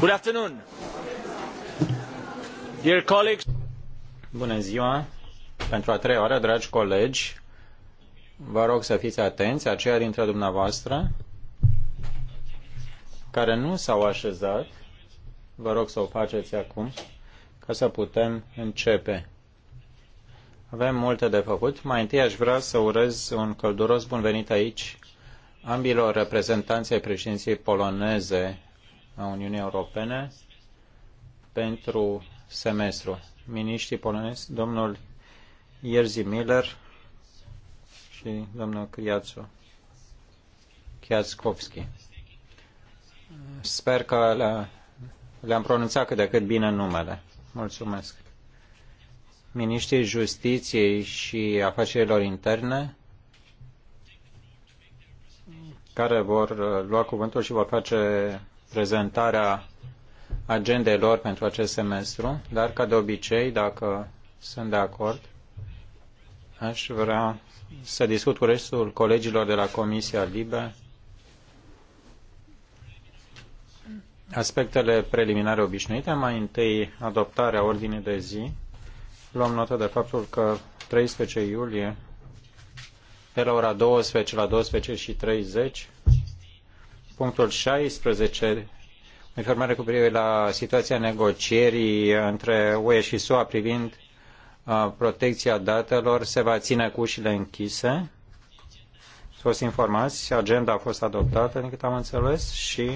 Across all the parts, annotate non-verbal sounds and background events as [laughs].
Good afternoon. Dear colleagues. Bună ziua. Pentru a treia oară, dragi colegi, vă rog să fiți atenți, aceia dintre dumneavoastră care nu s-au așezat, vă rog să o faceți acum ca să putem începe. Avem multe de făcut. Mai întâi aș vrea să urez un călduros bun venit aici ambilor reprezentanți ai președinției poloneze a Uniunii Europene pentru semestru. Miniștrii polonezi, domnul Jerzy Miller și domnul Criațu Chiațkovski. Sper că le-am pronunțat cât de cât bine numele. Mulțumesc. Miniștrii Justiției și Afacerilor Interne care vor uh, lua cuvântul și vor face prezentarea agendei lor pentru acest semestru, dar ca de obicei, dacă sunt de acord, aș vrea să discut cu restul colegilor de la Comisia Libe aspectele preliminare obișnuite. Mai întâi, adoptarea ordinii de zi. Luăm notă de faptul că 13 iulie de la ora 12 la 12 și 30. Punctul 16, informare cu privire la situația negocierii între UE și SUA privind uh, protecția datelor se va ține cu ușile închise. S-a fost informați, agenda a fost adoptată, din am înțeles, și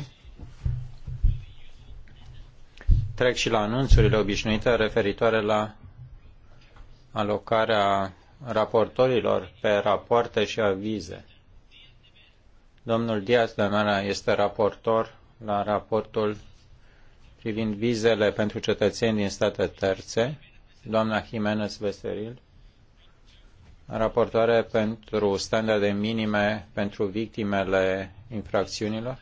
trec și la anunțurile obișnuite referitoare la alocarea raportorilor pe rapoarte și avize. Domnul Diaz de Mera este raportor la raportul privind vizele pentru cetățeni din state terțe, doamna Jimenez Veseril, raportoare pentru standarde minime pentru victimele infracțiunilor,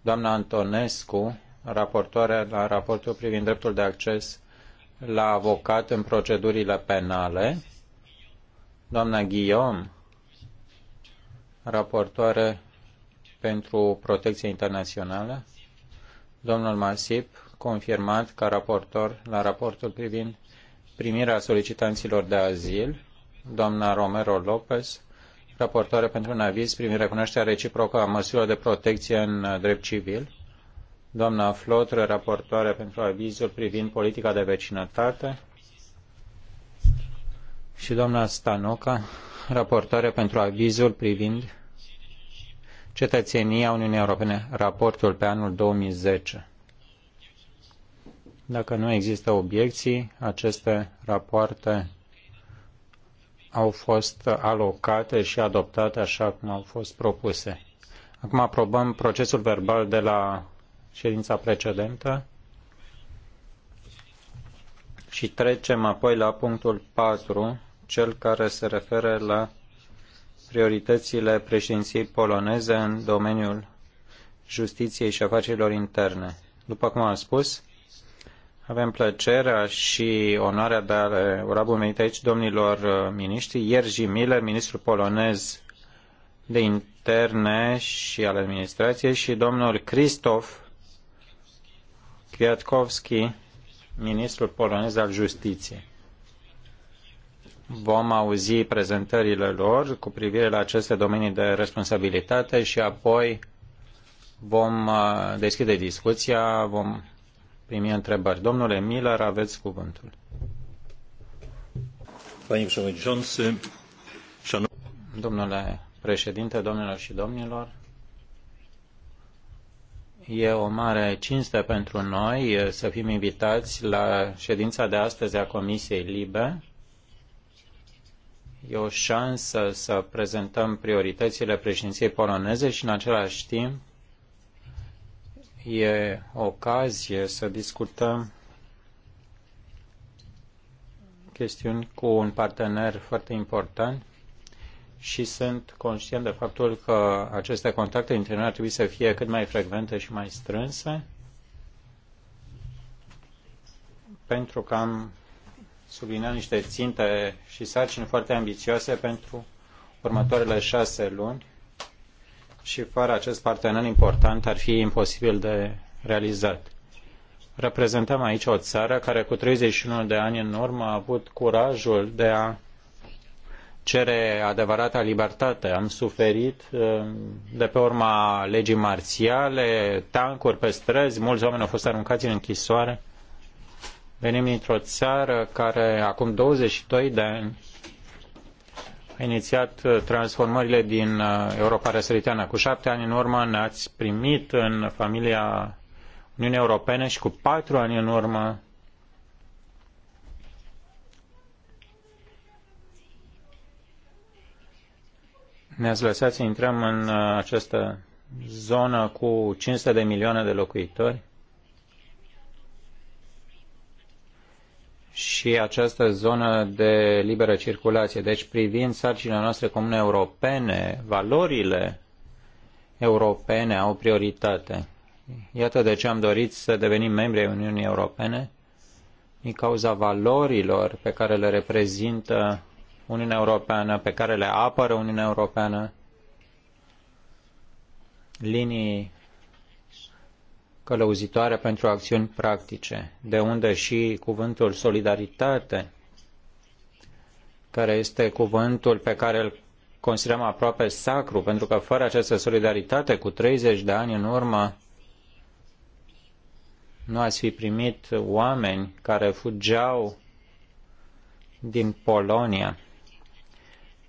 doamna Antonescu, raportoare la raportul privind dreptul de acces la avocat în procedurile penale, Doamna Guillaume, raportoare pentru protecție internațională, domnul Masip, confirmat ca raportor la raportul privind primirea solicitanților de azil, doamna Romero Lopez, raportoare pentru un aviz privind recunoașterea reciprocă a măsurilor de protecție în drept civil, doamna Flotră, raportoare pentru avizul privind politica de vecinătate, și doamna Stanoca, raportoare pentru avizul privind cetățenia Uniunii Europene, raportul pe anul 2010. Dacă nu există obiecții, aceste rapoarte au fost alocate și adoptate așa cum au fost propuse. Acum aprobăm procesul verbal de la ședința precedentă și trecem apoi la punctul 4, cel care se referă la prioritățile președinției poloneze în domeniul justiției și afacerilor interne. După cum am spus, avem plăcerea și onoarea de a le ura bun venit aici domnilor uh, miniștri, Jerzy Miller, ministrul polonez de interne și al administrației, și domnul Christoph Kwiatkowski, ministrul polonez al justiției vom auzi prezentările lor cu privire la aceste domenii de responsabilitate și apoi vom uh, deschide discuția, vom primi întrebări. Domnule Miller, aveți cuvântul. Domnule președinte, domnilor și domnilor, e o mare cinste pentru noi uh, să fim invitați la ședința de astăzi a Comisiei Libe E o șansă să prezentăm prioritățile președinției poloneze și în același timp e ocazie să discutăm chestiuni cu un partener foarte important și sunt conștient de faptul că aceste contacte dintre noi ar trebui să fie cât mai frecvente și mai strânse pentru că am sublinea niște ținte și sarcini foarte ambițioase pentru următoarele șase luni și fără acest partener important ar fi imposibil de realizat. Reprezentăm aici o țară care cu 31 de ani în urmă a avut curajul de a cere adevărata libertate. Am suferit uh, de pe urma legii marțiale, tancuri pe străzi, mulți oameni au fost aruncați în închisoare Venim dintr-o țară care acum 22 de ani a inițiat uh, transformările din uh, Europa răsăriteană. Cu șapte ani în urmă ne-ați primit în familia Uniunii Europene și cu patru ani în urmă ne-ați lăsat să intrăm în uh, această zonă cu 500 de milioane de locuitori și această zonă de liberă circulație. Deci privind sarcinile noastre comune europene, valorile europene au prioritate. Iată de ce am dorit să devenim membri ai Uniunii Europene, din cauza valorilor pe care le reprezintă Uniunea Europeană, pe care le apără Uniunea Europeană, linii călăuzitoare pentru acțiuni practice, de unde și cuvântul solidaritate, care este cuvântul pe care îl considerăm aproape sacru, pentru că fără această solidaritate cu 30 de ani în urmă, nu ați fi primit oameni care fugeau din Polonia.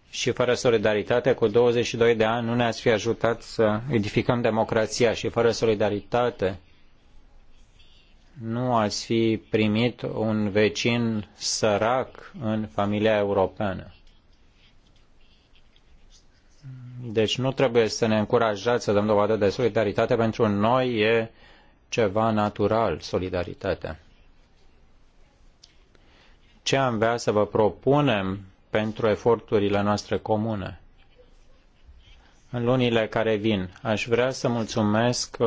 Și fără solidaritate, cu 22 de ani nu ne-ați fi ajutat să edificăm democrația și fără solidaritate nu ați fi primit un vecin sărac în familia europeană. Deci nu trebuie să ne încurajați să dăm dovadă de solidaritate, pentru noi e ceva natural, solidaritatea. Ce am vrea să vă propunem pentru eforturile noastre comune? În lunile care vin, aș vrea să mulțumesc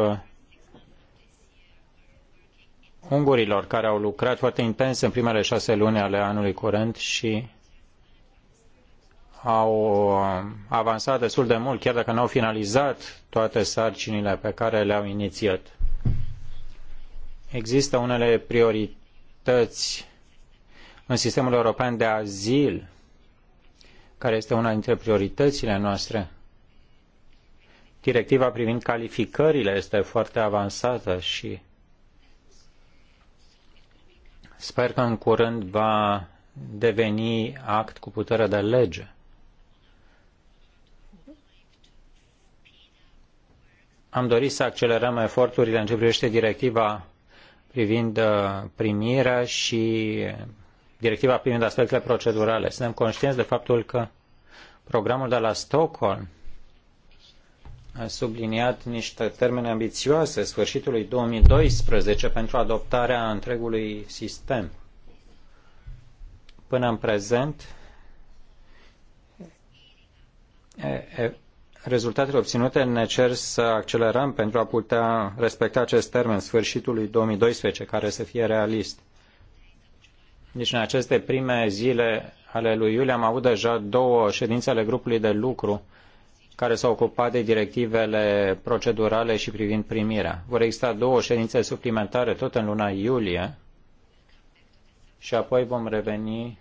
ungurilor care au lucrat foarte intens în primele șase luni ale anului curent și au avansat destul de mult, chiar dacă nu au finalizat toate sarcinile pe care le-au inițiat. Există unele priorități în sistemul european de azil, care este una dintre prioritățile noastre. Directiva privind calificările este foarte avansată și Sper că în curând va deveni act cu putere de lege. Am dorit să accelerăm eforturile în ce privește directiva privind uh, primirea și directiva privind aspectele procedurale. Suntem conștienți de faptul că programul de la Stockholm subliniat niște termene ambițioase sfârșitului 2012 pentru adoptarea întregului sistem. Până în prezent, rezultatele obținute ne cer să accelerăm pentru a putea respecta acest termen sfârșitului 2012, care să fie realist. Deci în aceste prime zile ale lui iulie am avut deja două ședințe ale grupului de lucru care s au ocupat de directivele procedurale și privind primirea. Vor exista două ședințe suplimentare tot în luna iulie și apoi vom reveni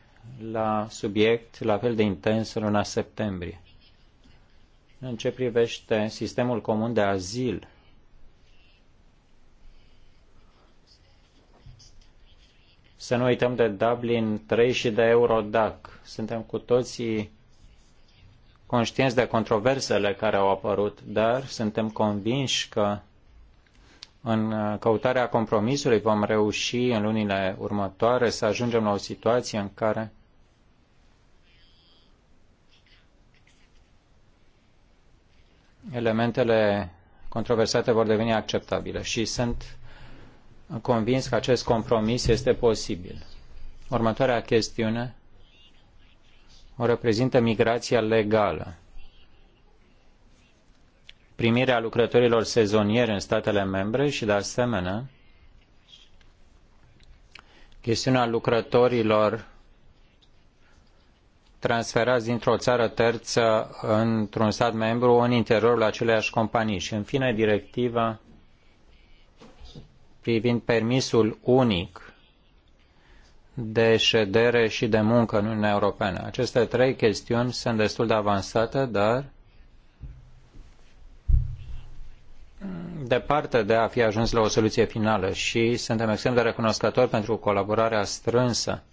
la subiect la fel de intens în luna septembrie. În ce privește sistemul comun de azil, să nu uităm de Dublin 3 și de Eurodac. Suntem cu toții conștienți de controversele care au apărut, dar suntem convinși că în căutarea compromisului vom reuși în lunile următoare să ajungem la o situație în care elementele controversate vor deveni acceptabile și sunt convins că acest compromis este posibil. Următoarea chestiune o reprezintă migrația legală. Primirea lucrătorilor sezonieri în statele membre și, de asemenea, chestiunea lucrătorilor transferați dintr-o țară terță într-un stat membru în interiorul aceleiași companii. Și, în fine, directiva privind permisul unic de ședere și de muncă în Uniunea Europeană. Aceste trei chestiuni sunt destul de avansate, dar departe de a fi ajuns la o soluție finală și suntem extrem de recunoscători pentru colaborarea strânsă,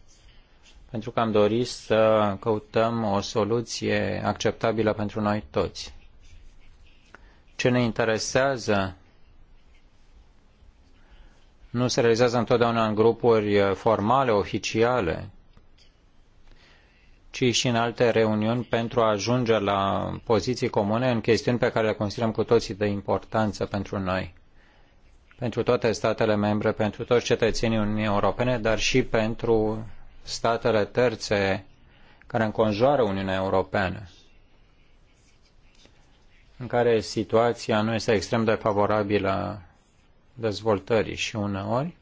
pentru că am dorit să căutăm o soluție acceptabilă pentru noi toți. Ce ne interesează nu se realizează întotdeauna în grupuri uh, formale, oficiale, ci și în alte reuniuni pentru a ajunge la poziții comune în chestiuni pe care le considerăm cu toții de importanță pentru noi, pentru toate statele membre, pentru toți cetățenii Uniunii Europene, dar și pentru statele terțe care înconjoară Uniunea Europeană, în care situația nu este extrem de favorabilă dezvoltării și uneori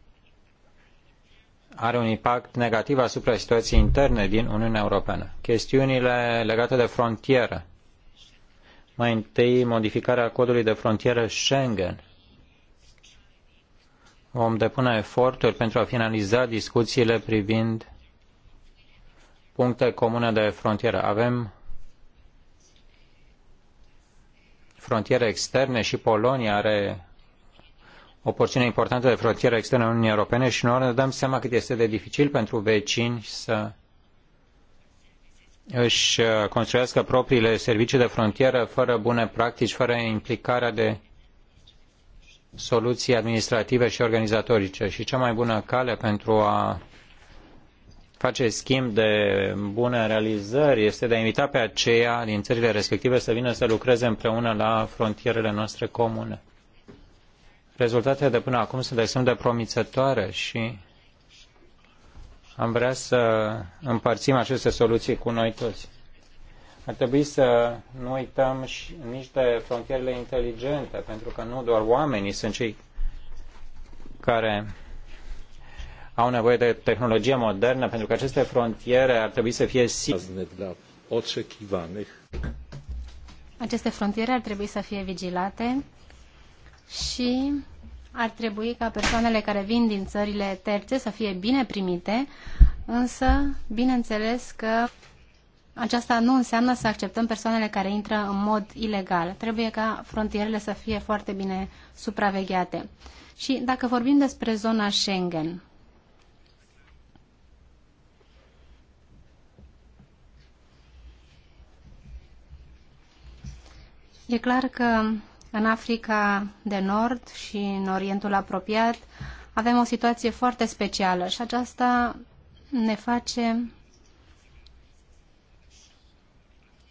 are un impact negativ asupra situației interne din Uniunea Europeană. Chestiunile legate de frontieră. Mai întâi, modificarea codului de frontieră Schengen. Vom depune eforturi pentru a finaliza discuțiile privind puncte comune de frontieră. Avem frontiere externe și Polonia are o porțiune importantă de frontieră externă a Uniunii Europene și noi ne dăm seama cât este de dificil pentru vecini să își uh, construiască propriile servicii de frontieră fără bune practici, fără implicarea de soluții administrative și organizatorice. Și cea mai bună cale pentru a face schimb de bune realizări este de a invita pe aceia din țările respective să vină să lucreze împreună la frontierele noastre comune. Rezultatele de până acum sunt extrem de promițătoare și am vrea să împărțim aceste soluții cu noi toți. Ar trebui să nu uităm și nici de frontierele inteligente, pentru că nu doar oamenii sunt cei care au nevoie de tehnologie modernă, pentru că aceste frontiere ar trebui să fie Aceste frontiere ar trebui să fie vigilate și ar trebui ca persoanele care vin din țările terțe să fie bine primite, însă, bineînțeles că aceasta nu înseamnă să acceptăm persoanele care intră în mod ilegal. Trebuie ca frontierele să fie foarte bine supravegheate. Și dacă vorbim despre zona Schengen, e clar că în Africa de Nord și în Orientul apropiat avem o situație foarte specială și aceasta ne face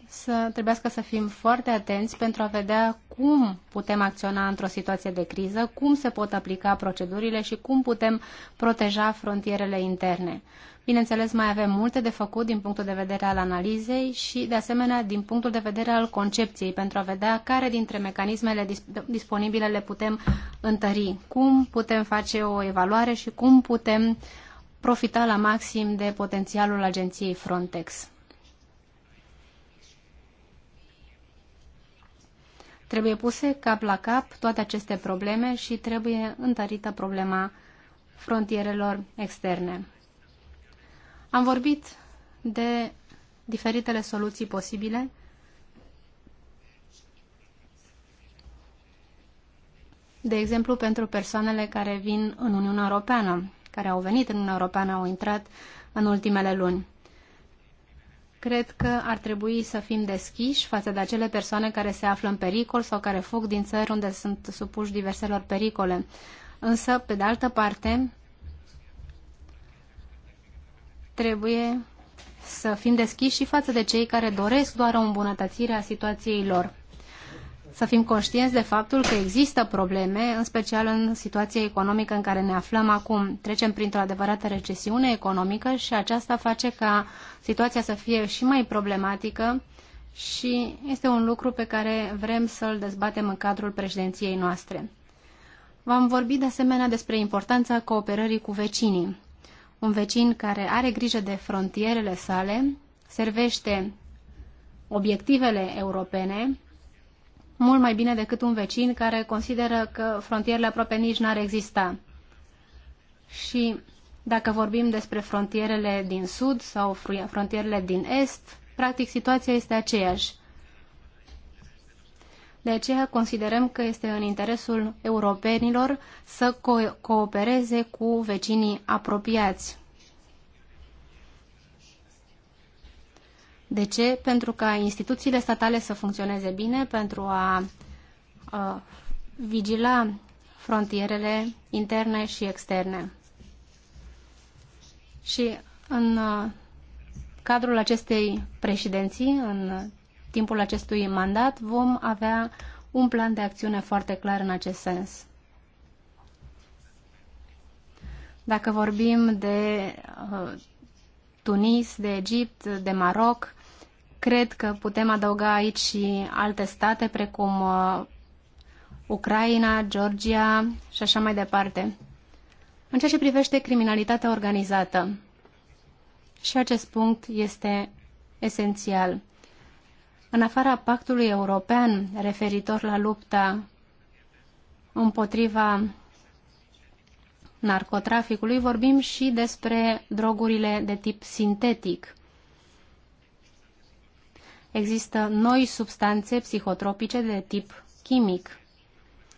să trebuiască să fim foarte atenți pentru a vedea cum putem acționa într-o situație de criză, cum se pot aplica procedurile și cum putem proteja frontierele interne. Bineînțeles, mai avem multe de făcut din punctul de vedere al analizei și, de asemenea, din punctul de vedere al concepției, pentru a vedea care dintre mecanismele disponibile le putem întări, cum putem face o evaluare și cum putem profita la maxim de potențialul agenției Frontex. Trebuie puse cap la cap toate aceste probleme și trebuie întărită problema frontierelor externe. Am vorbit de diferitele soluții posibile de exemplu pentru persoanele care vin în Uniunea Europeană, care au venit în Uniunea Europeană, au intrat în ultimele luni. Cred că ar trebui să fim deschiși față de acele persoane care se află în pericol sau care fug din țări unde sunt supuși diverselor pericole. Însă, pe de altă parte, trebuie să fim deschiși și față de cei care doresc doar o îmbunătățire a situației lor. Să fim conștienți de faptul că există probleme, în special în situația economică în care ne aflăm acum. Trecem printr-o adevărată recesiune economică și aceasta face ca situația să fie și mai problematică și este un lucru pe care vrem să-l dezbatem în cadrul președinției noastre. V-am vorbit de asemenea despre importanța cooperării cu vecinii un vecin care are grijă de frontierele sale, servește obiectivele europene mult mai bine decât un vecin care consideră că frontierele aproape nici n-ar exista. Și dacă vorbim despre frontierele din sud sau frontierele din est, practic situația este aceeași. De aceea considerăm că este în interesul europenilor să co- coopereze cu vecinii apropiați. De ce? Pentru ca instituțiile statale să funcționeze bine, pentru a, a vigila frontierele interne și externe. Și în cadrul acestei președinții, în timpul acestui mandat vom avea un plan de acțiune foarte clar în acest sens. Dacă vorbim de uh, Tunis, de Egipt, de Maroc, cred că putem adăuga aici și alte state precum uh, Ucraina, Georgia și așa mai departe. În ceea ce privește criminalitatea organizată, și acest punct este esențial. În afara pactului european referitor la lupta împotriva narcotraficului, vorbim și despre drogurile de tip sintetic. Există noi substanțe psihotropice de tip chimic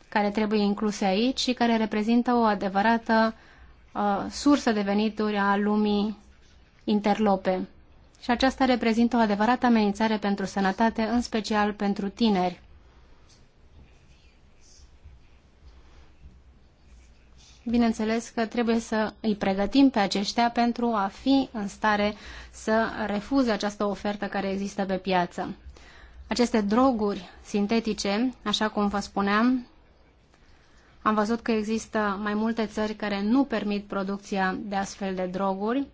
care trebuie incluse aici și care reprezintă o adevărată uh, sursă de venituri a lumii interlope și aceasta reprezintă o adevărată amenințare pentru sănătate, în special pentru tineri. Bineînțeles că trebuie să îi pregătim pe aceștia pentru a fi în stare să refuze această ofertă care există pe piață. Aceste droguri sintetice, așa cum vă spuneam, am văzut că există mai multe țări care nu permit producția de astfel de droguri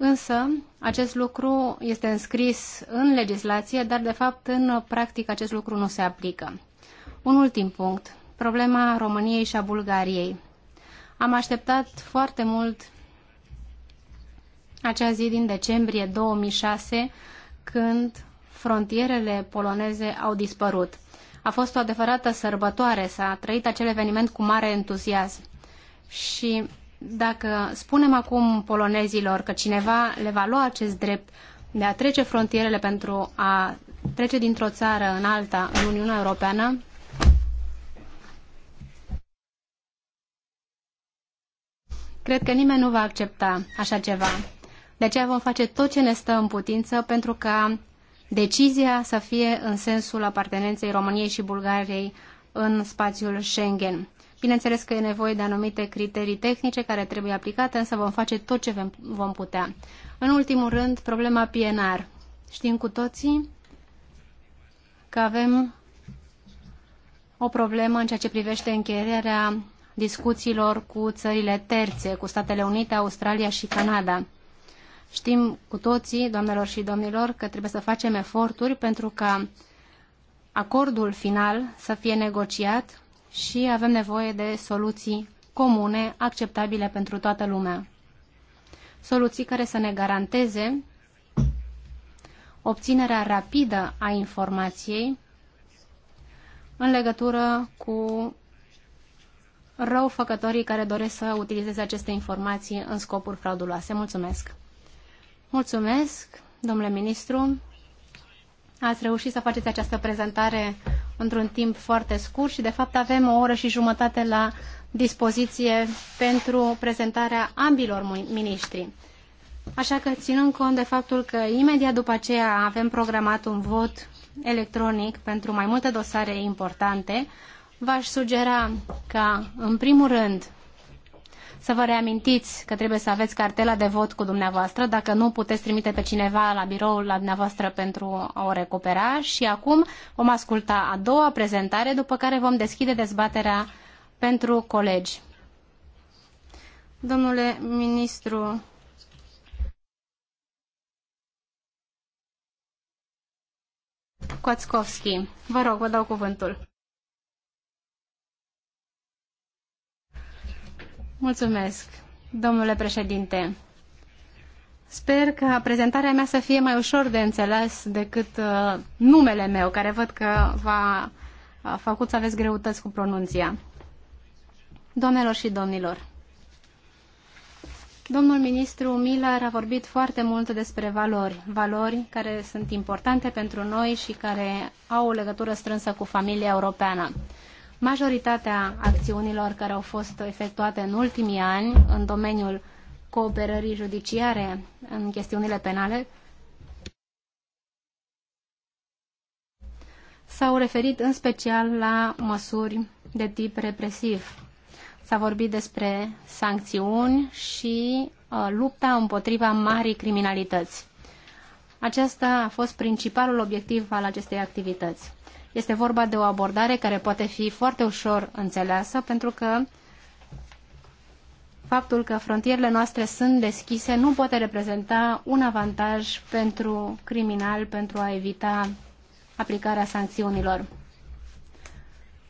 Însă, acest lucru este înscris în legislație, dar de fapt în practică acest lucru nu se aplică. Un ultim punct, problema României și a Bulgariei. Am așteptat foarte mult acea zi din decembrie 2006, când frontierele poloneze au dispărut. A fost o adevărată sărbătoare, s-a trăit acel eveniment cu mare entuziasm. Și dacă spunem acum polonezilor că cineva le va lua acest drept de a trece frontierele pentru a trece dintr-o țară în alta în Uniunea Europeană, cred că nimeni nu va accepta așa ceva. De aceea vom face tot ce ne stă în putință pentru ca decizia să fie în sensul apartenenței României și Bulgariei în spațiul Schengen. Bineînțeles că e nevoie de anumite criterii tehnice care trebuie aplicate, însă vom face tot ce vom putea. În ultimul rând, problema PNR. Știm cu toții că avem o problemă în ceea ce privește încheierea discuțiilor cu țările terțe, cu Statele Unite, Australia și Canada. Știm cu toții, doamnelor și domnilor, că trebuie să facem eforturi pentru ca acordul final să fie negociat și avem nevoie de soluții comune, acceptabile pentru toată lumea. Soluții care să ne garanteze obținerea rapidă a informației în legătură cu răufăcătorii care doresc să utilizeze aceste informații în scopuri frauduloase. Mulțumesc! Mulțumesc, domnule ministru! Ați reușit să faceți această prezentare într-un timp foarte scurt și de fapt avem o oră și jumătate la dispoziție pentru prezentarea ambilor miniștri. Așa că, ținând cont de faptul că imediat după aceea avem programat un vot electronic pentru mai multe dosare importante, v-aș sugera ca, în primul rând, să vă reamintiți că trebuie să aveți cartela de vot cu dumneavoastră. Dacă nu, puteți trimite pe cineva la biroul la dumneavoastră pentru a o recupera. Și acum vom asculta a doua prezentare, după care vom deschide dezbaterea pentru colegi. Domnule ministru, Koțkovski. Vă rog, vă dau cuvântul. Mulțumesc, domnule președinte. Sper ca prezentarea mea să fie mai ușor de înțeles decât uh, numele meu, care văd că v-a făcut să aveți greutăți cu pronunția. domnilor și domnilor, domnul ministru Miller a vorbit foarte mult despre valori, valori care sunt importante pentru noi și care au o legătură strânsă cu familia europeană. Majoritatea acțiunilor care au fost efectuate în ultimii ani în domeniul cooperării judiciare în chestiunile penale s-au referit în special la măsuri de tip represiv. S-a vorbit despre sancțiuni și uh, lupta împotriva marii criminalități. Acesta a fost principalul obiectiv al acestei activități. Este vorba de o abordare care poate fi foarte ușor înțeleasă pentru că faptul că frontierele noastre sunt deschise nu poate reprezenta un avantaj pentru criminal pentru a evita aplicarea sancțiunilor.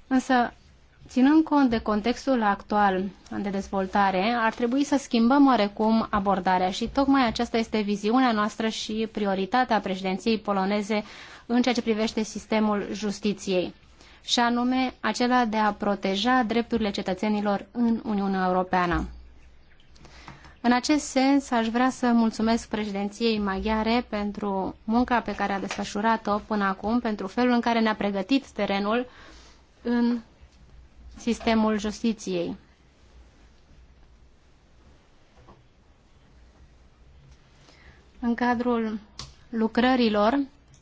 Însă, ținând cont de contextul actual de dezvoltare, ar trebui să schimbăm oarecum abordarea și tocmai aceasta este viziunea noastră și prioritatea președinției poloneze în ceea ce privește sistemul justiției, și anume acela de a proteja drepturile cetățenilor în Uniunea Europeană. În acest sens, aș vrea să mulțumesc președinției maghiare pentru munca pe care a desfășurat-o până acum, pentru felul în care ne-a pregătit terenul în sistemul justiției. În cadrul lucrărilor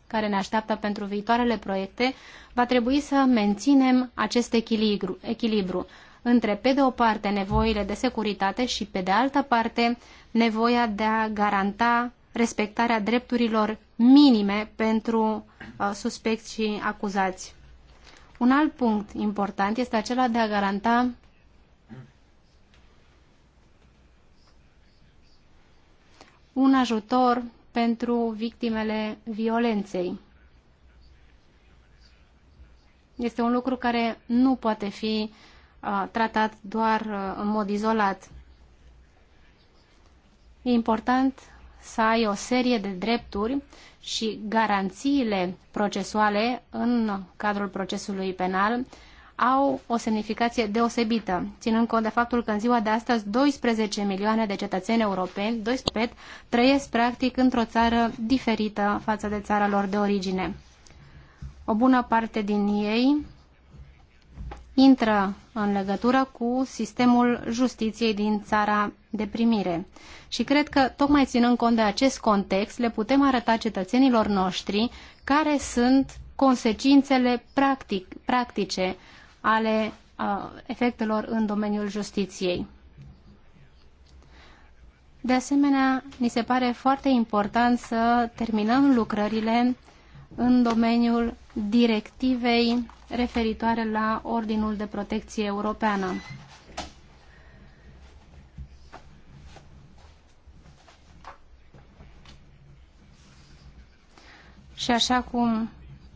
care ne așteaptă pentru viitoarele proiecte, va trebui să menținem acest echilibru, echilibru între, pe de o parte, nevoile de securitate și, pe de altă parte, nevoia de a garanta respectarea drepturilor minime pentru uh, suspecți și acuzați. Un alt punct important este acela de a garanta un ajutor pentru victimele violenței. Este un lucru care nu poate fi uh, tratat doar uh, în mod izolat. E important să ai o serie de drepturi și garanțiile procesuale în cadrul procesului penal au o semnificație deosebită, ținând cont de faptul că în ziua de astăzi 12 milioane de cetățeni europeni, 12, trăiesc practic într-o țară diferită față de țara lor de origine. O bună parte din ei intră în legătură cu sistemul justiției din țara de primire. Și cred că, tocmai ținând cont de acest context, le putem arăta cetățenilor noștri care sunt consecințele practic, practice ale uh, efectelor în domeniul justiției. De asemenea, ni se pare foarte important să terminăm lucrările în domeniul directivei referitoare la Ordinul de Protecție Europeană. Și așa cum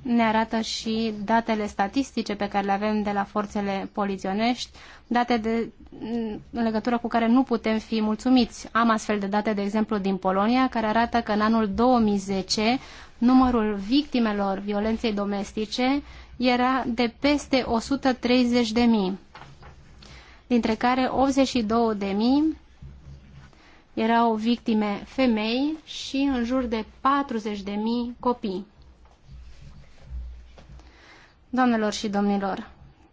ne arată și datele statistice pe care le avem de la forțele poliționești, date de, în legătură cu care nu putem fi mulțumiți. Am astfel de date, de exemplu, din Polonia, care arată că în anul 2010 numărul victimelor violenței domestice era de peste 130.000, dintre care 82.000 erau victime femei și în jur de 40.000 copii. Doamnelor și domnilor,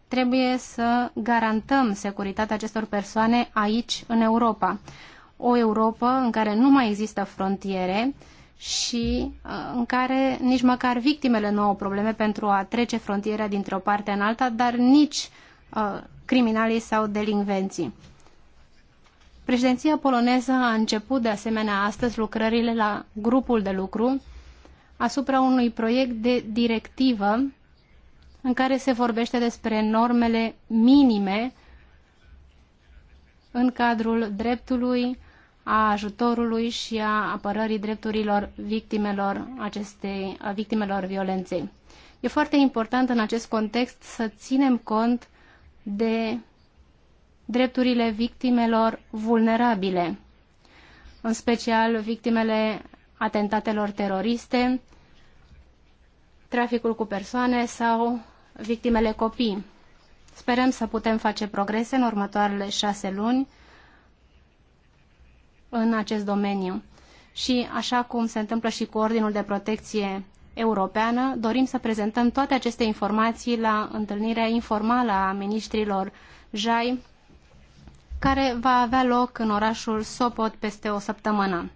trebuie să garantăm securitatea acestor persoane aici, în Europa. O Europa în care nu mai există frontiere și uh, în care nici măcar victimele nu au probleme pentru a trece frontiera dintr-o parte în alta, dar nici uh, criminalii sau delinvenții. Președinția poloneză a început de asemenea astăzi lucrările la grupul de lucru asupra unui proiect de directivă în care se vorbește despre normele minime în cadrul dreptului, a ajutorului și a apărării drepturilor victimelor, acestei, a victimelor violenței. E foarte important în acest context să ținem cont de drepturile victimelor vulnerabile, în special victimele atentatelor teroriste, traficul cu persoane sau victimele copii. Sperăm să putem face progrese în următoarele șase luni în acest domeniu. Și așa cum se întâmplă și cu Ordinul de Protecție Europeană, dorim să prezentăm toate aceste informații la întâlnirea informală a ministrilor JAI, care va avea loc în orașul Sopot peste o săptămână.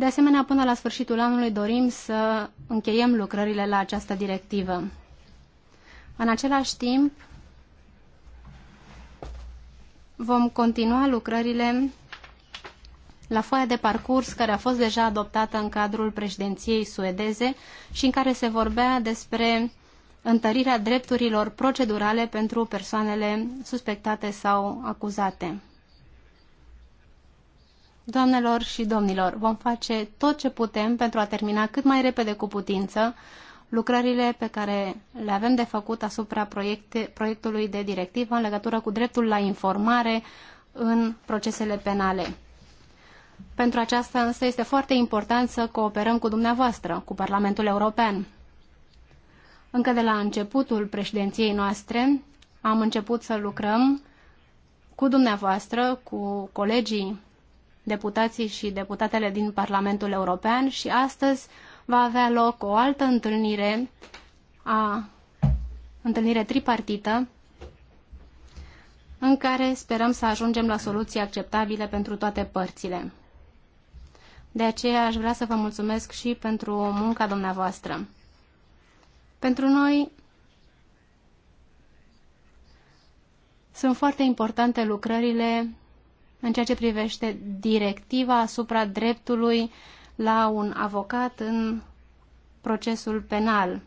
De asemenea, până la sfârșitul anului dorim să încheiem lucrările la această directivă. În același timp, vom continua lucrările la foaia de parcurs care a fost deja adoptată în cadrul președinției suedeze și în care se vorbea despre întărirea drepturilor procedurale pentru persoanele suspectate sau acuzate. Doamnelor și domnilor, vom face tot ce putem pentru a termina cât mai repede cu putință lucrările pe care le avem de făcut asupra proiecte, proiectului de directivă în legătură cu dreptul la informare în procesele penale. Pentru aceasta însă este foarte important să cooperăm cu dumneavoastră, cu Parlamentul European. Încă de la începutul președinției noastre am început să lucrăm cu dumneavoastră, cu colegii deputații și deputatele din Parlamentul European și astăzi va avea loc o altă întâlnire, a, întâlnire tripartită, în care sperăm să ajungem la soluții acceptabile pentru toate părțile. De aceea aș vrea să vă mulțumesc și pentru munca dumneavoastră. Pentru noi sunt foarte importante lucrările în ceea ce privește directiva asupra dreptului la un avocat în procesul penal.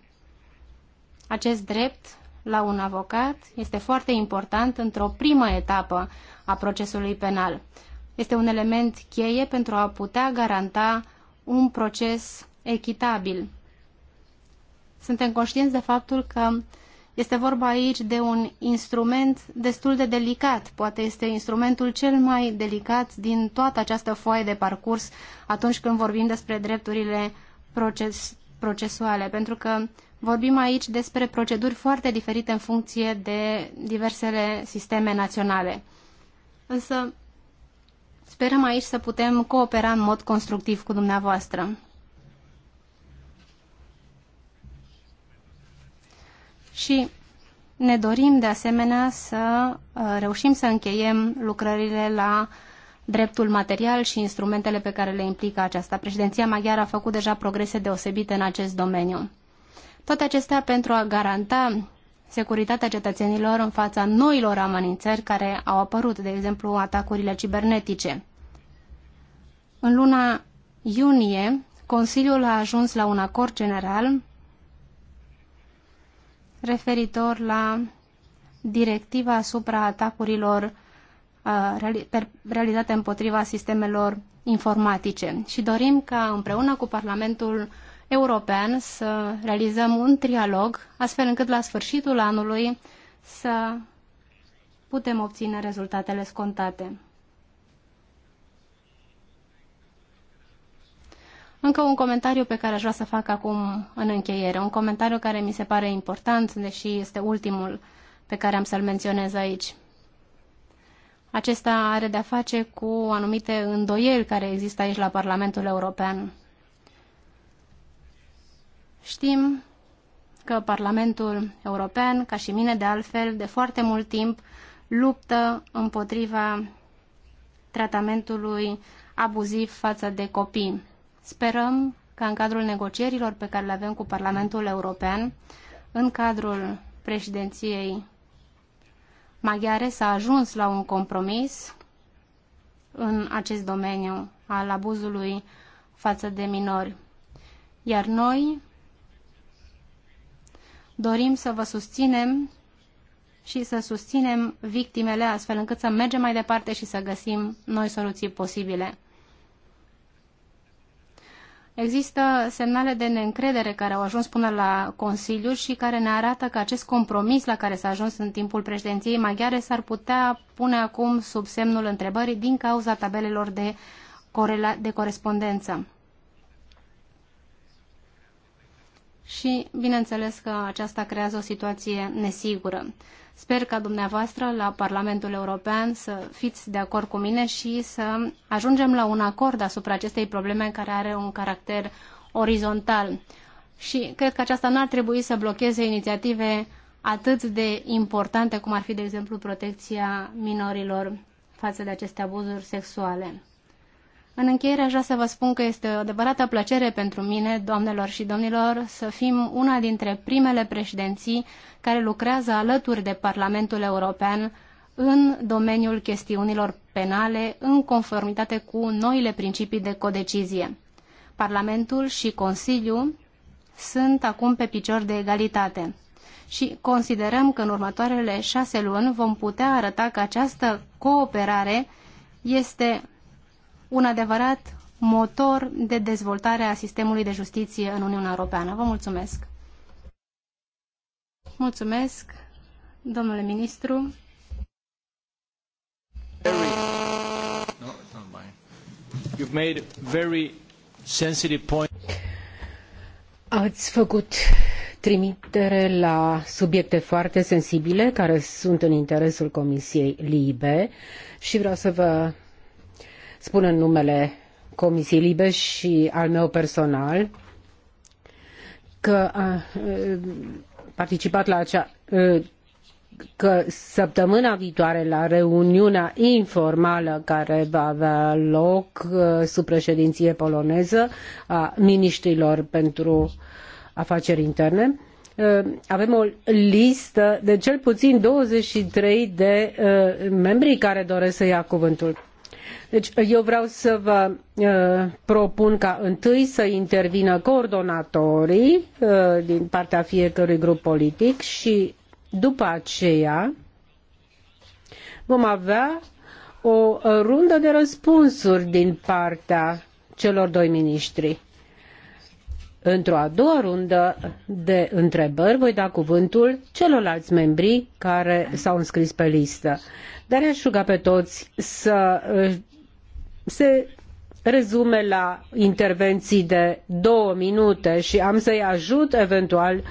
Acest drept la un avocat este foarte important într-o primă etapă a procesului penal. Este un element cheie pentru a putea garanta un proces echitabil. Suntem conștienți de faptul că este vorba aici de un instrument destul de delicat, poate este instrumentul cel mai delicat din toată această foaie de parcurs atunci când vorbim despre drepturile proces, procesuale, pentru că vorbim aici despre proceduri foarte diferite în funcție de diversele sisteme naționale. Însă sperăm aici să putem coopera în mod constructiv cu dumneavoastră. și ne dorim de asemenea să uh, reușim să încheiem lucrările la dreptul material și instrumentele pe care le implică aceasta. Președinția maghiară a făcut deja progrese deosebite în acest domeniu. Toate acestea pentru a garanta securitatea cetățenilor în fața noilor amenințări care au apărut, de exemplu atacurile cibernetice. În luna iunie, Consiliul a ajuns la un acord general referitor la directiva asupra atacurilor uh, realizate împotriva sistemelor informatice și dorim ca împreună cu Parlamentul European să realizăm un trialog, astfel încât la sfârșitul anului să putem obține rezultatele scontate. Încă un comentariu pe care aș vrea să fac acum în încheiere, un comentariu care mi se pare important, deși este ultimul pe care am să-l menționez aici. Acesta are de-a face cu anumite îndoieli care există aici la Parlamentul European. Știm că Parlamentul European, ca și mine de altfel, de foarte mult timp luptă împotriva tratamentului abuziv față de copii. Sperăm ca în cadrul negocierilor pe care le avem cu Parlamentul European, în cadrul președinției maghiare s-a ajuns la un compromis în acest domeniu al abuzului față de minori. Iar noi dorim să vă susținem și să susținem victimele astfel încât să mergem mai departe și să găsim noi soluții posibile. Există semnale de neîncredere care au ajuns până la Consiliu și care ne arată că acest compromis la care s-a ajuns în timpul președinției maghiare s-ar putea pune acum sub semnul întrebării din cauza tabelelor de, corela- de corespondență. Și, bineînțeles că aceasta creează o situație nesigură. Sper ca dumneavoastră la Parlamentul European să fiți de acord cu mine și să ajungem la un acord asupra acestei probleme care are un caracter orizontal. Și cred că aceasta nu ar trebui să blocheze inițiative atât de importante cum ar fi, de exemplu, protecția minorilor față de aceste abuzuri sexuale. În încheiere aș vrea să vă spun că este o adevărată plăcere pentru mine, doamnelor și domnilor, să fim una dintre primele președinții care lucrează alături de Parlamentul European în domeniul chestiunilor penale, în conformitate cu noile principii de codecizie. Parlamentul și Consiliul sunt acum pe picior de egalitate și considerăm că în următoarele șase luni vom putea arăta că această cooperare este un adevărat motor de dezvoltare a sistemului de justiție în Uniunea Europeană. Vă mulțumesc! Mulțumesc, domnule ministru. Ați făcut trimitere la subiecte foarte sensibile care sunt în interesul Comisiei Libe și vreau să vă spun în numele Comisiei Libe și al meu personal că a participat la acea că săptămâna viitoare la reuniunea informală care va avea loc sub președinție poloneză a miniștrilor pentru afaceri interne, avem o listă de cel puțin 23 de membri care doresc să ia cuvântul. Deci eu vreau să vă uh, propun ca întâi să intervină coordonatorii uh, din partea fiecărui grup politic și după aceea vom avea o rundă de răspunsuri din partea celor doi miniștri. Într-o a doua rundă de întrebări voi da cuvântul celorlalți membri care s-au înscris pe listă. Dar aș ruga pe toți să uh, se rezume la intervenții de două minute și am să-i ajut eventual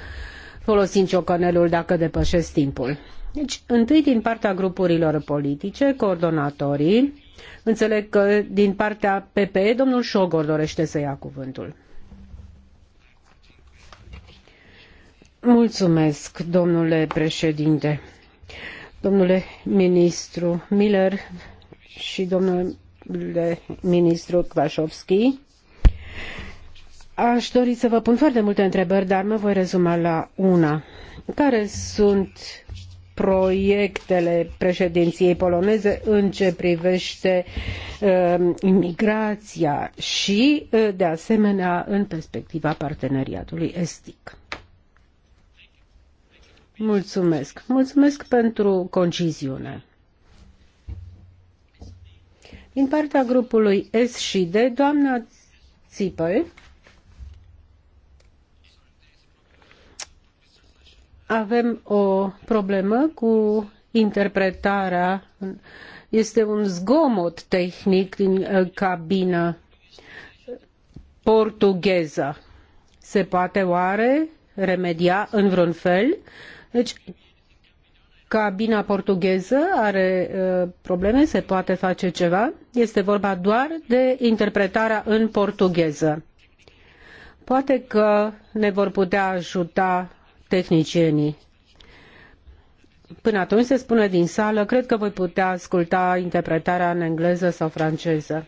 folosind ciocanelul dacă depășesc timpul. Deci, întâi din partea grupurilor politice, coordonatorii, înțeleg că din partea PPE, domnul Șogor dorește să ia cuvântul. Mulțumesc, domnule președinte, domnule ministru Miller și domnule ministru Kvașovski. Aș dori să vă pun foarte multe întrebări, dar mă voi rezuma la una. Care sunt proiectele președinției poloneze în ce privește uh, imigrația și, uh, de asemenea, în perspectiva parteneriatului estic? Mulțumesc. Mulțumesc pentru conciziune. Din partea grupului S și D, doamna Țipăl avem o problemă cu interpretarea. Este un zgomot tehnic din uh, cabină portugheză. Se poate oare remedia în vreun fel? Deci, cabina portugheză are uh, probleme, se poate face ceva. Este vorba doar de interpretarea în portugheză. Poate că ne vor putea ajuta tehnicienii. Până atunci se spune din sală, cred că voi putea asculta interpretarea în engleză sau franceză.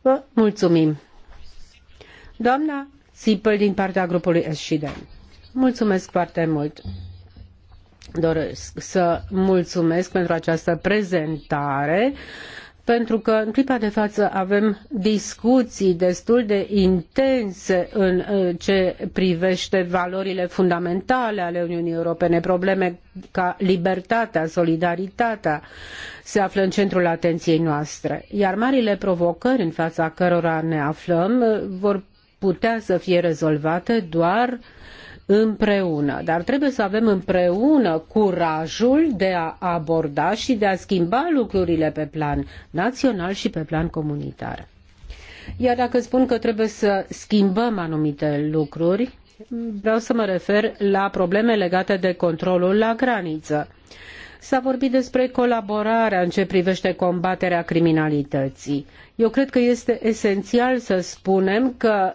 Vă mulțumim. Doamna Sipel din partea grupului Eschiden. Mulțumesc foarte mult. Doresc să mulțumesc pentru această prezentare pentru că în clipa de față avem discuții destul de intense în uh, ce privește valorile fundamentale ale Uniunii Europene. Probleme ca libertatea, solidaritatea se află în centrul atenției noastre. Iar marile provocări în fața cărora ne aflăm uh, vor putea să fie rezolvate doar împreună. Dar trebuie să avem împreună curajul de a aborda și de a schimba lucrurile pe plan național și pe plan comunitar. Iar dacă spun că trebuie să schimbăm anumite lucruri, vreau să mă refer la probleme legate de controlul la graniță. S-a vorbit despre colaborarea în ce privește combaterea criminalității. Eu cred că este esențial să spunem că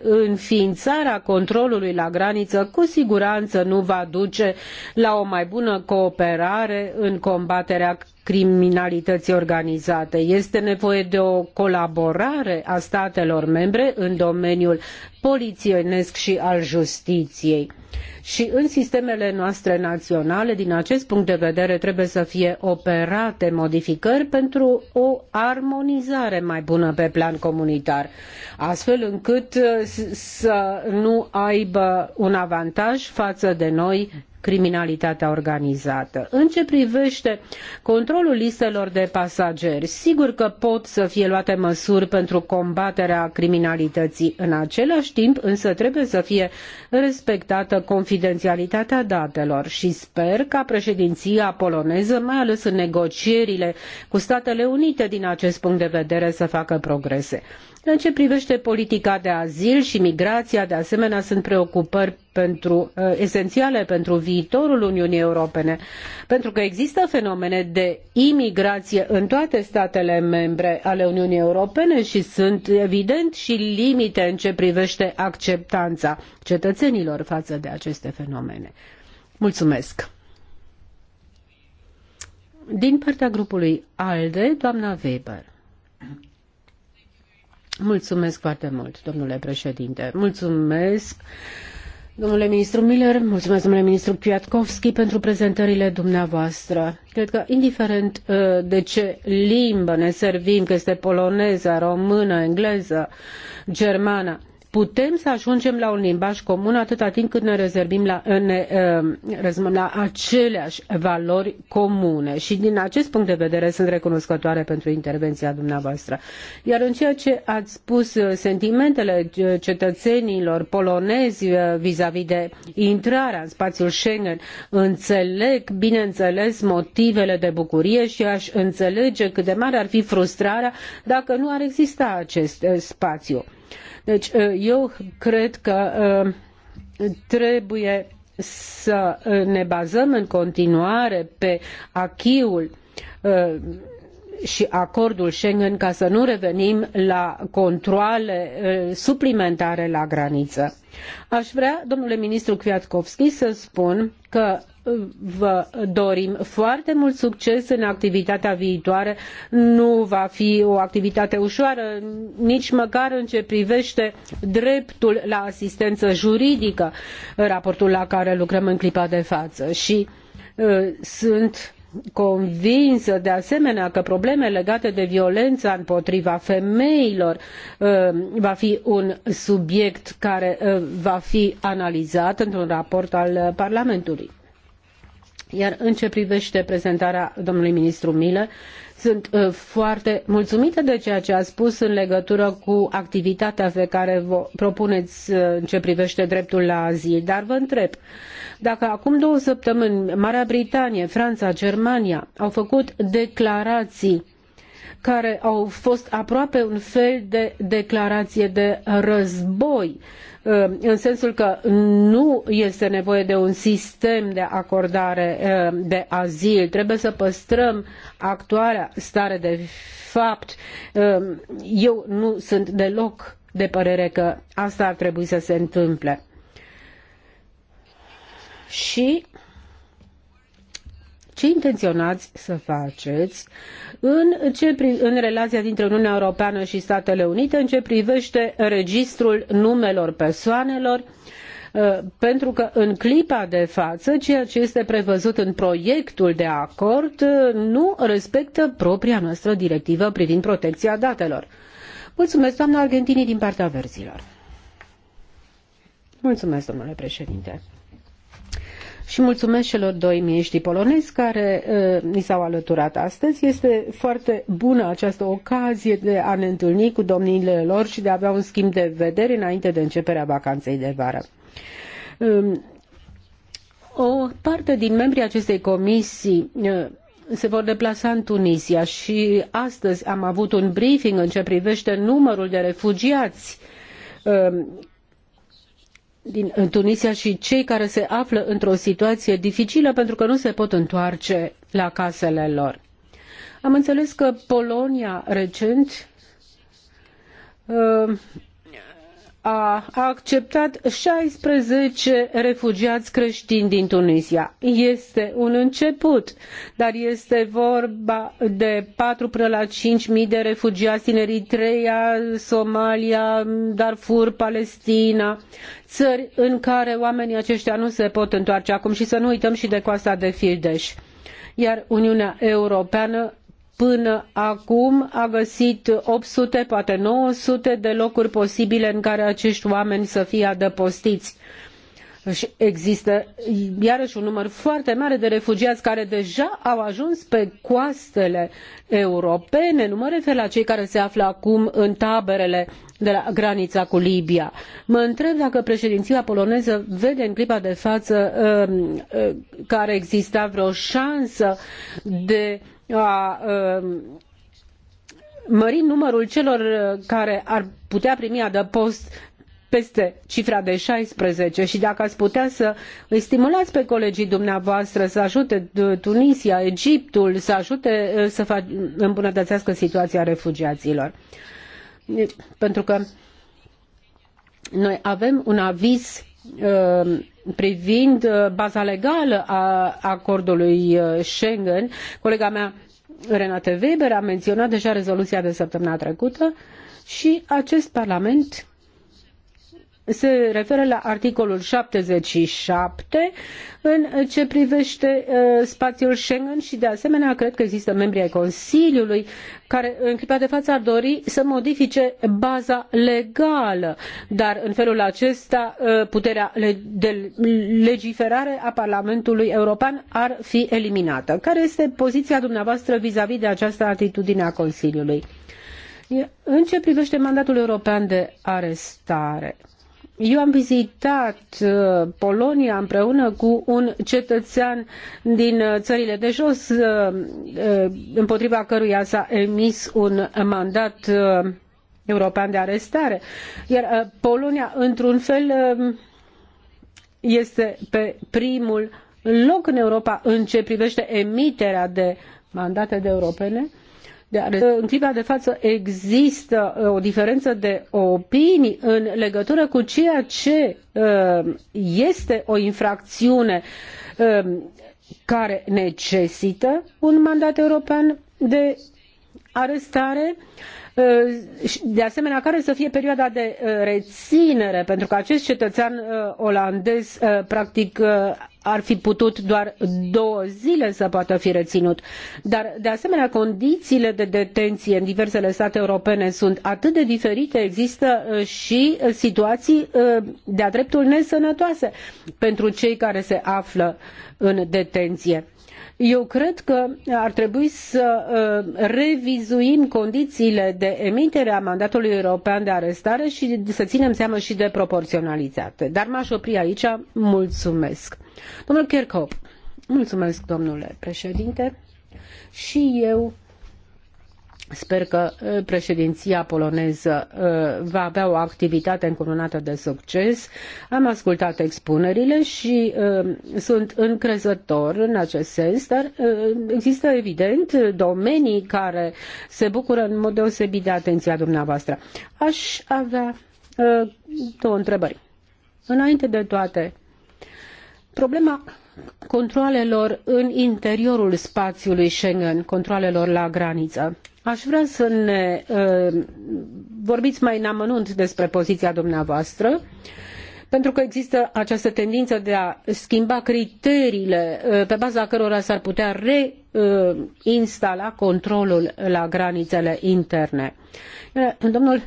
reînființarea controlului la graniță cu siguranță nu va duce la o mai bună cooperare în combaterea criminalității organizate. Este nevoie de o colaborare a statelor membre în domeniul polițienesc și al justiției și în sistemele noastre naționale, din acest punct de vedere, trebuie să fie operate modificări pentru o armonizare mai bună pe plan comunitar, astfel încât să nu aibă un avantaj față de noi criminalitatea organizată. În ce privește controlul listelor de pasageri, sigur că pot să fie luate măsuri pentru combaterea criminalității. În același timp, însă trebuie să fie respectată confidențialitatea datelor și sper ca președinția poloneză, mai ales în negocierile cu Statele Unite din acest punct de vedere, să facă progrese. În ce privește politica de azil și migrația, de asemenea, sunt preocupări pentru, uh, esențiale pentru viitorul Uniunii Europene, pentru că există fenomene de imigrație în toate statele membre ale Uniunii Europene și sunt evident și limite în ce privește acceptanța cetățenilor față de aceste fenomene. Mulțumesc! Din partea grupului ALDE, doamna Weber. Mulțumesc foarte mult, domnule președinte. Mulțumesc, domnule ministru Miller, mulțumesc, domnule ministru Piatkovski, pentru prezentările dumneavoastră. Cred că, indiferent uh, de ce limbă ne servim, că este poloneză, română, engleză, germană, putem să ajungem la un limbaj comun atâta timp cât ne, rezervim la, ne ehm, rezumăm la aceleași valori comune. Și din acest punct de vedere sunt recunoscătoare pentru intervenția dumneavoastră. Iar în ceea ce ați spus eh, sentimentele eh, cetățenilor polonezi eh, vis-a-vis -vis de intrarea în spațiul Schengen, înțeleg, bineînțeles, motivele de bucurie și aș înțelege cât de mare ar fi frustrarea dacă nu ar exista acest spațiu. Deci uh, eu cred că uh, trebuie să uh, ne bazăm în continuare pe achiul și acordul Schengen ca să nu revenim la controle suplimentare la graniță. Aș vrea, domnule ministru Kwiatkowski, să spun că vă dorim foarte mult succes în activitatea viitoare. Nu va fi o activitate ușoară, nici măcar în ce privește dreptul la asistență juridică, raportul la care lucrăm în clipa de față. Și uh, sunt convinsă de asemenea că probleme legate de violența împotriva femeilor uh, va fi un subiect care uh, va fi analizat într-un raport al Parlamentului. Iar în ce privește prezentarea domnului ministru Mile, sunt uh, foarte mulțumită de ceea ce a spus în legătură cu activitatea pe care vă propuneți uh, în ce privește dreptul la azil. Dar vă întreb, dacă acum două săptămâni Marea Britanie, Franța, Germania au făcut declarații care au fost aproape un fel de declarație de război, uh, în sensul că nu este nevoie de un sistem de acordare uh, de azil, trebuie să păstrăm actuala stare de fapt. Uh, eu nu sunt deloc de părere că asta ar trebui să se întâmple. Și ce intenționați să faceți în, ce, în relația dintre Uniunea Europeană și Statele Unite în ce privește registrul numelor persoanelor, uh, pentru că în clipa de față, ceea ce este prevăzut în proiectul de acord uh, nu respectă propria noastră directivă privind protecția datelor. Mulțumesc, doamna Argentinii, din partea verzilor. Mulțumesc, domnule președinte și mulțumesc celor doi miești polonezi care uh, ni s-au alăturat astăzi. Este foarte bună această ocazie de a ne întâlni cu domniile lor și de a avea un schimb de vedere înainte de începerea vacanței de vară. Uh, o parte din membrii acestei comisii uh, se vor deplasa în Tunisia și astăzi am avut un briefing în ce privește numărul de refugiați din Tunisia și cei care se află într-o situație dificilă pentru că nu se pot întoarce la casele lor. Am înțeles că Polonia recent uh, a acceptat 16 refugiați creștini din Tunisia. Este un început, dar este vorba de 4 până la 5 mii de refugiați din Eritrea, Somalia, Darfur, Palestina, țări în care oamenii aceștia nu se pot întoarce acum și să nu uităm și de coasta de Fildeș. Iar Uniunea Europeană până acum a găsit 800, poate 900 de locuri posibile în care acești oameni să fie adăpostiți. Și există iarăși un număr foarte mare de refugiați care deja au ajuns pe coastele europene. Nu mă refer la cei care se află acum în taberele de la granița cu Libia. Mă întreb dacă președinția poloneză vede în clipa de față uh, uh, că ar exista vreo șansă de a um, mări numărul celor uh, care ar putea primi adăpost peste cifra de 16 și dacă ați putea să îi stimulați pe colegii dumneavoastră să ajute uh, Tunisia, Egiptul, să ajute uh, să fac, îmbunătățească situația refugiaților. Deci, pentru că noi avem un aviz Uh, privind uh, baza legală a acordului uh, Schengen. Colega mea Renate Weber a menționat deja rezoluția de săptămâna trecută și acest Parlament se referă la articolul 77 în ce privește uh, spațiul Schengen și de asemenea cred că există membri ai Consiliului care în clipa de față ar dori să modifice baza legală, dar în felul acesta uh, puterea de legiferare a Parlamentului European ar fi eliminată. Care este poziția dumneavoastră vis-a-vis -vis de această atitudine a Consiliului? În ce privește mandatul european de arestare? Eu am vizitat uh, Polonia împreună cu un cetățean din uh, țările de jos, uh, împotriva căruia s-a emis un mandat european de arestare. Iar Polonia, într-un fel, um, este pe primul loc în Europa în ce privește emiterea de mandate de europene dar în clipa de față există uh, o diferență de opinii în legătură cu ceea ce uh, este o infracțiune uh, care necesită un mandat european de arestare, de asemenea care să fie perioada de reținere, pentru că acest cetățean olandez practic ar fi putut doar două zile să poată fi reținut. Dar, de asemenea, condițiile de detenție în diversele state europene sunt atât de diferite, există uh, și situații uh, de-a dreptul nesănătoase pentru cei care se află în detenție. Eu cred că ar trebui să uh, revizuim condițiile de emitere a mandatului european de arestare și să ținem seama și de proporționalitate. Dar m-aș opri aici. Mulțumesc. Domnul Kirchhoff, mulțumesc, domnule președinte. Și eu Sper că președinția poloneză va avea o activitate încununată de succes. Am ascultat expunerile și sunt încrezător în acest sens, dar există evident domenii care se bucură în mod deosebit de atenția dumneavoastră. Aș avea două întrebări. Înainte de toate, problema controalelor în interiorul spațiului Schengen, controalelor la graniță. Aș vrea să ne uh, vorbiți mai în amănunt despre poziția dumneavoastră, pentru că există această tendință de a schimba criteriile uh, pe baza cărora s-ar putea reinstala uh, controlul la granițele interne. Uh, domnul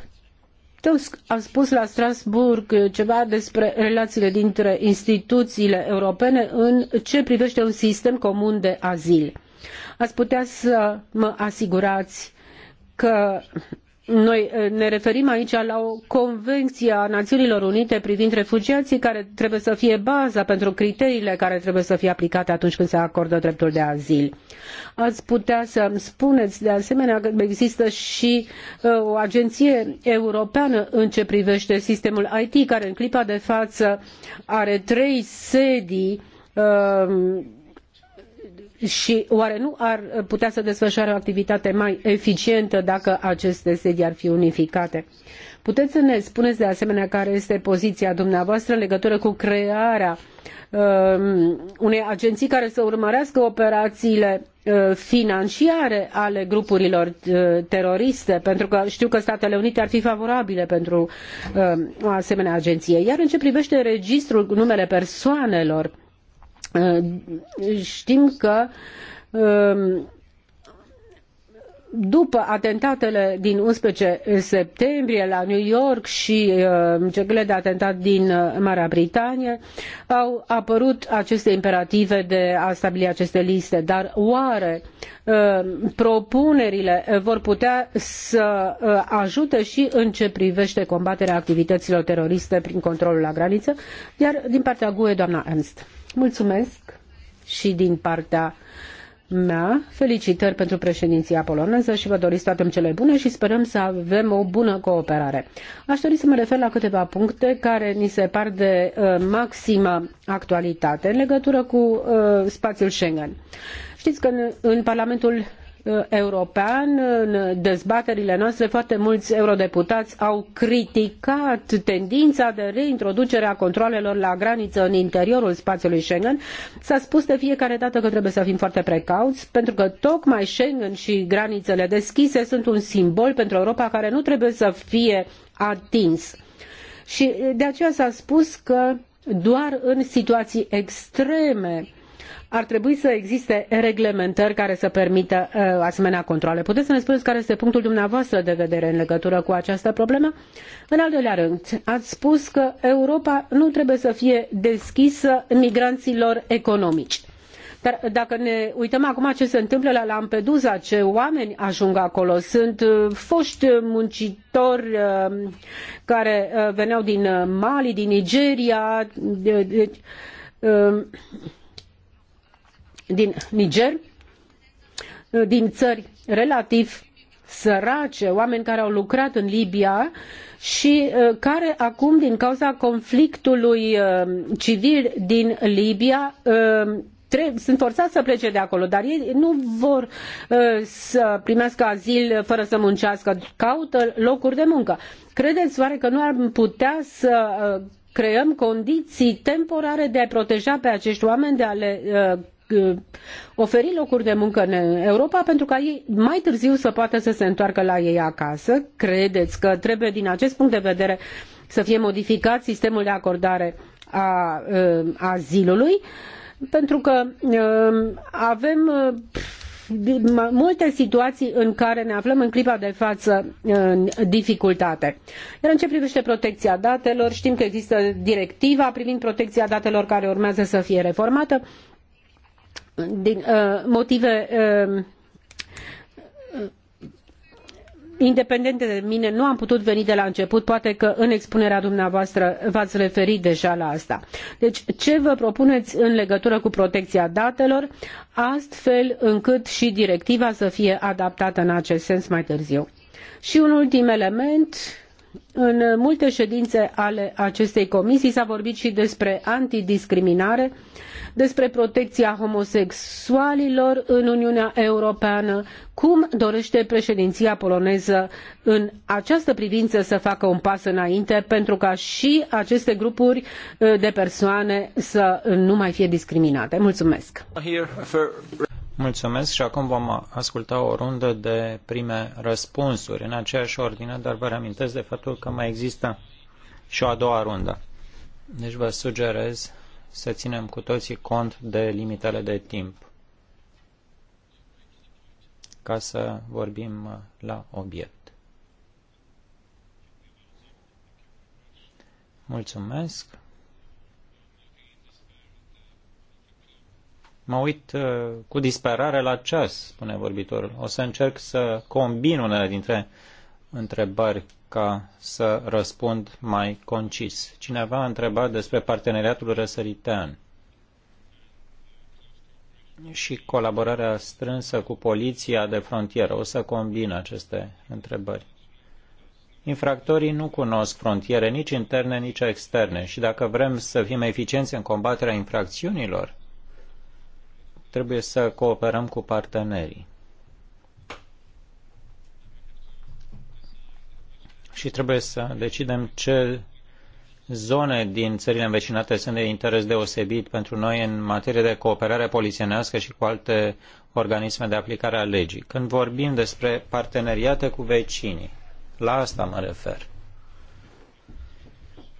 Tusk a spus la Strasbourg uh, ceva despre relațiile dintre instituțiile europene în ce privește un sistem comun de azil. Ați putea să mă asigurați că noi eh, ne referim aici la o convenție a Națiunilor Unite privind refugiații care trebuie să fie baza pentru criteriile care trebuie să fie aplicate atunci când se acordă dreptul de azil. Ați putea să îmi spuneți de asemenea că există și eh, o agenție europeană în ce privește sistemul IT care în clipa de față are trei sedii uh, și oare nu ar putea să desfășoare o activitate mai eficientă dacă aceste sedii ar fi unificate? Puteți să ne spuneți de asemenea care este poziția dumneavoastră în legătură cu crearea um, unei agenții care să urmărească operațiile uh, financiare ale grupurilor uh, teroriste, pentru că știu că Statele Unite ar fi favorabile pentru uh, o asemenea agenție. Iar în ce privește registrul cu numele persoanelor, Uh, știm că um, după atentatele din 11 septembrie la New York și uh, cele de atentat din uh, Marea Britanie, au apărut aceste imperative de a stabili aceste liste. Dar oare propunerile vor putea să ajute și în ce privește combaterea activităților teroriste prin controlul la graniță? Iar din partea GUE, doamna Ernst. Mulțumesc și din partea mea. Felicitări pentru președinția poloneză și vă doriți toate cele bune și sperăm să avem o bună cooperare. Aș dori să mă refer la câteva puncte care ni se par de uh, maximă actualitate în legătură cu uh, spațiul Schengen. Știți că în, în Parlamentul Uh, european, în dezbaterile noastre, foarte mulți eurodeputați au criticat tendința de reintroducere a controalelor la graniță în interiorul spațiului Schengen. S-a spus de fiecare dată că trebuie să fim foarte precauți, pentru că tocmai Schengen și granițele deschise sunt un simbol pentru Europa care nu trebuie să fie atins. Și de aceea s-a spus că doar în situații extreme ar trebui să existe reglementări care să permită uh, asemenea controle. Puteți să ne spuneți care este punctul dumneavoastră de vedere în legătură cu această problemă? În al doilea rând, ați spus că Europa nu trebuie să fie deschisă migranților economici. Dar dacă ne uităm acum ce se întâmplă la Lampedusa, ce oameni ajung acolo, sunt uh, foști muncitori uh, care uh, veneau din Mali, din Nigeria, deci, din Niger, din ări relativ sărace, oameni care au lucrat în Libia și uh, care acum, din cauza conflictului uh, civil din Libia, uh, sunt forțați să plece de acolo, dar ei nu vor să primească azil fără să muncească, caută locuri de muncă. Credeți oare că nu ar putea să creăm condiții temporare de a proteja pe acești oameni, de a le Uh, oferi locuri de muncă în Europa pentru ca ei mai târziu să poată să se întoarcă la ei acasă. Credeți că trebuie din acest punct de vedere să fie modificat sistemul de acordare a uh, azilului? Pentru că uh, avem multe situații în care ne aflăm în clipa de față în dificultate. Iar în ce privește protecția datelor, știm că există directiva privind protecția datelor care urmează să fie reformată din uh, motive um, independente de mine nu am putut veni de la început poate că în expunerea dumneavoastră v ați referit deja la asta. Deci ce vă propuneți în legătură cu protecția datelor astfel încât și directiva să fie adaptată în acest sens mai târziu? Și un ultim element în multe edine ale acestei comisii s-a vorbit și despre antidiscriminare, despre protecția homosexualilor în Uniunea Europeană. Cum dorește preedinia poloneză în această privință să facă un pas înainte pentru ca și aceste grupuri eh, de persoane să nu mai fie discriminate? Mulțumesc! Mulțumesc și acum vom asculta o rundă de prime răspunsuri în aceeași ordine, dar vă reamintesc de faptul că mai există și o a doua rundă. Deci vă sugerez să ținem cu toții cont de limitele de timp ca să vorbim la obiect. Mulțumesc. Mă uit uh, cu disperare la ceas, spune vorbitorul. O să încerc să combin unele dintre întrebări ca să răspund mai concis. Cineva a întrebat despre parteneriatul răsăritean și colaborarea strânsă cu poliția de frontieră. O să combin aceste întrebări. Infractorii nu cunosc frontiere nici interne, nici externe și dacă vrem să fim eficienți în combaterea infracțiunilor, trebuie să cooperăm cu partenerii. Și trebuie să decidem ce zone din țările învecinate sunt de interes deosebit pentru noi în materie de cooperare polițienească și cu alte organisme de aplicare a legii. Când vorbim despre parteneriate cu vecinii, la asta mă refer.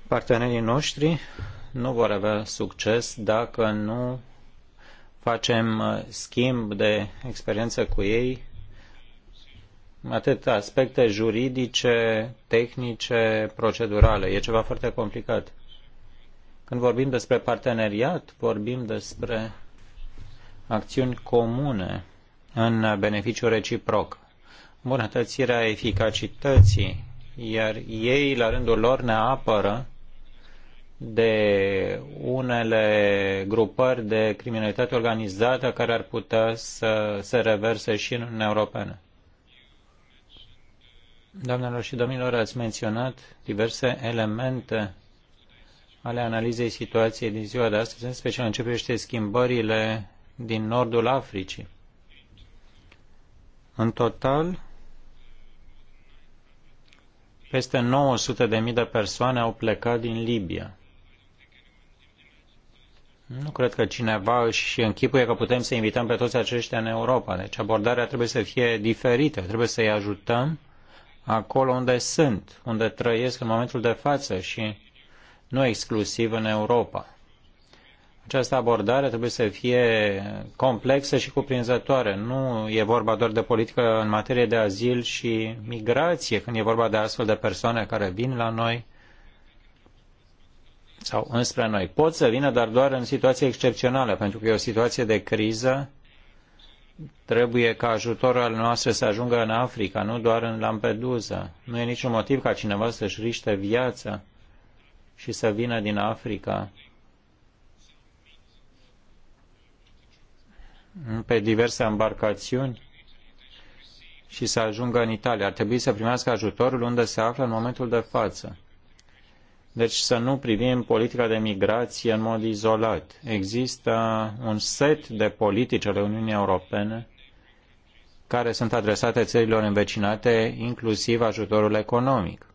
Partenerii noștri nu vor avea succes dacă nu facem uh, schimb de experiență cu ei, atât aspecte juridice, tehnice, procedurale. E ceva foarte complicat. Când vorbim despre parteneriat, vorbim despre acțiuni comune în beneficiu reciproc. Bunătățirea eficacității, iar ei, la rândul lor, ne apără de unele grupări de criminalitate organizată care ar putea să se reverse și în Uniunea Europeană. Doamnelor și domnilor, ați menționat diverse elemente ale analizei situației din ziua de astăzi, în special începește schimbările din nordul Africii. În total, peste 900.000 de persoane au plecat din Libia. Nu cred că cineva își închipuie că putem să invităm pe toți aceștia în Europa. Deci abordarea trebuie să fie diferită. Trebuie să-i ajutăm acolo unde sunt, unde trăiesc în momentul de față și nu exclusiv în Europa. Această abordare trebuie să fie complexă și cuprinzătoare. Nu e vorba doar de politică în materie de azil și migrație, când e vorba de astfel de persoane care vin la noi sau înspre noi. Pot să vină, dar doar în situații excepționale, pentru că e o situație de criză. Trebuie ca ajutorul al nostru să ajungă în Africa, nu doar în Lampedusa. Nu e niciun motiv ca cineva să-și riște viața și să vină din Africa pe diverse embarcațiuni și să ajungă în Italia. Ar trebui să primească ajutorul unde se află în momentul de față. Deci să nu privim politica de migrație în mod izolat. Există un set de politici ale Uniunii Europene care sunt adresate țărilor învecinate, inclusiv ajutorul economic.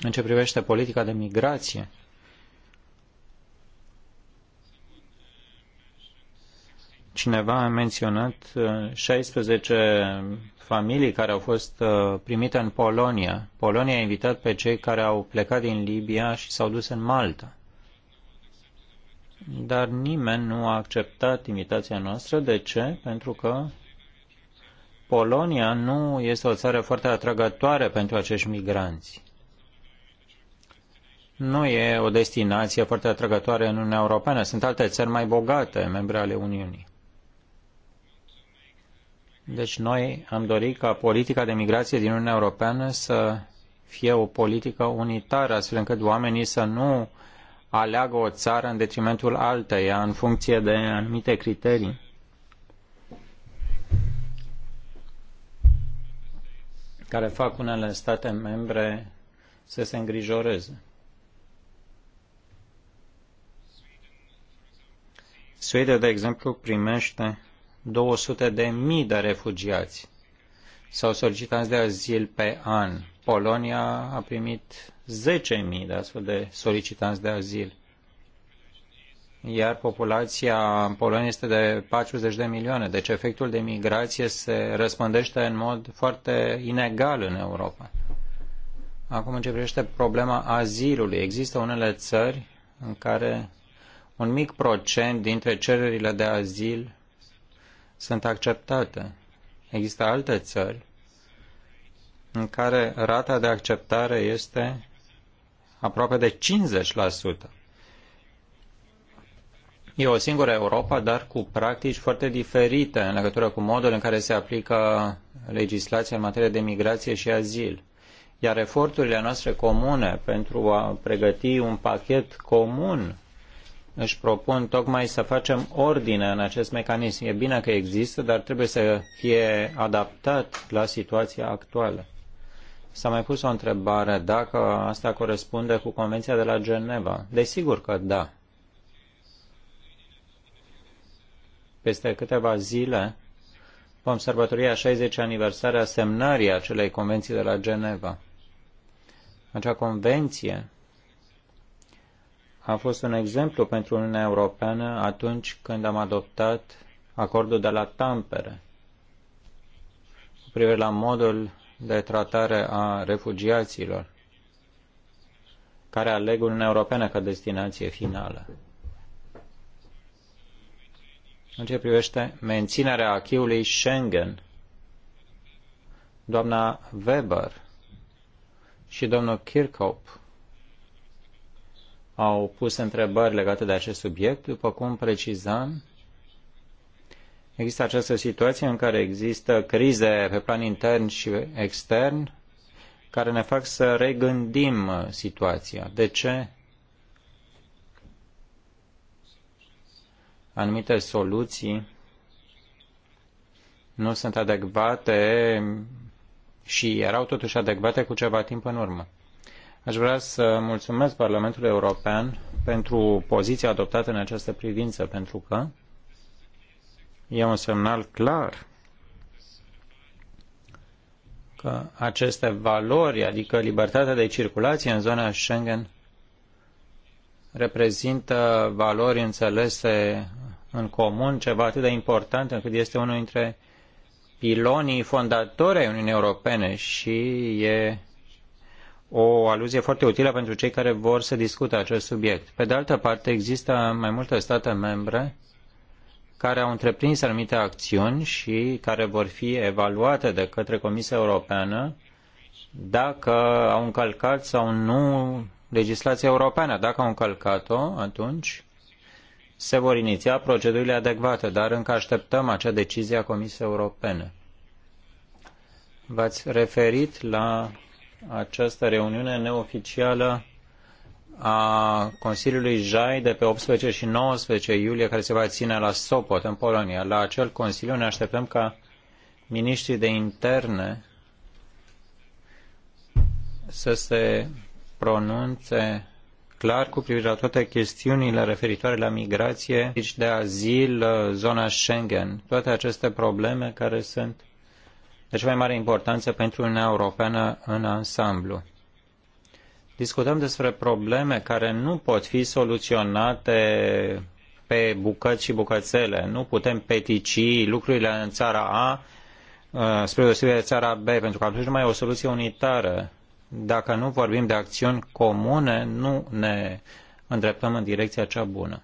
În ce privește politica de migrație, Cineva a menționat 16 uh, familii care au fost uh, primite în Polonia. Polonia a invitat pe cei care au plecat din Libia și s-au dus în Malta. Dar nimeni nu a acceptat invitația noastră. De ce? Pentru că Polonia nu este o țară foarte atrăgătoare pentru acești migranți. Nu e o destinație foarte atrăgătoare în Uniunea Europeană. Sunt alte țări mai bogate, membre ale Uniunii. Deci noi am dorit ca politica de migrație din Uniunea Europeană să fie o politică unitară, astfel încât oamenii să nu aleagă o țară în detrimentul alteia, în funcție de anumite criterii. care fac unele state membre să se îngrijoreze. Suedia, de exemplu, primește 200 de mii de refugiați sau solicitanți de azil pe an. Polonia a primit 10.000 de astfel de solicitanți de azil. Iar populația în Polonia este de 40 de milioane, deci efectul de migrație se răspândește în mod foarte inegal în Europa. Acum în ce privește problema azilului, există unele țări în care un mic procent dintre cererile de azil sunt acceptate. Există alte țări în care rata de acceptare este aproape de 50%. E o singură Europa, dar cu practici foarte diferite în legătură cu modul în care se aplică legislația în materie de migrație și azil. Iar eforturile noastre comune pentru a pregăti un pachet comun își propun tocmai să facem ordine în acest mecanism. E bine că există, dar trebuie să fie adaptat la situația actuală. S-a mai pus o întrebare dacă asta corespunde cu Convenția de la Geneva. Desigur că da. Peste câteva zile vom sărbători a 60 aniversare a semnării acelei convenții de la Geneva. Acea convenție a fost un exemplu pentru Uniunea Europeană atunci când am adoptat acordul de la Tampere cu privire la modul de tratare a refugiaților care aleg Uniunea Europeană ca destinație finală. În ce privește menținerea achiului Schengen, doamna Weber și domnul Kirchhoff au pus întrebări legate de acest subiect. După cum precizam, există această situație în care există crize pe plan intern și extern care ne fac să regândim situația. De ce anumite soluții nu sunt adecvate și erau totuși adecvate cu ceva timp în urmă. Aș vrea să mulțumesc Parlamentului European pentru poziția adoptată în această privință, pentru că e un semnal clar că aceste valori, adică libertatea de circulație în zona Schengen, reprezintă valori înțelese în comun, ceva atât de important încât este unul dintre pilonii fondatori ai Uniunii Europene și e o aluzie foarte utilă pentru cei care vor să discute acest subiect. Pe de altă parte, există mai multe state membre care au întreprins anumite acțiuni și care vor fi evaluate de către Comisia Europeană dacă au încălcat sau nu legislația europeană. Dacă au încălcat-o, atunci se vor iniția procedurile adecvate, dar încă așteptăm acea decizie a Comisiei Europene. V-ați referit la această reuniune neoficială a Consiliului JAI de pe 18 și 19 iulie, care se va ține la Sopot, în Polonia. La acel Consiliu ne așteptăm ca miniștrii de interne să se pronunțe clar cu privire la toate chestiunile referitoare la migrație, de azil, zona Schengen, toate aceste probleme care sunt de cea mai mare importanță pentru Uniunea Europeană în ansamblu. Discutăm despre probleme care nu pot fi soluționate pe bucăți și bucățele. Nu putem petici lucrurile în țara A uh, spre deosebire de țara B, pentru că atunci nu mai e o soluție unitară. Dacă nu vorbim de acțiuni comune, nu ne îndreptăm în direcția cea bună.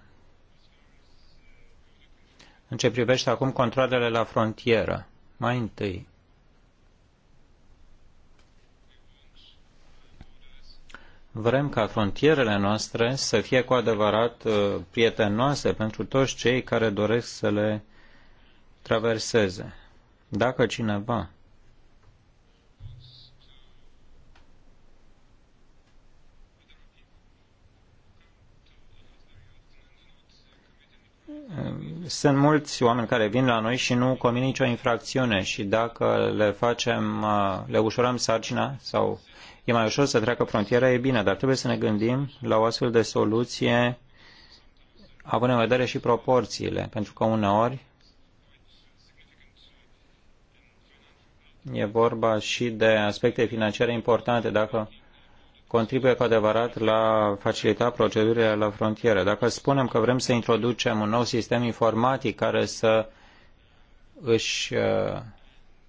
În ce privește acum controlele la frontieră, mai întâi. Vrem ca frontierele noastre să fie cu adevărat uh, prietenoase pentru toți cei care doresc să le traverseze. Dacă cineva sunt mulți oameni care vin la noi și nu comit nicio infracțiune și dacă le facem, uh, le ușurăm sarcina sau e mai ușor să treacă frontiera, e bine, dar trebuie să ne gândim la o astfel de soluție având în vedere și proporțiile, pentru că uneori e vorba și de aspecte financiare importante, dacă contribuie cu adevărat la facilita procedurile la frontieră. Dacă spunem că vrem să introducem un nou sistem informatic care să își, uh,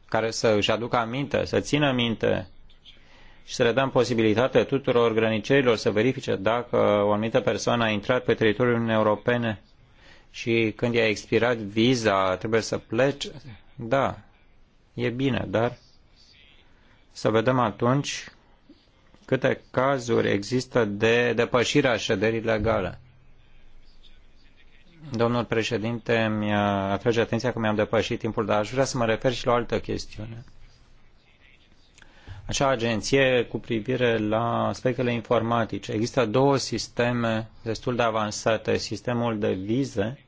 care să își aducă aminte, să țină minte și să le dăm posibilitatea tuturor grănicerilor să verifice dacă o anumită persoană a intrat pe teritoriul Uniunii Europene și când i-a expirat viza trebuie să plece. Da, e bine, dar să vedem atunci câte cazuri există de depășire a șederii legale. Domnul președinte, mi-a atrage atenția că mi-am depășit timpul, dar aș vrea să mă refer și la o altă chestiune acea agenție cu privire la aspectele informatice. Există două sisteme destul de avansate. Sistemul de vize,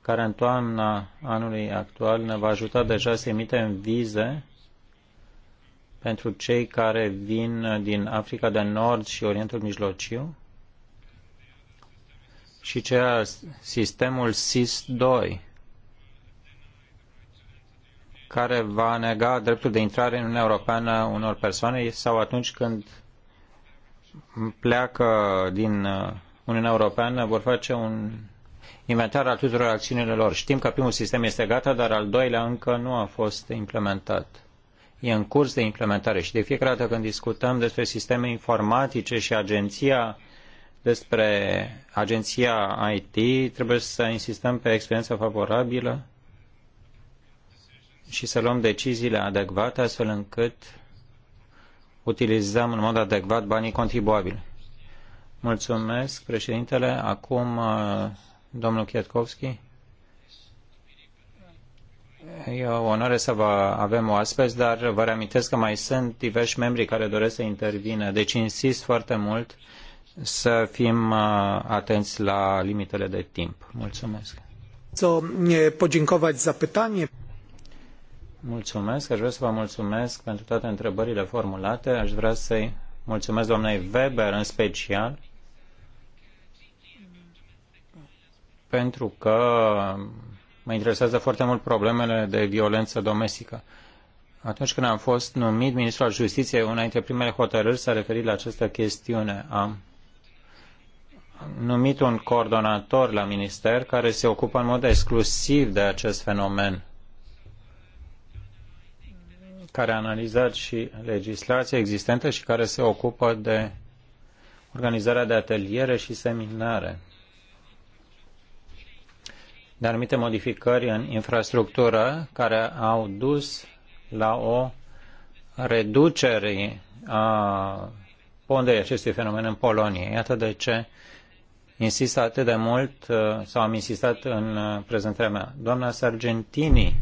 care în toamna anului actual ne va ajuta deja să emitem vize pentru cei care vin din Africa de Nord și Orientul Mijlociu și ceea, sistemul SIS-2 care va nega dreptul de intrare în Uniunea Europeană unor persoane sau atunci când pleacă din uh, Uniunea Europeană vor face un inventar al tuturor acțiunilor lor. Știm că primul sistem este gata, dar al doilea încă nu a fost implementat. E în curs de implementare și de fiecare dată când discutăm despre sisteme informatice și agenția despre agenția IT, trebuie să insistăm pe experiența favorabilă și să luăm deciziile adecvate astfel încât utilizăm în mod adecvat banii contribuabili. Mulțumesc, președintele. Acum, uh, domnul Chiatkovski. E o onoare să vă avem oaspeți, dar vă reamintesc că mai sunt diversi membri care doresc să intervină. Deci insist foarte mult să fim uh, atenți la limitele de timp. Mulțumesc. Podziękować za pytanie. Mulțumesc, aș vrea să vă mulțumesc pentru toate întrebările formulate. Aș vrea să-i mulțumesc doamnei Weber în special pentru că mă interesează foarte mult problemele de violență domestică. Atunci când am fost numit ministru al justiției, una dintre primele hotărâri s-a referit la această chestiune. Am numit un coordonator la minister care se ocupă în mod exclusiv de acest fenomen care a analizat și legislația existentă și care se ocupă de organizarea de ateliere și seminare, de anumite modificări în infrastructură care au dus la o reducere a ponderii acestui fenomen în Polonia. Iată de ce insist atât de mult, uh, sau am insistat în uh, prezentarea mea. Doamna Sargentini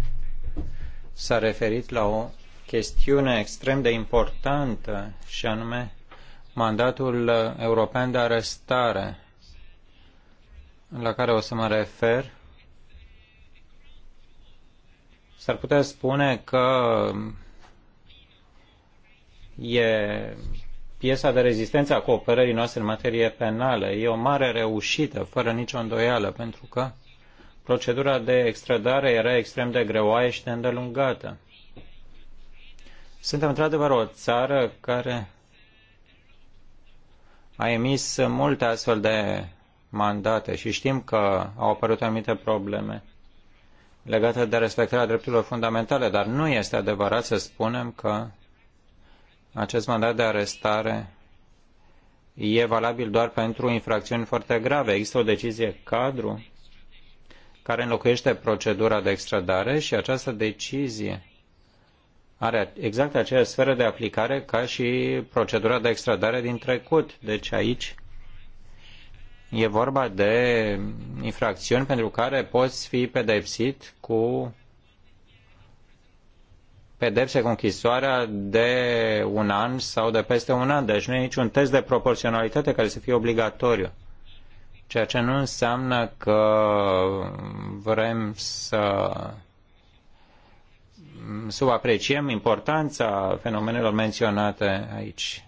s-a referit la o chestiune extrem de importantă și anume mandatul uh, european de arestare la care o să mă refer. S-ar putea spune că um, e piesa de rezistență a cooperării noastre în materie penală. E o mare reușită, fără nicio îndoială, pentru că procedura de extradare era extrem de greoaie și de îndelungată. Suntem într-adevăr o țară care a emis multe astfel de mandate și știm că au apărut anumite probleme legate de respectarea drepturilor fundamentale, dar nu este adevărat să spunem că acest mandat de arestare e valabil doar pentru infracțiuni foarte grave. Există o decizie cadru care înlocuiește procedura de extradare și această decizie are exact aceeași sferă de aplicare ca și procedura de extradare din trecut. Deci aici e vorba de infracțiuni pentru care poți fi pedepsit cu pedepse cu închisoarea de un an sau de peste un an. Deci nu e niciun test de proporționalitate care să fie obligatoriu. Ceea ce nu înseamnă că vrem să subapreciem importanța fenomenelor menționate aici.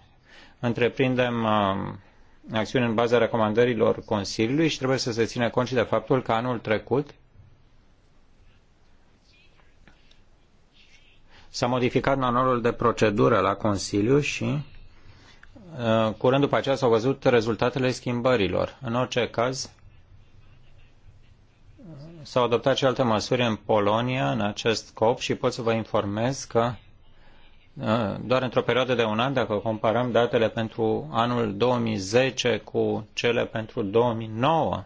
Întreprindem um, acțiuni în baza recomandărilor Consiliului și trebuie să se țină cont și de faptul că anul trecut s-a modificat manualul de procedură la Consiliu și uh, curând după aceea s-au văzut rezultatele schimbărilor. În orice caz, S-au adoptat și alte măsuri în Polonia în acest scop și pot să vă informez că uh, doar într-o perioadă de un an, dacă comparăm datele pentru anul 2010 cu cele pentru 2009,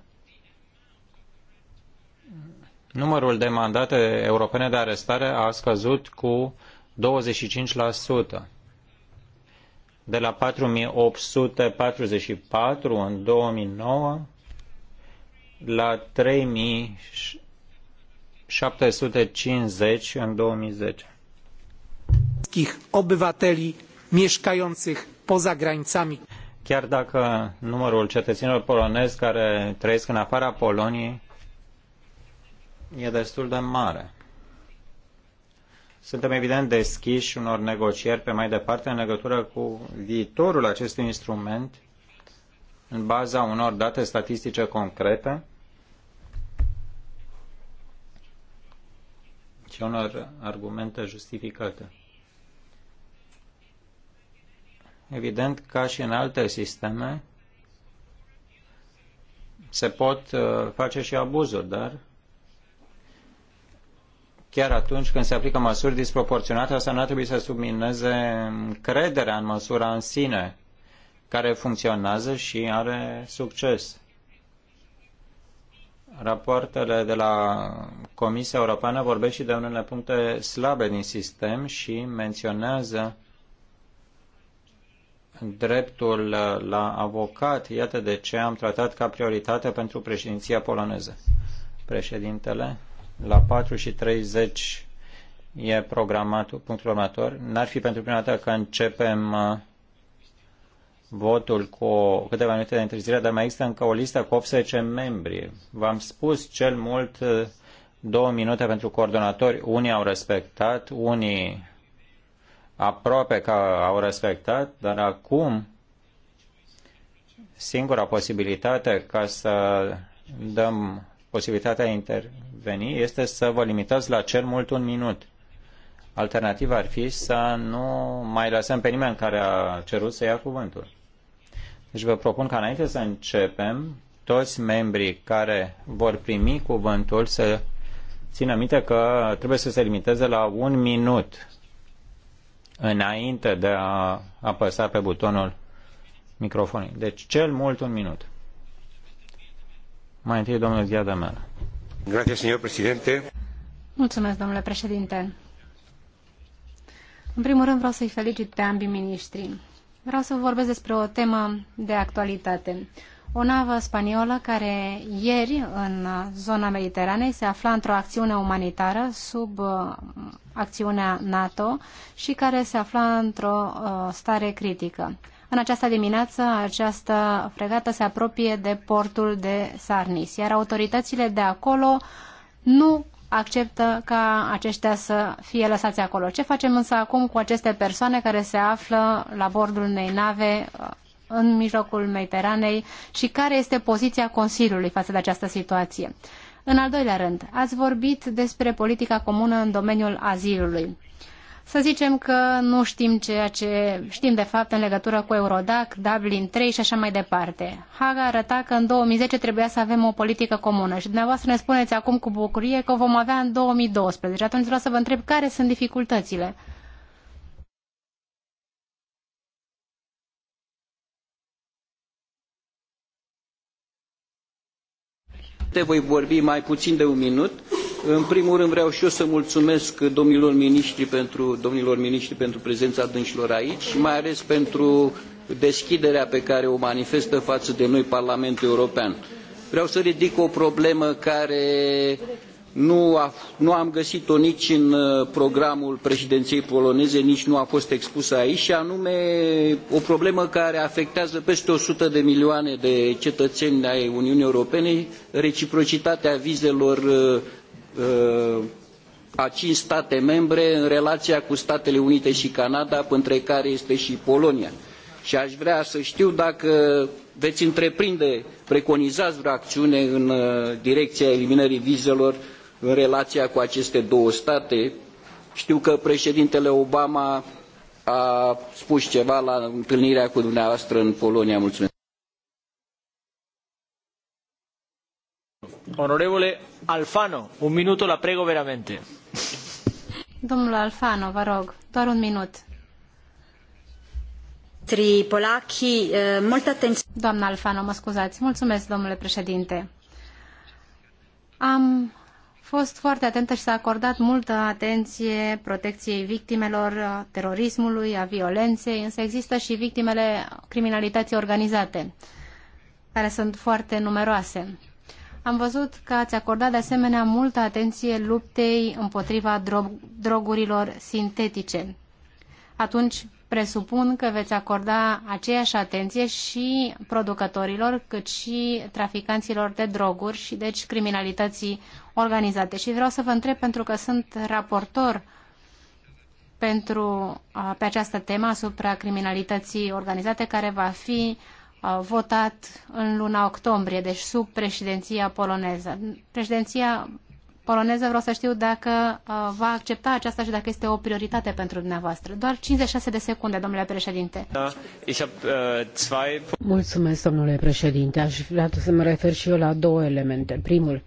numărul de mandate europene de arestare a scăzut cu 25%. De la 4844 în 2009 la 3750 în 2010. obywateli mieszkających poza granicami. Chiar dacă numărul cetățenilor polonezi care trăiesc în afara Poloniei e destul de mare. Suntem evident deschiși unor negocieri pe mai departe în legătură cu viitorul acestui instrument în baza unor date statistice concrete și unor argumente justificate. Evident, ca și în alte sisteme, se pot uh, face și abuzuri, dar chiar atunci când se aplică măsuri disproporționate, asta nu ar trebui să submineze crederea în măsura în sine care funcționează și are succes. Rapoartele de la Comisia Europeană vorbesc și de unele puncte slabe din sistem și menționează dreptul la avocat. Iată de ce am tratat ca prioritate pentru președinția poloneză. Președintele, la 4 și 30 e programat punctul următor. N-ar fi pentru prima dată că începem uh, votul cu câteva minute de întârziere, dar mai există încă o listă cu 18 membri. V-am spus cel mult uh, două minute pentru coordonatori. Unii au respectat, unii aproape că au respectat, dar acum singura posibilitate ca să dăm posibilitatea de a interveni este să vă limitați la cel mult un minut. Alternativa ar fi să nu mai lăsăm pe nimeni care a cerut să ia cuvântul. Deci vă propun ca înainte să începem, toți membrii care vor primi cuvântul să țină minte că trebuie să se limiteze la un minut înainte de a apăsa pe butonul microfonului. Deci cel mult un minut. Mai întâi domnul Diadamel. Gracias, señor președinte. Mulțumesc, domnule președinte. În primul rând vreau să-i felicit pe ambii miniștri. Vreau să vorbesc despre o temă de actualitate. O navă spaniolă care ieri în zona Mediteranei se afla într-o acțiune umanitară sub uh, acțiunea NATO și care se afla într-o uh, stare critică. În această dimineață, această fregată se apropie de portul de Sarnis, iar autoritățile de acolo nu acceptă ca aceștia să fie lăsați acolo. Ce facem însă acum cu aceste persoane care se află la bordul unei nave uh, în mijlocul Mediteranei și care este poziția Consiliului față de această situație? În al doilea rând, ați vorbit despre politica comună în domeniul azilului. Să zicem că nu știm ceea ce știm de fapt în legătură cu Eurodac, Dublin 3 și așa mai departe. Haga arăta că în 2010 trebuia să avem o politică comună și dumneavoastră ne spuneți acum cu bucurie că o vom avea în 2012. Atunci vreau să vă întreb care sunt dificultățile. Voi vorbi mai puțin de un minut în primul rând vreau și eu să mulțumesc domnilor miniștri pentru, domnilor miniștri pentru prezența dânșilor aici, mai ales pentru deschiderea pe care o manifestă față de noi Parlamentul European. Vreau să ridic o problemă care nu, a, nu am găsit-o nici în uh, programul președinției poloneze, nici nu a fost expusă aici, și anume o problemă care afectează peste 100 de milioane de cetățeni ai Uniunii Europene, reciprocitatea vizelor uh, Uh, a cinci state membre în relația cu Statele Unite și Canada, printre care este și Polonia. Și aș vrea să știu dacă veți întreprinde, preconizați vreo acțiune în uh, direcția eliminării vizelor în relația cu aceste două state. Știu că președintele Obama a spus ceva la întâlnirea cu dumneavoastră în Polonia. Mulțumesc. Onorevole Alfano, un minut, la prego veramente. Domnule Alfano, vă rog, doar un minut. Tri polacchi, eh, multă atenție. Doamna Alfano, mă scuzați. Mulțumesc, domnule președinte. Am fost foarte atentă și s-a acordat multă atenție protecției victimelor eh, terorismului, a violenței, însă există și victimele criminalității organizate, care sunt foarte numeroase. Am văzut că ați acordat de asemenea multă atenție luptei împotriva drog drogurilor sintetice. Atunci presupun că veți acorda aceeași atenție și producătorilor, cât și traficanților de droguri și deci criminalității organizate. Și vreau să vă întreb, pentru că sunt raportor pentru, pe această temă asupra criminalității organizate, care va fi votat în luna octombrie, deci sub președinția poloneză. Președinția poloneză vreau să știu dacă uh, va accepta aceasta și dacă este o prioritate pentru dumneavoastră. Doar 56 de secunde, domnule președinte. Uh, Mulțumesc, domnule președinte. Aș vrea să mă refer și eu la două elemente. Primul,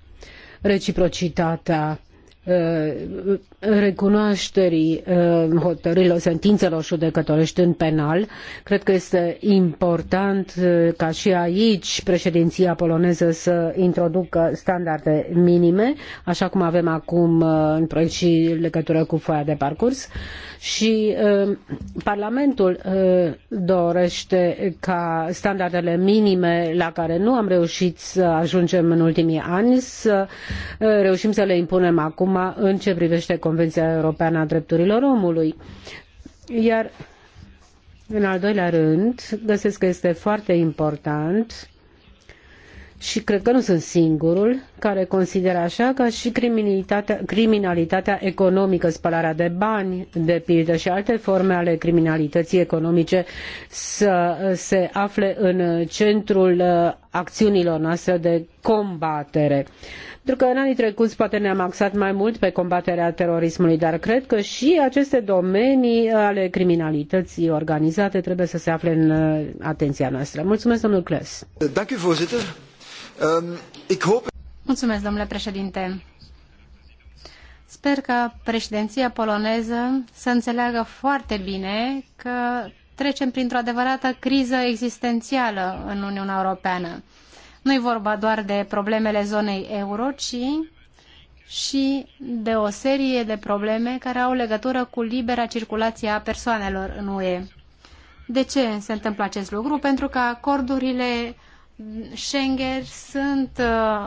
reciprocitatea uh, recunoașterii uh, hotărârilor, sentințelor judecătorești în penal. Cred că este important uh, ca și aici președinția poloneză să introducă standarde minime, așa cum avem acum uh, în proiect și legătură cu foaia de parcurs. Și Parlamentul dorește ca standardele minime la care nu am reușit să ajungem în ultimii ani să reușim să le impunem acum în ce privește Convenția Europeană a Drepturilor Omului. Iar, în al doilea rând, găsesc că este foarte important și cred că nu sunt singurul care consideră așa ca și criminalitatea, criminalitatea economică, spălarea de bani, de pildă și alte forme ale criminalității economice să se afle în centrul uh, acțiunilor noastre de combatere. Uh, pentru că în anii trecuți poate ne-am axat mai mult pe combaterea terorismului, dar cred că și aceste domenii ale criminalității organizate trebuie să se afle în uh, atenția noastră. Mulțumesc, domnul Cles. Ehm, Mulțumesc, domnule președinte. Sper că președinția poloneză să înțeleagă foarte bine că trecem printr-o adevărată criză existențială în Uniunea Europeană. Nu e vorba doar de problemele zonei euro, ci și de o serie de probleme care au legătură cu libera circulație a persoanelor în UE. De ce se întâmplă acest lucru? Pentru că acordurile Schengen sunt uh,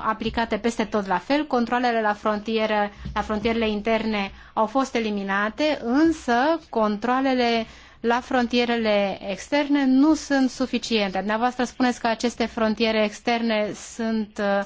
aplicate peste tot la fel, controlele la, frontieră, la frontierele interne au fost eliminate, însă controlele la frontierele externe nu sunt suficiente. Dumneavoastră spuneți că aceste frontiere externe sunt uh,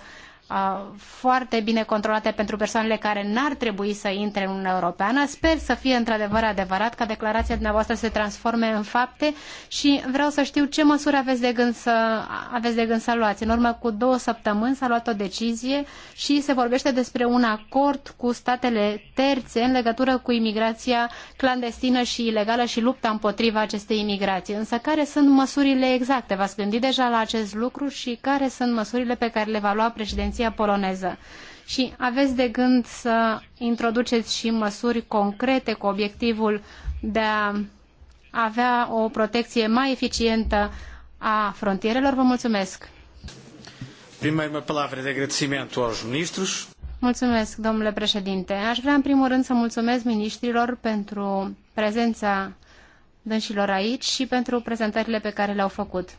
foarte bine controlate pentru persoanele care n-ar trebui să intre în Uniunea Europeană. Sper să fie într-adevăr adevărat ca declarația dumneavoastră să se transforme în fapte și vreau să știu ce măsuri aveți de gând să, aveți de gând să luați. În urmă cu două săptămâni s-a luat o decizie și se vorbește despre un acord cu statele terțe în legătură cu imigrația clandestină și ilegală și lupta împotriva acestei imigrații. Însă care sunt măsurile exacte? V-ați gândit deja la acest lucru și care sunt măsurile pe care le va lua președinția președinția poloneză. Și aveți de gând să introduceți și măsuri concrete cu obiectivul de a avea o protecție mai eficientă a frontierelor? Vă mulțumesc! Primeiro, uma palavra de agradecimento aos ministros. Mulțumesc, domnule președinte. Aș vrea, în primul rând, să mulțumesc ministrilor pentru prezența dânșilor aici și pentru prezentările pe care le-au făcut.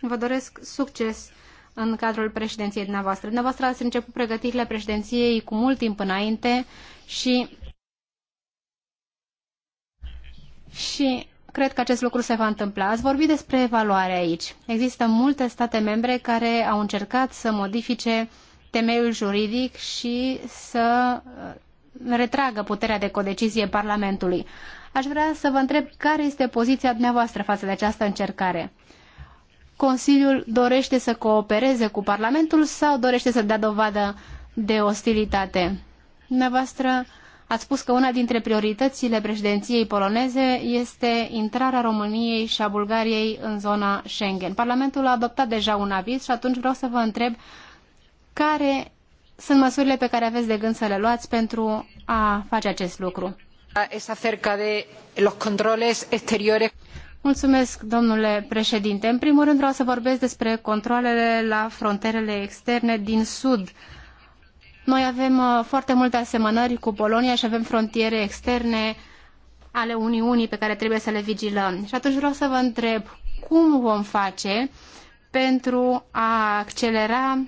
Vă doresc succes în cadrul președinției dumneavoastră. Dumneavoastră ați început pregătirile președinției cu mult timp înainte și, și cred că acest lucru se va întâmpla. Ați vorbit despre evaluare aici. Există multe state membre care au încercat să modifice temeiul juridic și să uh, retragă puterea de codecizie Parlamentului. Aș vrea să vă întreb care este poziția dumneavoastră față de această încercare. Consiliul dorește să coopereze cu Parlamentul sau dorește să dea dovadă de ostilitate? Dumneavoastră ați spus că una dintre prioritățile președinției poloneze este intrarea României și a Bulgariei în zona Schengen. Parlamentul a adoptat deja un aviz și atunci vreau să vă întreb care sunt măsurile pe care aveți de gând să le luați pentru a face acest lucru. Es acerca de los controles exteriores Mulțumesc, domnule președinte. În primul rând vreau să vorbesc despre controlele la frontierele externe din sud. Noi avem uh, foarte multe asemănări cu Polonia și avem frontiere externe ale Uniunii pe care trebuie să le vigilăm. Și atunci vreau să vă întreb cum vom face pentru a accelera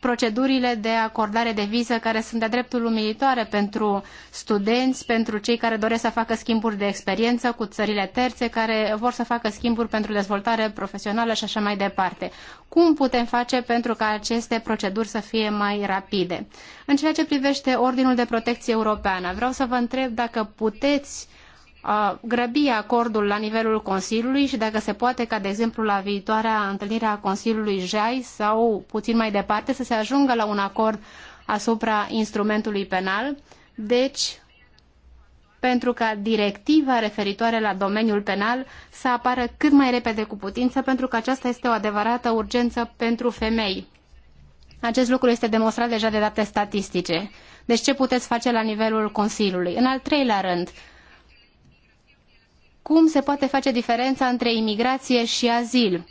procedurile de acordare de viză care sunt de dreptul umilitoare pentru studenți, pentru cei care doresc să facă schimburi de experiență cu țările terțe, care vor să facă schimburi pentru dezvoltare profesională și așa mai departe. Cum putem face pentru ca aceste proceduri să fie mai rapide? În ceea ce privește Ordinul de Protecție Europeană, vreau să vă întreb dacă puteți grăbi acordul la nivelul Consiliului și dacă se poate ca, de exemplu, la viitoarea întâlnire a Consiliului JAI sau puțin mai departe să se ajungă la un acord asupra instrumentului penal. Deci, pentru ca directiva referitoare la domeniul penal să apară cât mai repede cu putință, pentru că aceasta este o adevărată urgență pentru femei. Acest lucru este demonstrat deja de date statistice. Deci ce puteți face la nivelul Consiliului? În al treilea rând, cum se poate face diferența între imigrație și azil.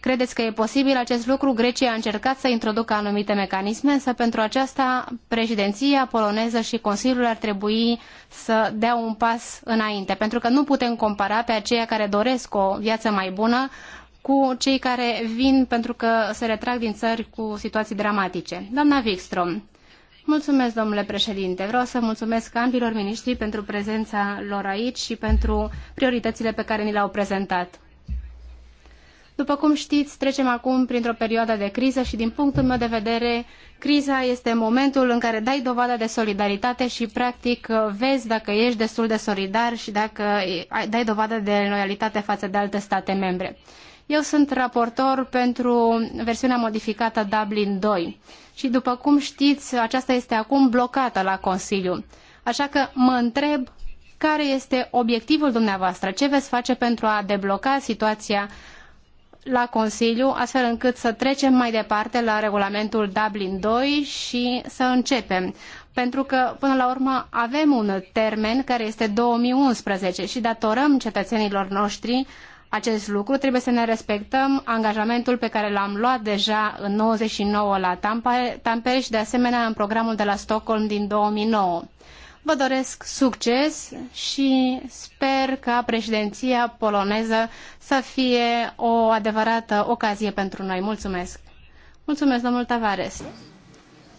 Credeți că e posibil acest lucru? Grecia a încercat să introducă anumite mecanisme, însă pentru aceasta președinția poloneză și Consiliul ar trebui să dea un pas înainte, pentru că nu putem compara pe aceia care doresc o viață mai bună cu cei care vin pentru că se retrag din țări cu situații dramatice. Doamna Wikström, Mulțumesc, domnule președinte. Vreau să mulțumesc ambilor miniștri pentru prezența lor aici și pentru prioritățile pe care ni le-au prezentat. După cum știți, trecem acum printr-o perioadă de criză și, din punctul meu de vedere, criza este momentul în care dai dovadă de solidaritate și, practic, vezi dacă ești destul de solidar și dacă dai dovadă de loialitate față de alte state membre. Eu sunt raportor pentru versiunea modificată Dublin 2 și, după cum știți, aceasta este acum blocată la Consiliu. Așa că mă întreb care este obiectivul dumneavoastră, ce veți face pentru a debloca situația la Consiliu, astfel încât să trecem mai departe la regulamentul Dublin 2 și să începem. Pentru că, până la urmă, avem un termen care este 2011 și datorăm cetățenilor noștri acest lucru. Trebuie să ne respectăm angajamentul pe care l-am luat deja în 99 la Tampere și de asemenea în programul de la Stockholm din 2009. Vă doresc succes și sper ca președinția poloneză să fie o adevărată ocazie pentru noi. Mulțumesc! Mulțumesc, domnul Tavares!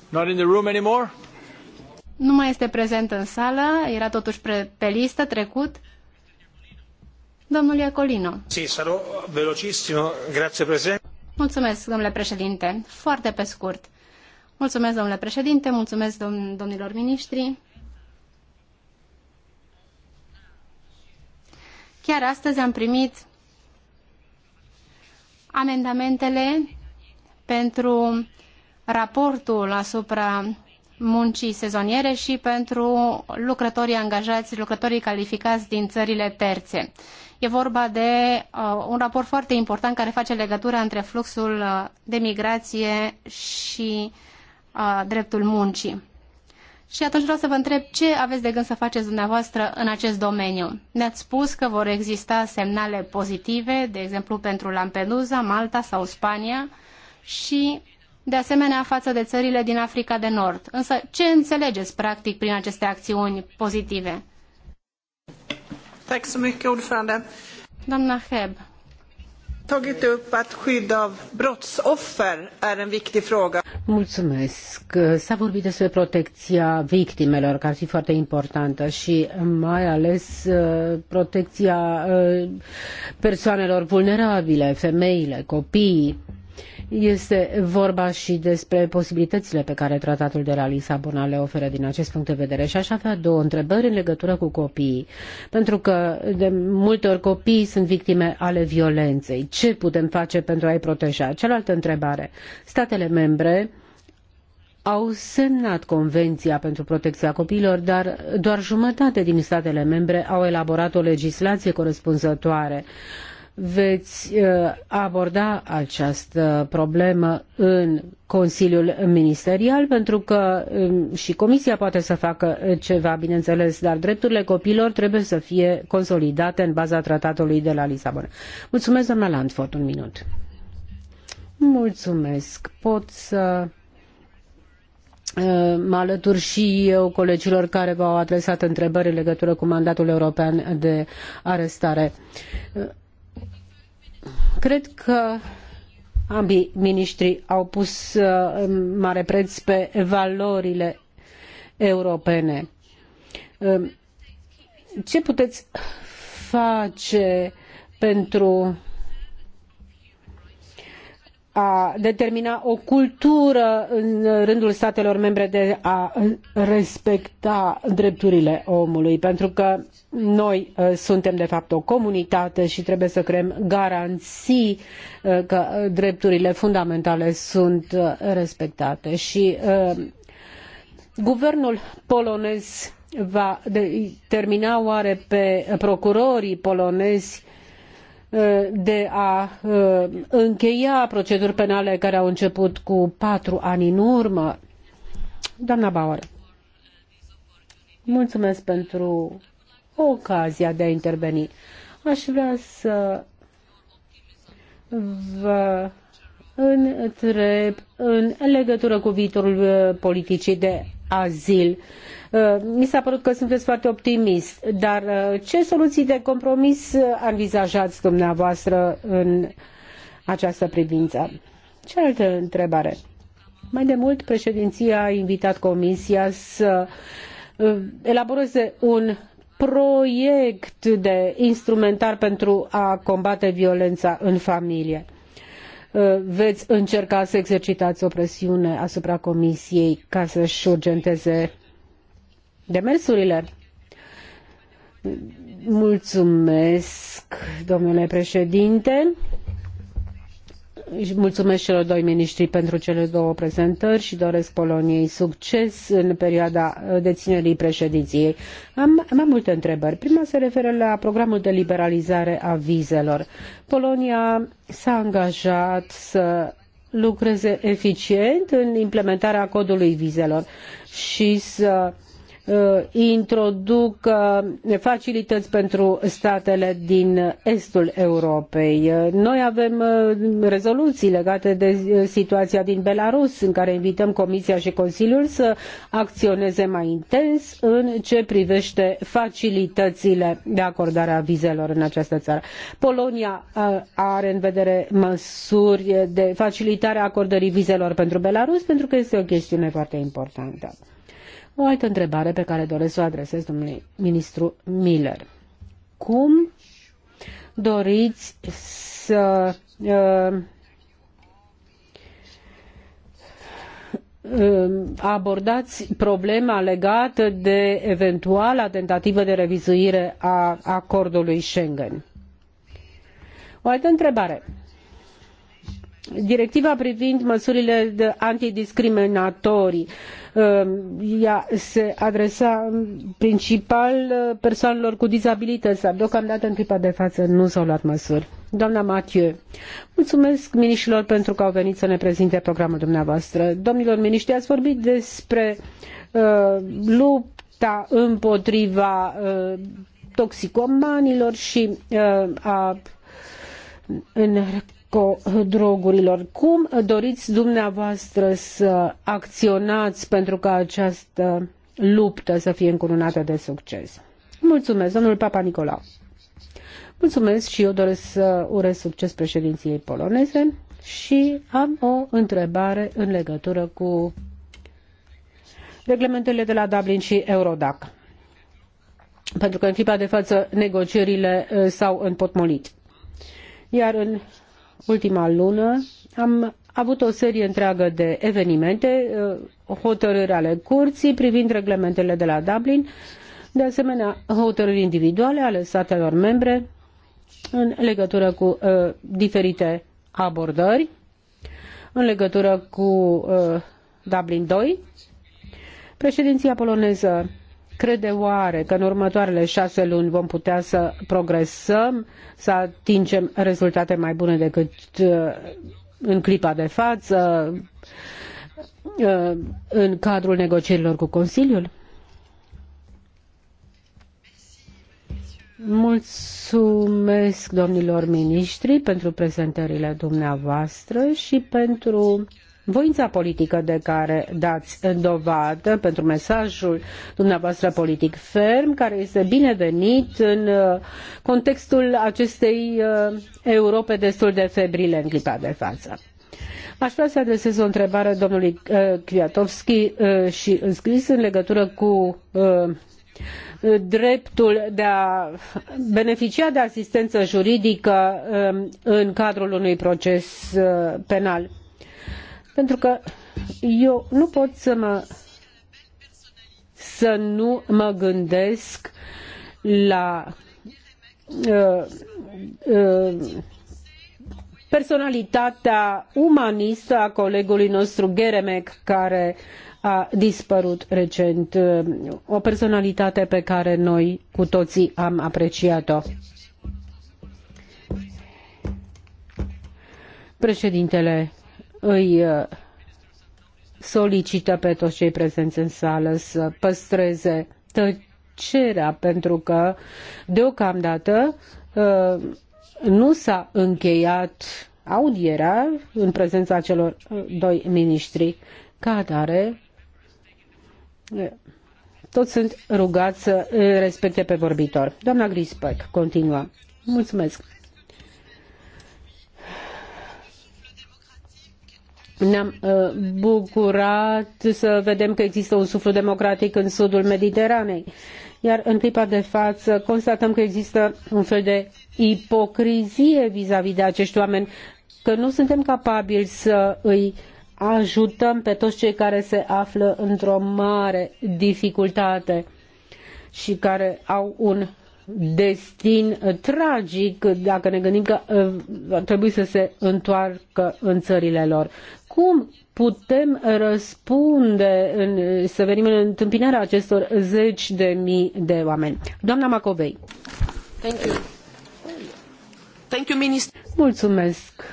Not in the room anymore? Nu mai este prezent în sală, era totuși pe listă trecut. Domnul Iacolino. Si, velocissimo. Grazie, Mulțumesc, domnule președinte. Foarte pe scurt. Mulțumesc, domnule președinte, mulțumesc, dom domnilor miniștri. Chiar astăzi am primit amendamentele pentru raportul asupra muncii sezoniere și pentru lucrătorii angajați, lucrătorii calificați din țările terțe. E vorba de uh, un raport foarte important care face legătura între fluxul uh, de migrație și uh, dreptul muncii. Și atunci vreau să vă întreb ce aveți de gând să faceți dumneavoastră în acest domeniu. Ne-ați spus că vor exista semnale pozitive, de exemplu pentru Lampedusa, Malta sau Spania și de asemenea față de țările din Africa de Nord. Însă ce înțelegeți practic prin aceste acțiuni pozitive? Doamna Heb. Tagit upp att skydd av brottsoffer är en viktig fråga. Mulțumesc. S-a vorbit despre protecția victimelor, care ar fi foarte importantă și mai ales uh, protecția uh, persoanelor vulnerabile, femeile, copiii. Este vorba și despre posibilitățile pe care tratatul de la Lisabona le oferă din acest punct de vedere. Și aș avea două întrebări în legătură cu copiii. Pentru că de multe ori copiii sunt victime ale violenței. Ce putem face pentru a-i proteja? Cealaltă întrebare. Statele membre au semnat Convenția pentru protecția copiilor, dar doar jumătate din statele membre au elaborat o legislație corespunzătoare. Uh, veți uh, aborda această problemă în Consiliul Ministerial, pentru că um, și Comisia poate să facă uh, ceva, bineînțeles, dar drepturile copiilor trebuie să fie consolidate în baza tratatului de la Lisabona. Mulțumesc, doamna Landfort, un minut. Mulțumesc. Pot să uh, mă alătur și eu colegilor care v-au adresat întrebări în legătură cu mandatul european de arestare. Cred că ambii miniștri au pus uh, mare preț pe valorile europene. Um, ce puteți face pentru a determina o cultură în rândul statelor membre de a respecta drepturile omului, pentru că noi uh, suntem de fapt o comunitate și trebuie să creăm garanții uh, că drepturile fundamentale sunt uh, respectate și guvernul polonez va determina oare pe procurorii polonezi de a uh, încheia proceduri penale care au început cu patru ani în urmă. Doamna Bauer, mulțumesc pentru ocazia de a interveni. Aș vrea să vă întreb în legătură cu viitorul uh, politicii de azil. Uh, mi s-a părut că sunteți foarte optimist, dar uh, ce soluții de compromis uh, anvizajați dumneavoastră în această privință? Cealaltă întrebare. Mai de mult, președinția a invitat Comisia să elaboreze un proiect de instrumentar pentru a combate violența în familie. Uh, veți încerca să exercitați o presiune asupra Comisiei ca să-și urgenteze demersurile? Mulțumesc, domnule președinte mulțumesc celor doi miniștri pentru cele două prezentări și doresc Poloniei succes în perioada uh, deținerii președinției. Am mai multe întrebări. Prima se referă la programul de liberalizare a vizelor. Polonia s-a angajat să lucreze eficient în implementarea codului vizelor și să Uh, Introduc facilități pentru statele din estul Europei. Uh, noi avem uh, rezoluții legate de situația din Belarus, în care invităm Comisia și Consiliul să acționeze mai intens în ce privește facilitățile de acordare a vizelor în această țară. Polonia are în vedere măsuri de facilitare a acordării vizelor pentru Belarus, pentru că este o chestiune foarte importantă. O altă întrebare pe care doresc să o adresez domnului ministru Miller. Cum doriți să uh, abordați problema legată de eventuala tentativă de revizuire a acordului Schengen. O altă întrebare. Directiva privind măsurile de antidiscriminatorii um, ea se adresa principal uh, persoanelor cu dizabilități, dar deocamdată în clipa de față nu s-au luat măsuri. Doamna Mathieu, mulțumesc miniștilor pentru că au venit să ne prezinte programul dumneavoastră. Domnilor miniștri, ați vorbit despre uh, lupta împotriva uh, toxicomanilor și uh, a în narcodrogurilor. Cum doriți dumneavoastră să acționați pentru ca această luptă să fie încununată de succes? Mulțumesc, domnul Papa Nicolau. Mulțumesc și eu doresc să urez succes președinției poloneze și am o întrebare în legătură cu reglementările de la Dublin și Eurodac. Pentru că în clipa de față negocierile eh, s-au împotmolit. Iar în ultima lună am avut o serie întreagă de evenimente, uh, hotărâri ale curții privind reglementele de la Dublin, de asemenea hotărâri individuale ale statelor membre în legătură cu uh, diferite abordări, în legătură cu uh, Dublin 2. Președinția poloneză Crede oare că în următoarele șase luni vom putea să progresăm, să atingem rezultate mai bune decât uh, în clipa de față, uh, în cadrul negocierilor cu Consiliul? Mulțumesc domnilor miniștri pentru prezentările dumneavoastră și pentru voința politică de care dați dovadă pentru mesajul dumneavoastră politic ferm, care este binevenit în uh, contextul acestei uh, Europe destul de febrile în clipa de față. Aș vrea să adresez o întrebare domnului uh, Kwiatowski și înscris în legătură cu dreptul de a beneficia de asistență juridică în cadrul unui proces penal pentru că eu nu pot să mă să nu mă gândesc la uh, uh, personalitatea umanistă a colegului nostru Geremec, care a dispărut recent, o personalitate pe care noi cu toții am apreciat-o. Președintele îi uh, solicită pe toți cei prezenți în sală să păstreze tăcerea, pentru că deocamdată uh, nu s-a încheiat audierea în prezența celor uh, doi miniștri. Ca atare, toți sunt rugați să respecte pe vorbitor. Doamna Grispec, continuă. Mulțumesc. ne-am uh, bucurat să vedem că există un suflu democratic în sudul Mediteranei. Iar în clipa de față constatăm că există un fel de ipocrizie -vis de acești oameni, că nu suntem capabili să îi ajutăm pe toți cei care se află într-o mare dificultate și care au un destin tragic dacă ne gândim că uh, trebuie să se întoarcă în țările lor cum putem răspunde, în, să venim în întâmpinarea acestor zeci de mii de oameni. Doamna Macovei. Thank you. Thank you, minister. Mulțumesc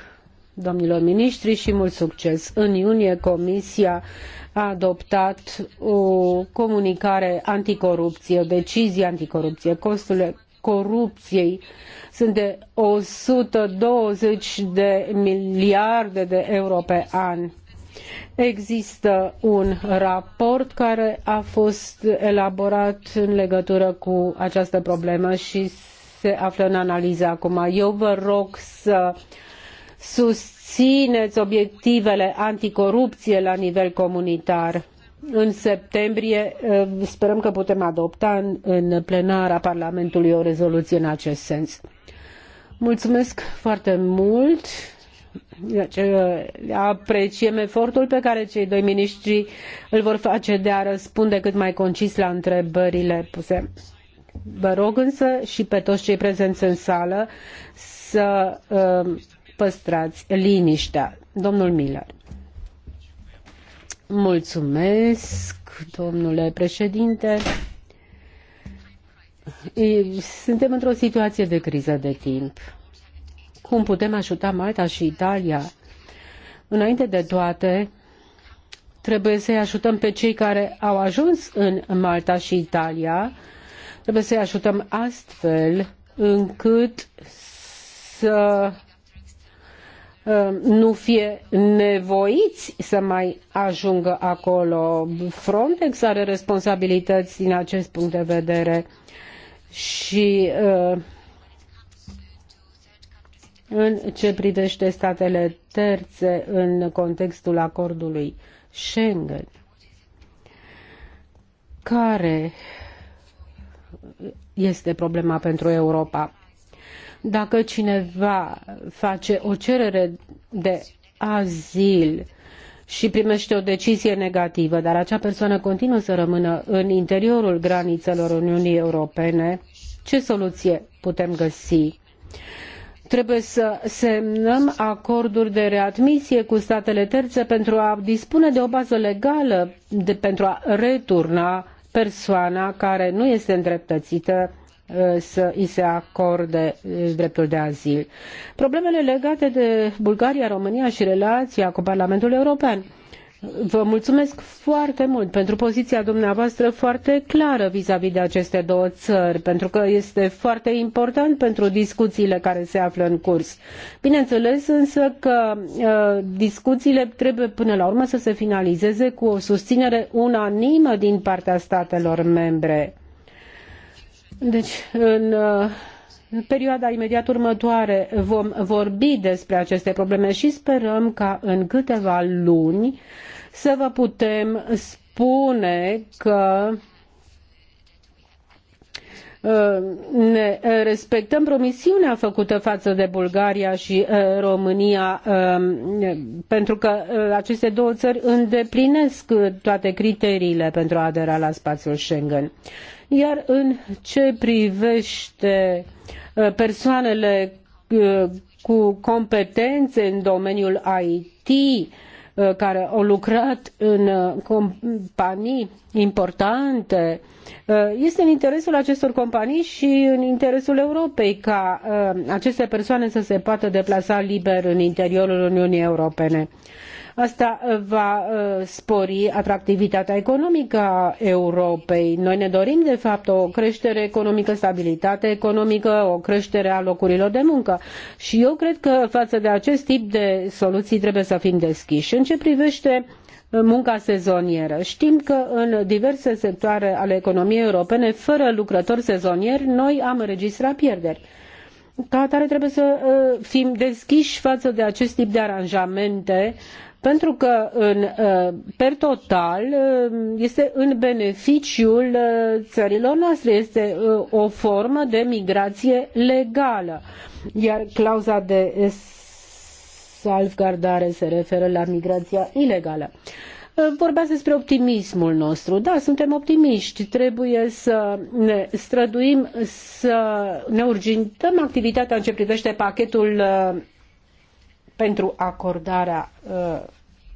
domnilor miniștri și mult succes. În iunie Comisia a adoptat o comunicare anticorupție, o decizie anticorupție. Costurile corupției sunt de 120 de miliarde de euro pe an. Există un raport care a fost elaborat în legătură cu această problemă și se află în analiză acum. Eu vă rog să susțineți obiectivele anticorupție la nivel comunitar în septembrie uh, sperăm că putem adopta în, în plenara Parlamentului o rezoluție în acest sens. Mulțumesc foarte mult. Deci, uh, apreciem efortul pe care cei doi miniștri îl vor face de a răspunde cât mai concis la întrebările puse. Vă rog însă și pe toți cei prezenți în sală să uh, păstrați liniștea. Domnul Miller. Mulțumesc, domnule președinte. Suntem într-o situație de criză de timp. Cum putem ajuta Malta și Italia? Înainte de toate, trebuie să-i ajutăm pe cei care au ajuns în Malta și Italia. Trebuie să-i ajutăm astfel încât să Ehm, nu fie nevoiți să mai ajungă acolo. Frontex are responsabilități din acest punct de vedere și ehm, în ce privește statele terțe în contextul acordului Schengen, care este problema pentru Europa? Dacă cineva face o cerere de azil și primește o decizie negativă, dar acea persoană continuă să rămână în interiorul granițelor Uniunii Europene, ce soluție putem găsi? trebuie să semnăm acorduri de readmisie cu statele terțe pentru a dispune de o bază legală de, pentru a returna persoana care nu este îndreptățită Uh, să îi se acorde uh, dreptul de azil. Problemele legate de Bulgaria, România și relația cu Parlamentul European. Vă mulțumesc foarte mult pentru poziția dumneavoastră foarte clară vis-a-vis -vis de aceste două țări, pentru că este foarte important pentru discuțiile care se află în curs. Bineînțeles însă că uh, discuțiile trebuie până la urmă să se finalizeze cu o susținere unanimă din partea statelor membre deci, în uh, perioada imediat următoare vom vorbi despre aceste probleme și sperăm ca în câteva luni să vă putem spune că uh, ne respectăm promisiunea făcută față de Bulgaria și uh, România, um, pentru că aceste două țări îndeplinesc toate criteriile pentru a adera la spațiul Schengen. Iar în ce privește uh, persoanele uh, cu competențe în domeniul IT, uh, care au lucrat în companii importante. Este în interesul acestor companii și în interesul Europei ca aceste persoane să se poată deplasa liber în interiorul Uniunii Europene. Asta uh, va uh, spori atractivitatea economică a Europei. Noi ne dorim, de fapt, o creștere economică, stabilitate economică, o creștere a locurilor de muncă. Și eu cred că față de acest tip de soluții trebuie să fim deschiși. În ce privește uh, munca sezonieră. Știm că în diverse sectoare ale economiei europene, fără lucrători sezonieri, noi am înregistrat pierderi. Ca atare trebuie să fim deschiși față de acest tip de aranjamente pentru că în, ă, per total ă, este în beneficiul ă, țărilor noastre, este o formă de migrație legală. Iar clauza de salvgardare se referă la migrația ilegală. Vorbeați despre optimismul nostru. Da, suntem optimiști. Trebuie să ne străduim să ne urgintăm activitatea în ce privește pachetul pentru acordarea uh,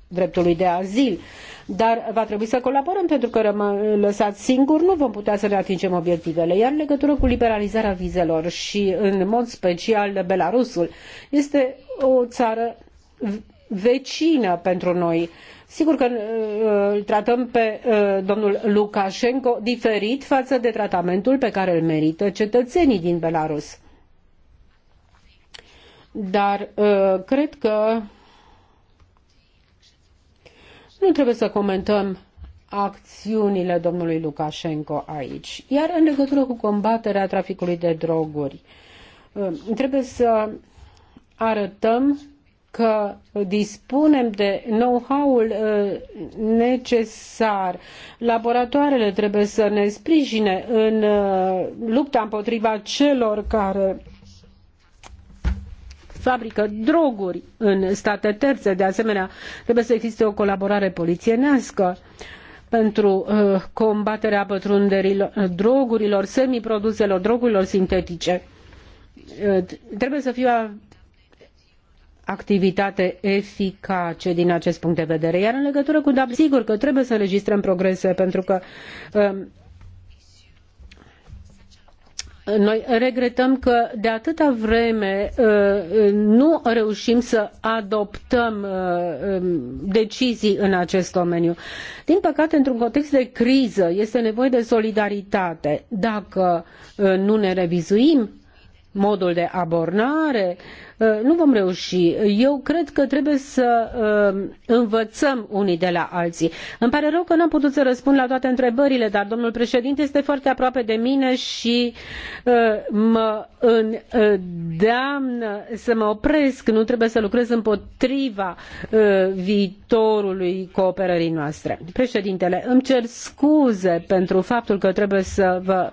dreptului de azil, dar va trebui să colaborăm pentru că lăsați singuri nu vom putea să ne atingem obiectivele. Iar în legătură cu liberalizarea vizelor și în mod special Belarusul, este o țară vecină pentru noi. Sigur că uh, îl tratăm pe uh, domnul Lukashenko diferit față de tratamentul pe care îl merită cetățenii din Belarus dar uh, cred că nu trebuie să comentăm acțiunile domnului Lukashenko aici. Iar în legătură cu combaterea traficului de droguri, uh, trebuie să arătăm că dispunem de know-how-ul uh, necesar. Laboratoarele trebuie să ne sprijine în lupta împotriva celor care fabrică droguri în state terțe. De asemenea, trebuie să existe o colaborare polițienească pentru uh, combaterea pătrunderilor drogurilor, semiproduselor, drogurilor sintetice. Uh, trebuie să fie o activitate eficace din acest punct de vedere. Iar în legătură cu DAP, sigur că trebuie să înregistrăm progrese, pentru că um, noi regretăm că de atâta vreme uh, nu reușim să adoptăm uh, um, decizii în acest domeniu. Din păcate, într-un context de criză, este nevoie de solidaritate. Dacă uh, nu ne revizuim modul de abordare, Uh, nu vom reuși. Eu cred că trebuie să uh, învățăm unii de la alții. Îmi pare rău că n-am putut să răspund la toate întrebările, dar domnul președinte este foarte aproape de mine și uh, mă îndeamnă să mă opresc. Nu trebuie să lucrez împotriva viitorului cooperării noastre. Președintele, îmi cer scuze pentru faptul că trebuie să vă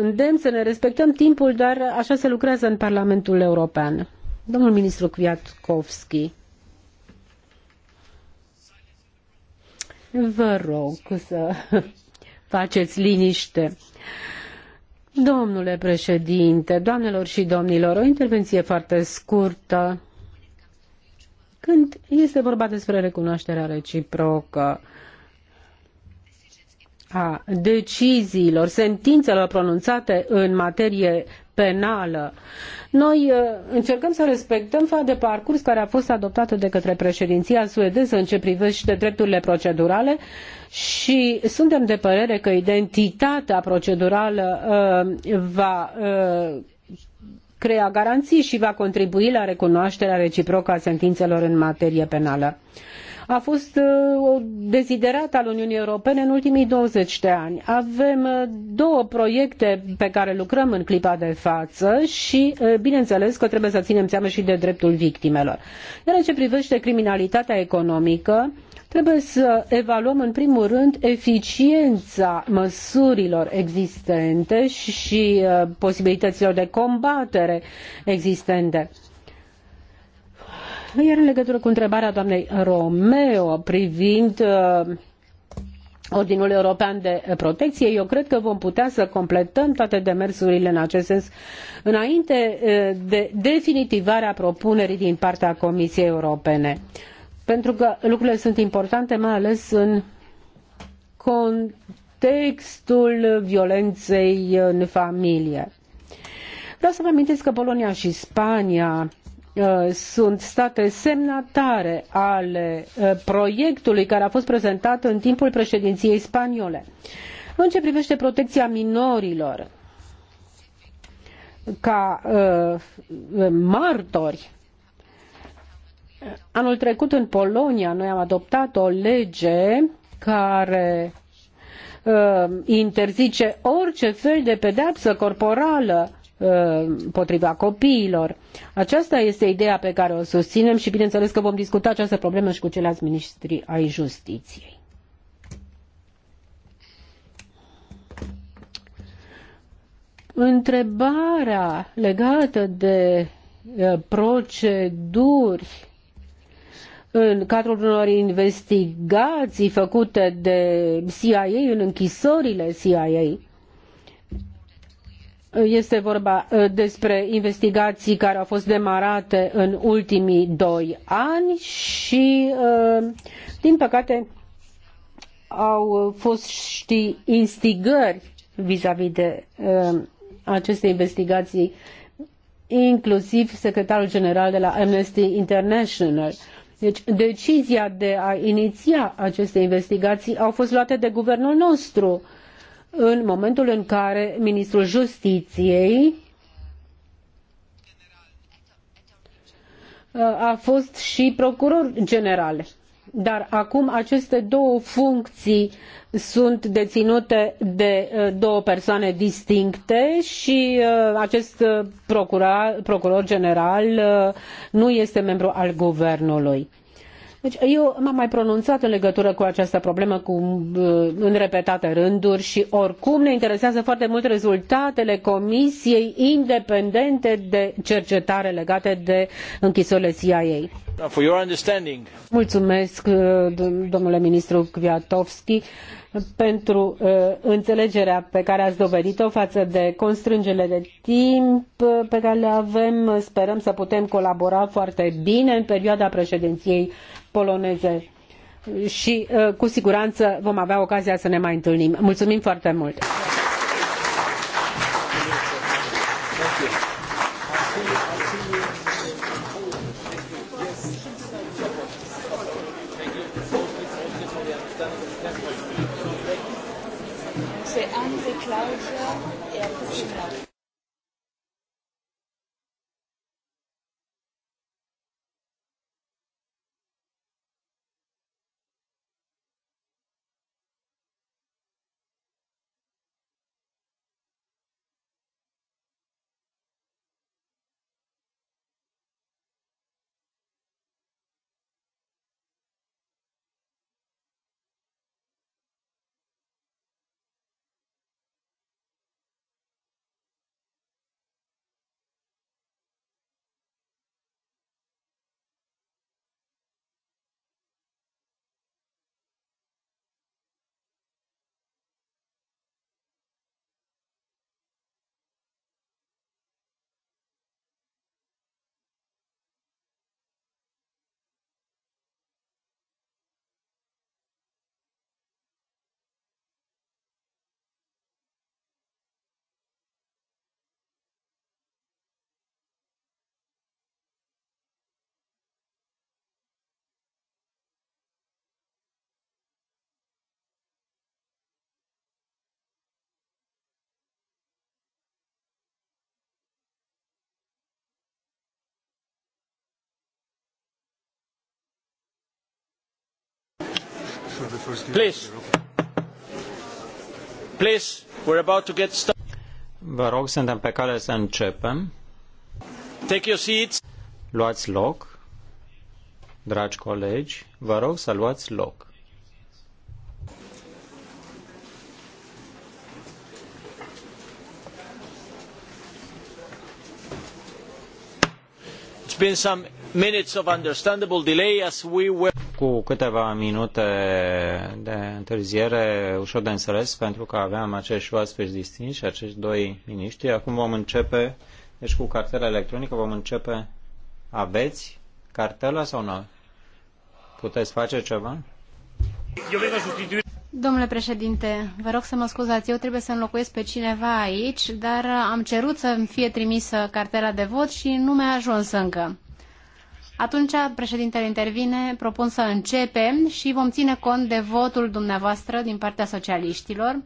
îndemn să ne respectăm timpul, dar așa se lucrează în Parlamentul European. Domnul ministru Kwiatkowski, vă rog să [laughs] faceți liniște. Domnule președinte, doamnelor și domnilor, o intervenție foarte scurtă. Când este vorba despre recunoașterea reciprocă a deciziilor, sentințelor pronunțate în materie penală. Noi uh, încercăm să respectăm fa de parcurs care a fost adoptată de către președinția suedeză în ce privește drepturile procedurale și suntem de părere că identitatea procedurală uh, va uh, crea garanții și va contribui la recunoașterea reciprocă a sentințelor în materie penală a fost uh, o deziderată al Uniunii Europene în ultimii 20 de ani. Avem uh, două proiecte pe care lucrăm în clipa de față și, uh, bineînțeles, că trebuie să ținem seama și de dreptul victimelor. Iar în ce privește criminalitatea economică, trebuie să evaluăm în primul rând eficiența măsurilor existente și posibilităților de combatere existente. Iar în legătură cu întrebarea doamnei Romeo privind uh, Ordinul European de Protecție, eu cred că vom putea să completăm toate demersurile în acest sens înainte uh, de definitivarea propunerii din partea Comisiei Europene. Pentru că lucrurile sunt importante, mai ales în contextul violenței în familie. Vreau să vă amintesc că Polonia și Spania Uh, sunt state semnatare ale uh, proiectului care a fost prezentat în timpul președinției spaniole. În ce privește protecția minorilor ca uh, martori, anul trecut în Polonia noi am adoptat o lege care interzice orice fel de pedeapsă corporală împotriva uh, copiilor. Aceasta este ideea pe care o susținem și bineînțeles că vom discuta această problemă și cu ceilalți ministri ai justiției. Întrebarea legată de uh, proceduri în cadrul unor investigații făcute de CIA în închisorile CIA este vorba ă, despre investigații care au fost demarate în ultimii doi ani și, ă, din păcate, au fost și instigări vis-a-vis de ă, aceste investigații, inclusiv secretarul general de la Amnesty International. Deci decizia de a iniția aceste investigații au fost luate de guvernul nostru în momentul în care ministrul justiției uh, a fost și procuror general. Dar acum aceste două funcții sunt deținute de uh, două persoane distincte și uh, acest procuror, procuror general nu este membru al guvernului. Deci eu m-am mai pronunțat în legătură cu această problemă cu, uh, în repetate rânduri și oricum ne interesează foarte mult rezultatele Comisiei independente de cercetare legate de închisorile CIA. Uh, for your understanding. Mulțumesc, uh, domnule ministru Kwiatowski, pentru înțelegerea pe care ați dovedit-o față de constrângele de timp pe care le avem. Sperăm să putem colabora foarte bine în perioada președinției poloneze și uh, cu siguranță vom avea ocazia să ne mai întâlnim. Mulțumim foarte mult! Please. Please, we're about to get started. Vă rog, suntem pe cale să începem. Take your seats. Luați loc. Dragi colegi, vă rog să luați loc. It's been some cu câteva minute de întârziere, ușor de înțeles, pentru că aveam acești oaspeți distinși, acești doi miniștri. Acum vom începe, deci cu cartela electronică vom începe. Aveți cartela sau nu? Puteți face ceva? Domnule președinte, vă rog să mă scuzați, eu trebuie să înlocuiesc pe cineva aici, dar am cerut să-mi fie trimisă cartela de vot și nu mi-a ajuns încă. Atunci președintele intervine, propun să începem și vom ține cont de votul dumneavoastră din partea socialiștilor,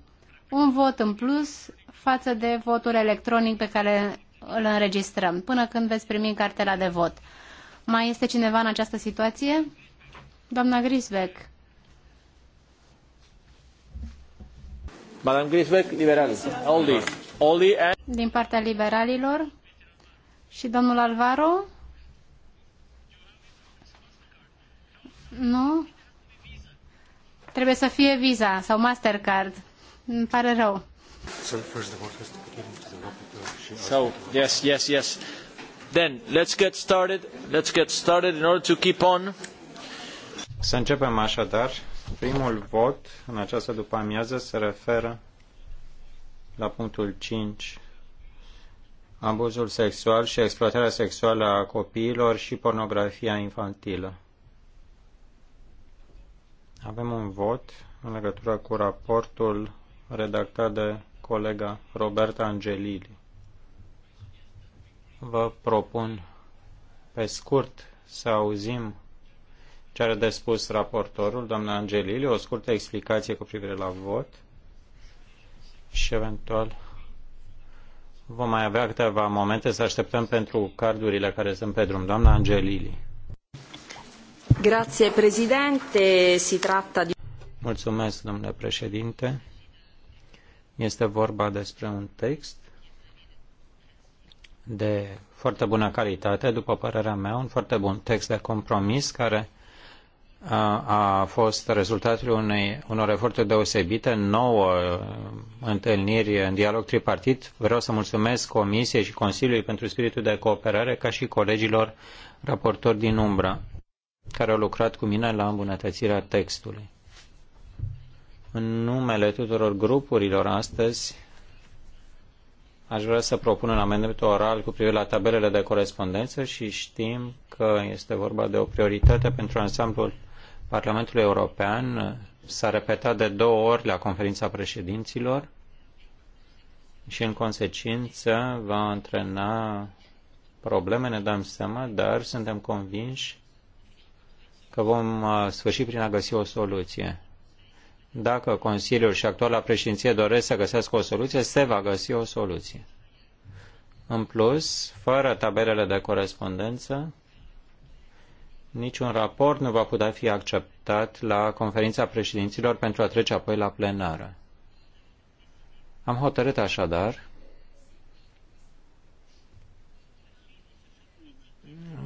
un vot în plus față de votul electronic pe care îl înregistrăm, până când veți primi cartela de vot. Mai este cineva în această situație? Doamna Grisbeck. Madame Grisbeck, liberali. Oldie. Oldie and... Din partea liberalilor și domnul Alvaro. Nu? Trebuie să fie Visa sau Mastercard. Îmi pare rău. So, yes, yes, yes. Then, let's get started. Let's get started in order to keep on. Să începem așadar. Primul vot în această după amiază se referă la punctul 5 abuzul sexual și exploatarea sexuală a copiilor și pornografia infantilă. Avem un vot în legătură cu raportul redactat de colega Roberta Angelili. Vă propun pe scurt să auzim ce are de spus raportorul, doamna Angelili, o scurtă explicație cu privire la vot și eventual vom mai avea câteva momente să așteptăm pentru cardurile care sunt pe drum. Doamna Angelili. Grazie, Presidente. Si tratta di... Mulțumesc, domnule președinte. Este vorba despre un text de foarte bună calitate, după părerea mea, un foarte bun text de compromis care a, fost rezultatul unei, unor eforturi deosebite, nouă uh, întâlniri în dialog tripartit. Vreau să mulțumesc Comisiei și Consiliului pentru spiritul de cooperare, ca și colegilor raportori din umbră care au lucrat cu mine la îmbunătățirea textului. În numele tuturor grupurilor astăzi, aș vrea să propun un amendament oral cu privire la tabelele de corespondență și știm că este vorba de o prioritate pentru ansamblul Parlamentului European. S-a repetat de două ori la conferința președinților și în consecință va antrena probleme, ne dăm seama, dar suntem convinși că vom uh, sfârși prin a găsi o soluție. Dacă Consiliul și actuala președinție doresc să găsească o soluție, se va găsi o soluție. În plus, fără tabelele de corespondență, niciun raport nu va putea fi acceptat la conferința președinților pentru a trece apoi la plenară. Am hotărât așadar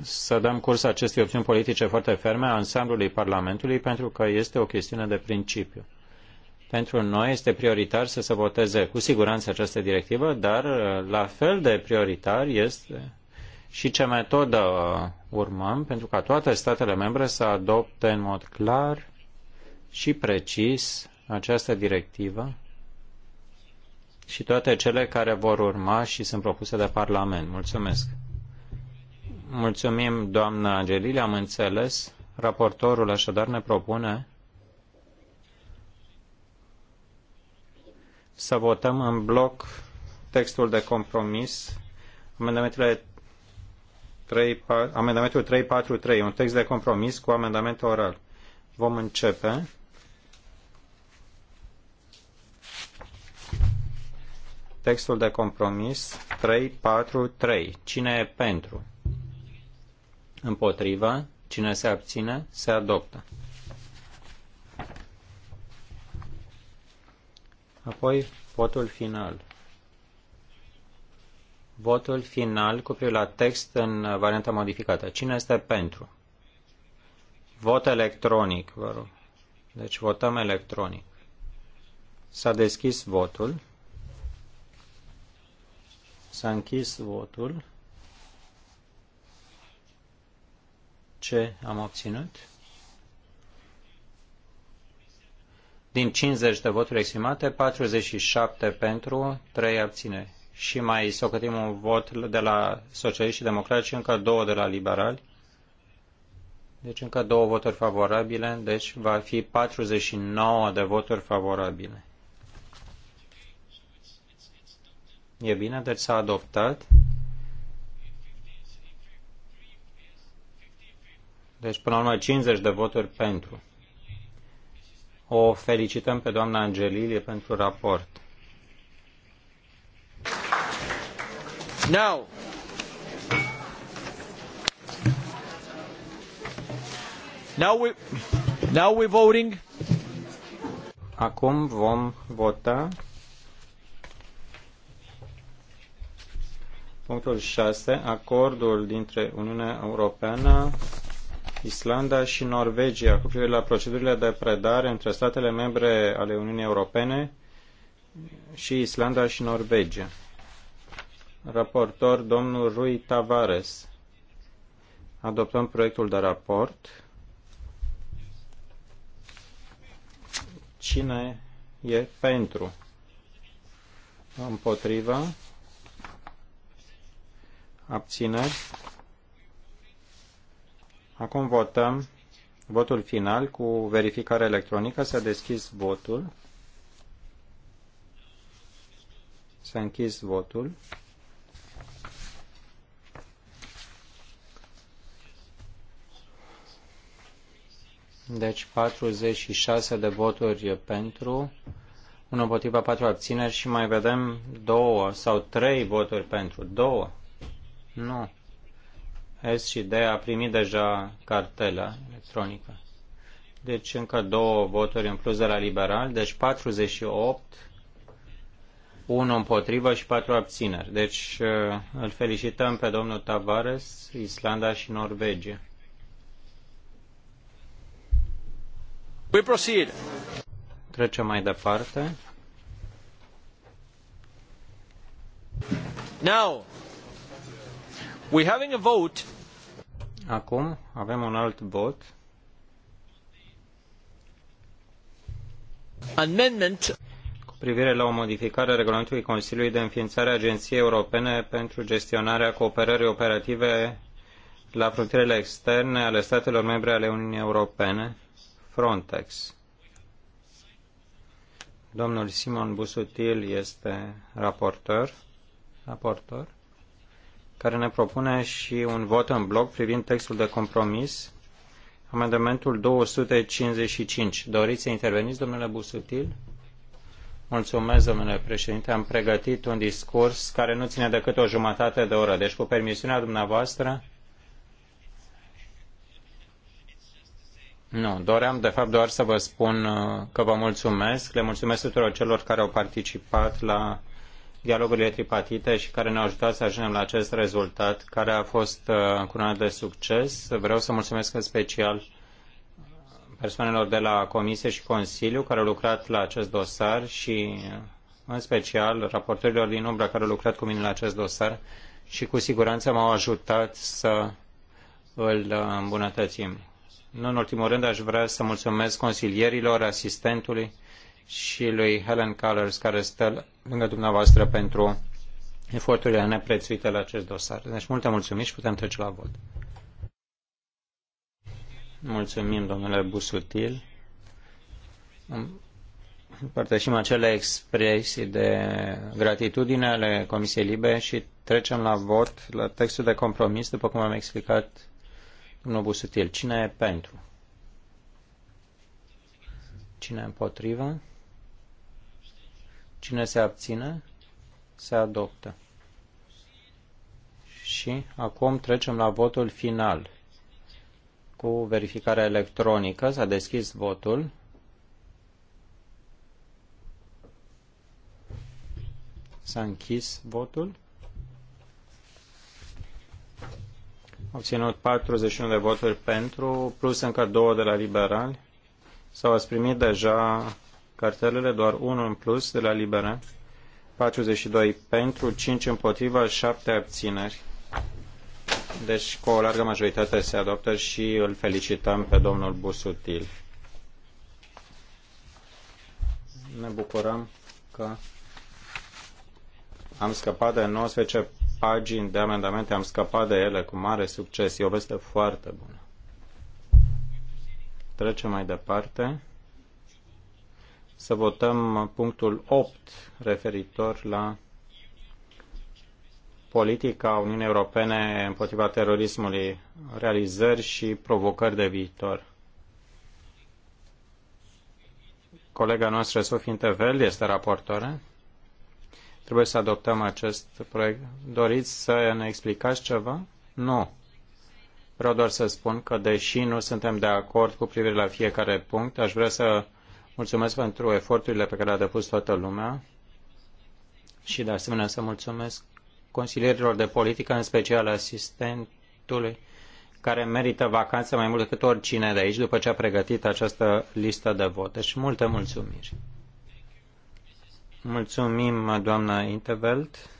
să dăm curs acestei opțiuni politice foarte ferme a ansamblului Parlamentului pentru că este o chestiune de principiu. Pentru noi este prioritar să se voteze cu siguranță această directivă, dar uh, la fel de prioritar este și ce metodă uh, urmăm pentru ca toate statele membre să adopte în mod clar și precis această directivă și toate cele care vor urma și sunt propuse de Parlament. Mulțumesc! Mulțumim, doamna Angelili, am înțeles. Raportorul așadar ne propune să votăm în bloc textul de compromis, amendamentele 3, 4, amendamentul 343, un text de compromis cu amendament oral. Vom începe. Textul de compromis 343. Cine e pentru? Împotriva. Cine se abține, se adoptă. Apoi, votul final. Votul final cu privire la text în varianta modificată. Cine este pentru? Vot electronic, vă rog. Deci votăm electronic. S-a deschis votul. S-a închis votul. ce am obținut? Din 50 de voturi exprimate, 47 pentru, 3 abțineri. Și mai socotim un vot de la socialiști și democrați și încă două de la liberali. Deci încă două voturi favorabile, deci va fi 49 de voturi favorabile. E bine, deci s-a adoptat. Deci, până la urmă, 50 de voturi pentru. O felicităm pe doamna Angelilie pentru raport. Now, now we, now we voting. Acum vom vota punctul 6, acordul dintre Uniunea Europeană Islanda și Norvegia cu privire la procedurile de predare între statele membre ale Uniunii Europene și Islanda și Norvegia. Raportor domnul Rui Tavares. Adoptăm proiectul de raport. Cine e pentru? Împotriva? Abțineri? Acum votăm votul final cu verificare electronică. S-a deschis votul. S-a închis votul. Deci 46 de voturi pentru, 1 împotriva 4 abțineri și mai vedem două sau trei voturi pentru. Două. Nu. S și D a primit deja cartela electronică. Deci încă două voturi în plus de la liberal, deci 48, 1 împotrivă și 4 abțineri. Deci uh, îl felicităm pe domnul Tavares, Islanda și Norvegia. We proceed. Trecem mai departe. Now, We're having a vote. Acum avem un alt vot. Amendment cu privire la o modificare a regulamentului Consiliului de înființare a Agenției Europene pentru gestionarea cooperării operative la frontierele externe ale statelor membre ale Uniunii Europene, Frontex. Domnul Simon Busutil este raportor. Raportor care ne propune și un vot în bloc privind textul de compromis, amendamentul 255. Doriți să interveniți, domnule Busutil? Mulțumesc, domnule președinte. Am pregătit un discurs care nu ține decât o jumătate de oră. Deci, cu permisiunea dumneavoastră, Nu, doream de fapt doar să vă spun uh, că vă mulțumesc. Le mulțumesc tuturor celor care au participat la dialogurile tripartite și care ne-au ajutat să ajungem la acest rezultat, care a fost uh, încununat de succes. Vreau să mulțumesc în special persoanelor de la Comisie și Consiliu care au lucrat la acest dosar și uh, în special raportorilor din umbră care au lucrat cu mine la acest dosar și cu siguranță m-au ajutat să îl uh, îmbunătățim. Nu în ultimul rând aș vrea să mulțumesc consilierilor, asistentului, și lui Helen Callers, care stă lângă dumneavoastră pentru eforturile neprețuite la acest dosar. Deci multe mulțumiri și putem trece la vot. Mulțumim, domnule Busutil. Împărtășim acele expresii de gratitudine ale Comisiei Libe și trecem la vot, la textul de compromis, după cum am explicat domnul Busutil. Cine e pentru? Cine e împotrivă? Cine se abține, se adoptă. Și acum trecem la votul final. Cu verificarea electronică s-a deschis votul. S-a închis votul. Obținut 41 de voturi pentru, plus încă două de la liberali. S-au primit deja Cartelele doar unul în plus de la Libera. 42 pentru, 5 împotriva, 7 abțineri. Deci cu o largă majoritate se adoptă și îl felicităm pe domnul Busutil. Ne bucurăm că am scăpat de 19 pagini de amendamente, am scăpat de ele cu mare succes. E o veste foarte bună. Trecem mai departe să votăm punctul 8 referitor la politica Uniunii Europene împotriva terorismului, realizări și provocări de viitor. Colega noastră, Sofie Intervel, este raportoare. Trebuie să adoptăm acest proiect. Doriți să ne explicați ceva? Nu. Vreau doar să spun că, deși nu suntem de acord cu privire la fiecare punct, aș vrea să Mulțumesc pentru eforturile pe care le-a depus toată lumea și de asemenea să mulțumesc consilierilor de politică, în special asistentului care merită vacanță mai mult decât oricine de aici după ce a pregătit această listă de vot. Deci multe mulțumiri. Mulțumim, doamna Intevelt.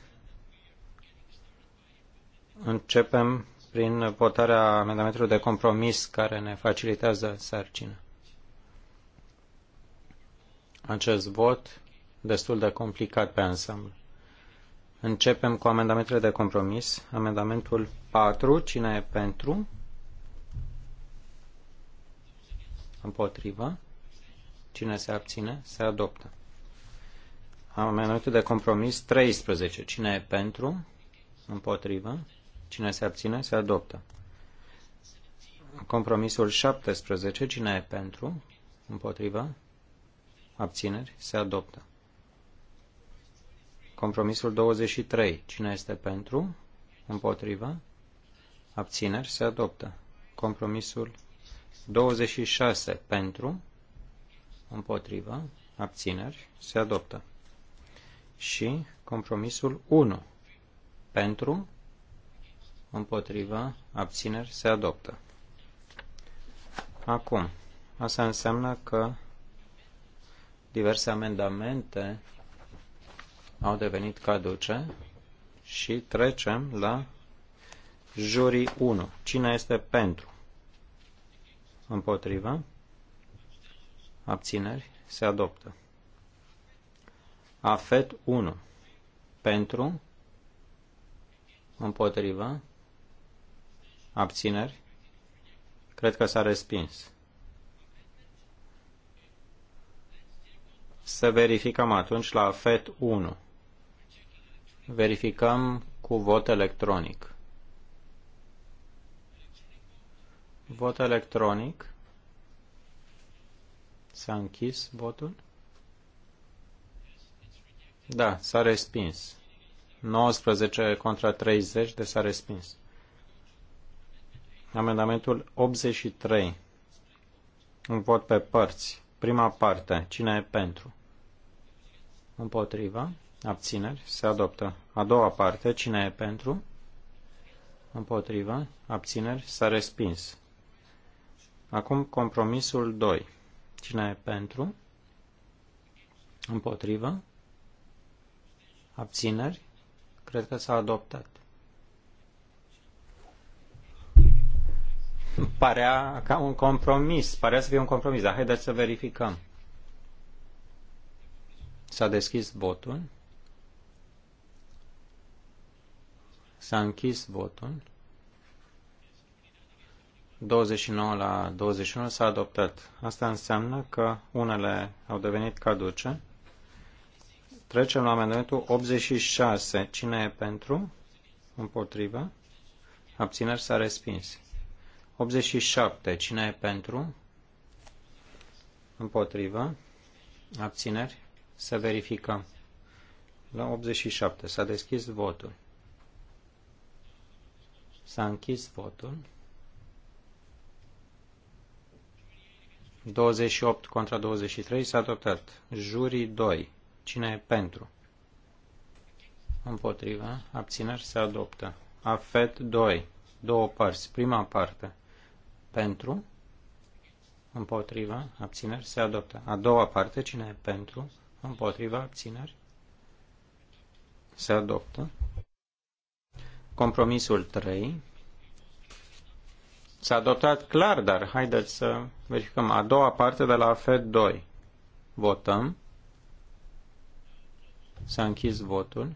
Începem prin votarea amendamentului de compromis care ne facilitează sarcina acest vot destul de complicat pe ansamblu. Începem cu amendamentele de compromis. Amendamentul 4. Cine e pentru? Împotrivă. Cine se abține? Se adoptă. Amendamentul de compromis 13. Cine e pentru? Împotrivă. Cine se abține? Se adoptă. Compromisul 17. Cine e pentru? Împotrivă abțineri, se adoptă. Compromisul 23. Cine este pentru? Împotrivă? Abțineri se adoptă. Compromisul 26. Pentru? Împotrivă? Abțineri se adoptă. Și compromisul 1. Pentru? Împotrivă? Abțineri se adoptă. Acum, asta înseamnă că diverse amendamente au devenit caduce și trecem la jurii 1. Cine este pentru? Împotrivă? Abțineri? Se adoptă. Afet 1. Pentru? Împotrivă? Abțineri? Cred că s-a respins. Să verificăm atunci la FET 1. Verificăm cu vot electronic. Vot electronic. S-a închis votul? Da, s-a respins. 19 contra 30, de deci s-a respins. Amendamentul 83. Un vot pe părți. Prima parte. Cine e pentru? Împotriva. Abțineri. Se adoptă. A doua parte. Cine e pentru? Împotriva. Abțineri. S-a respins. Acum compromisul 2. Cine e pentru? Împotrivă? Abțineri? Cred că s-a adoptat. Parea ca un compromis, Parea să fie un compromis, dar haideți să verificăm. S-a deschis votul. S-a închis votul. 29 la 21 s-a adoptat. Asta înseamnă că unele au devenit caduce. Trecem la amendamentul 86. Cine e pentru? Împotrivă? Abțineri s-a respins. 87. Cine e pentru? Împotrivă? Abțineri? Să verificăm. La 87 s-a deschis votul. S-a închis votul. 28 contra 23 s-a adoptat. Jurii 2. Cine e pentru? Împotriva. Abțineri se adoptă. Afet 2. Două părți. Prima parte. Pentru. Împotriva. Abțineri se adoptă. A doua parte. Cine e pentru? împotriva abțineri se adoptă. Compromisul 3 s-a adoptat clar, dar haideți să verificăm a doua parte de la f 2. Votăm. S-a închis votul.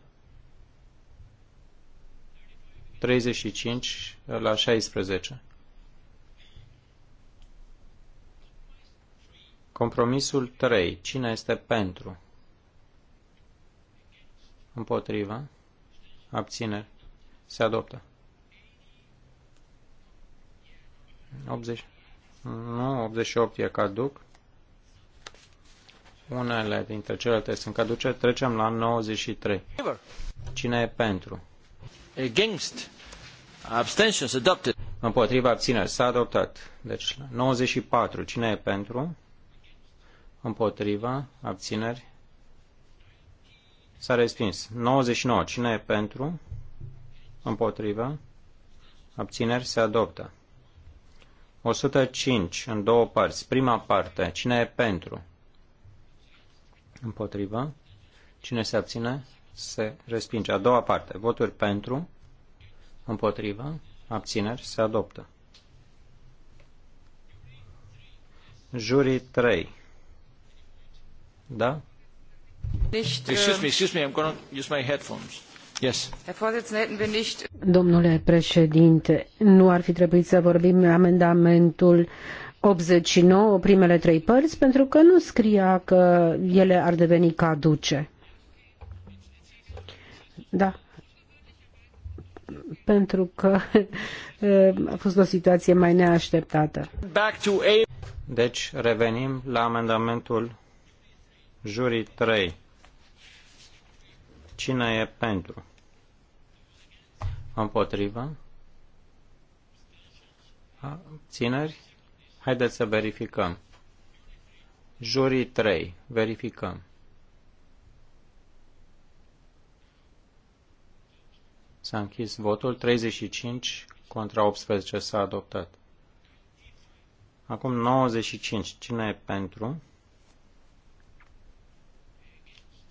35 la 16. Compromisul 3. Cine este pentru? Împotriva. Abțineri. Se adoptă. 80. Nu, 88 e caduc. Unele dintre celelalte sunt caduce. Trecem la 93. Cine e pentru? Against. Abstentions adopted. Împotriva abțineri. S-a adoptat. Deci 94. Cine e pentru? împotriva, abțineri, s-a respins. 99. Cine e pentru, împotriva, abțineri, se adoptă. 105 în două părți. Prima parte, cine e pentru? Împotriva? Cine se abține? Se respinge. A doua parte, voturi pentru, Împotriva? abțineri, se adoptă. Jurii 3. Da? Excuse me, ähm, excuse me, I'm going to use my headphones. Yes. Domnule președinte, nu ar fi trebuit să vorbim amendamentul 89, primele trei părți, pentru că nu scria că ele ar deveni caduce. Da. Pentru că [laughs] eh, a fost o situație mai neașteptată. Deci revenim la amendamentul Jurii 3. Cine e pentru? Împotrivă? Țineri? Haideți să verificăm. Jurii 3. Verificăm. S-a închis votul. 35 contra 18 s-a adoptat. Acum 95. Cine e pentru?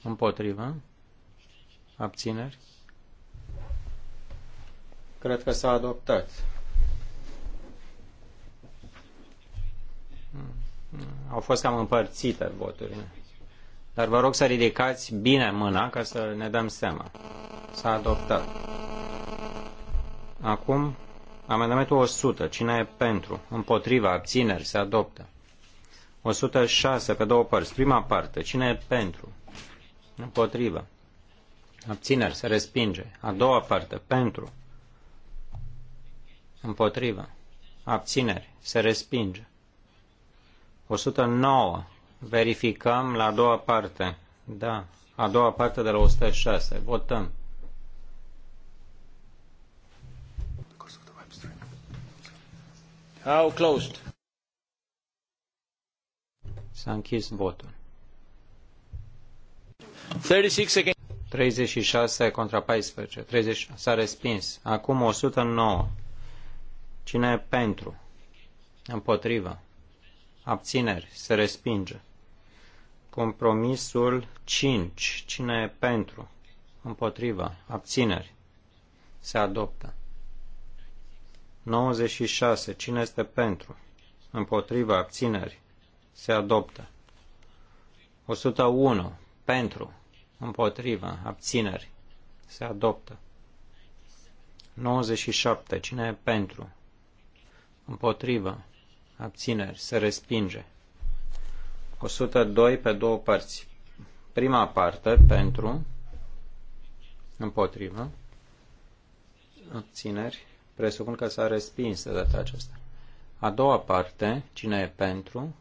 Împotrivă. Abțineri. Cred că s-a adoptat. Au fost cam împărțite voturile. Dar vă rog să ridicați bine mâna ca să ne dăm seama. S-a adoptat. Acum, amendamentul 100. Cine e pentru? Împotriva, abțineri, se adoptă. 106 pe două părți. Prima parte. Cine e pentru? Împotrivă. Abțineri. Se respinge. A doua parte. Pentru. Împotrivă. Abțineri. Se respinge. 109. Verificăm la a doua parte. Da. A doua parte de la 106. Votăm. How closed? S-a închis votul. 36 against 36 contra 14. 30 s-a respins. Acum 109. Cine e pentru? Împotrivă. Abțineri. Se respinge. Compromisul 5. Cine e pentru? Împotrivă. Abțineri. Se adoptă. 96. Cine este pentru? Împotrivă. Abțineri. Se adoptă. 101 pentru, împotrivă, abțineri, se adoptă. 97. Cine e pentru? Împotrivă, abțineri, se respinge. 102 pe două părți. Prima parte, pentru, împotrivă, abțineri, presupun că s-a respins de data aceasta. A doua parte, cine e pentru,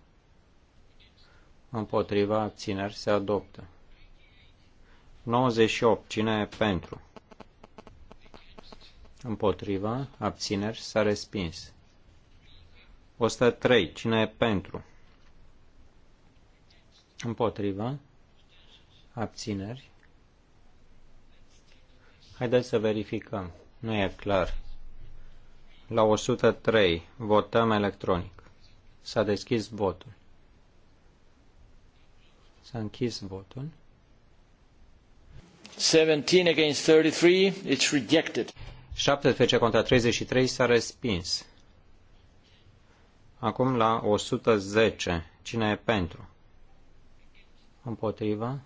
împotriva abțineri se adoptă. 98. Cine e pentru? Împotriva abțineri s-a respins. 103. Cine e pentru? Împotriva abțineri. Haideți să verificăm. Nu e clar. La 103 votăm electronic. S-a deschis votul. S-a închis votul. 17 against 33, it's rejected. 17 contra 33 s-a respins. Acum la 110. Cine e pentru? Împotriva?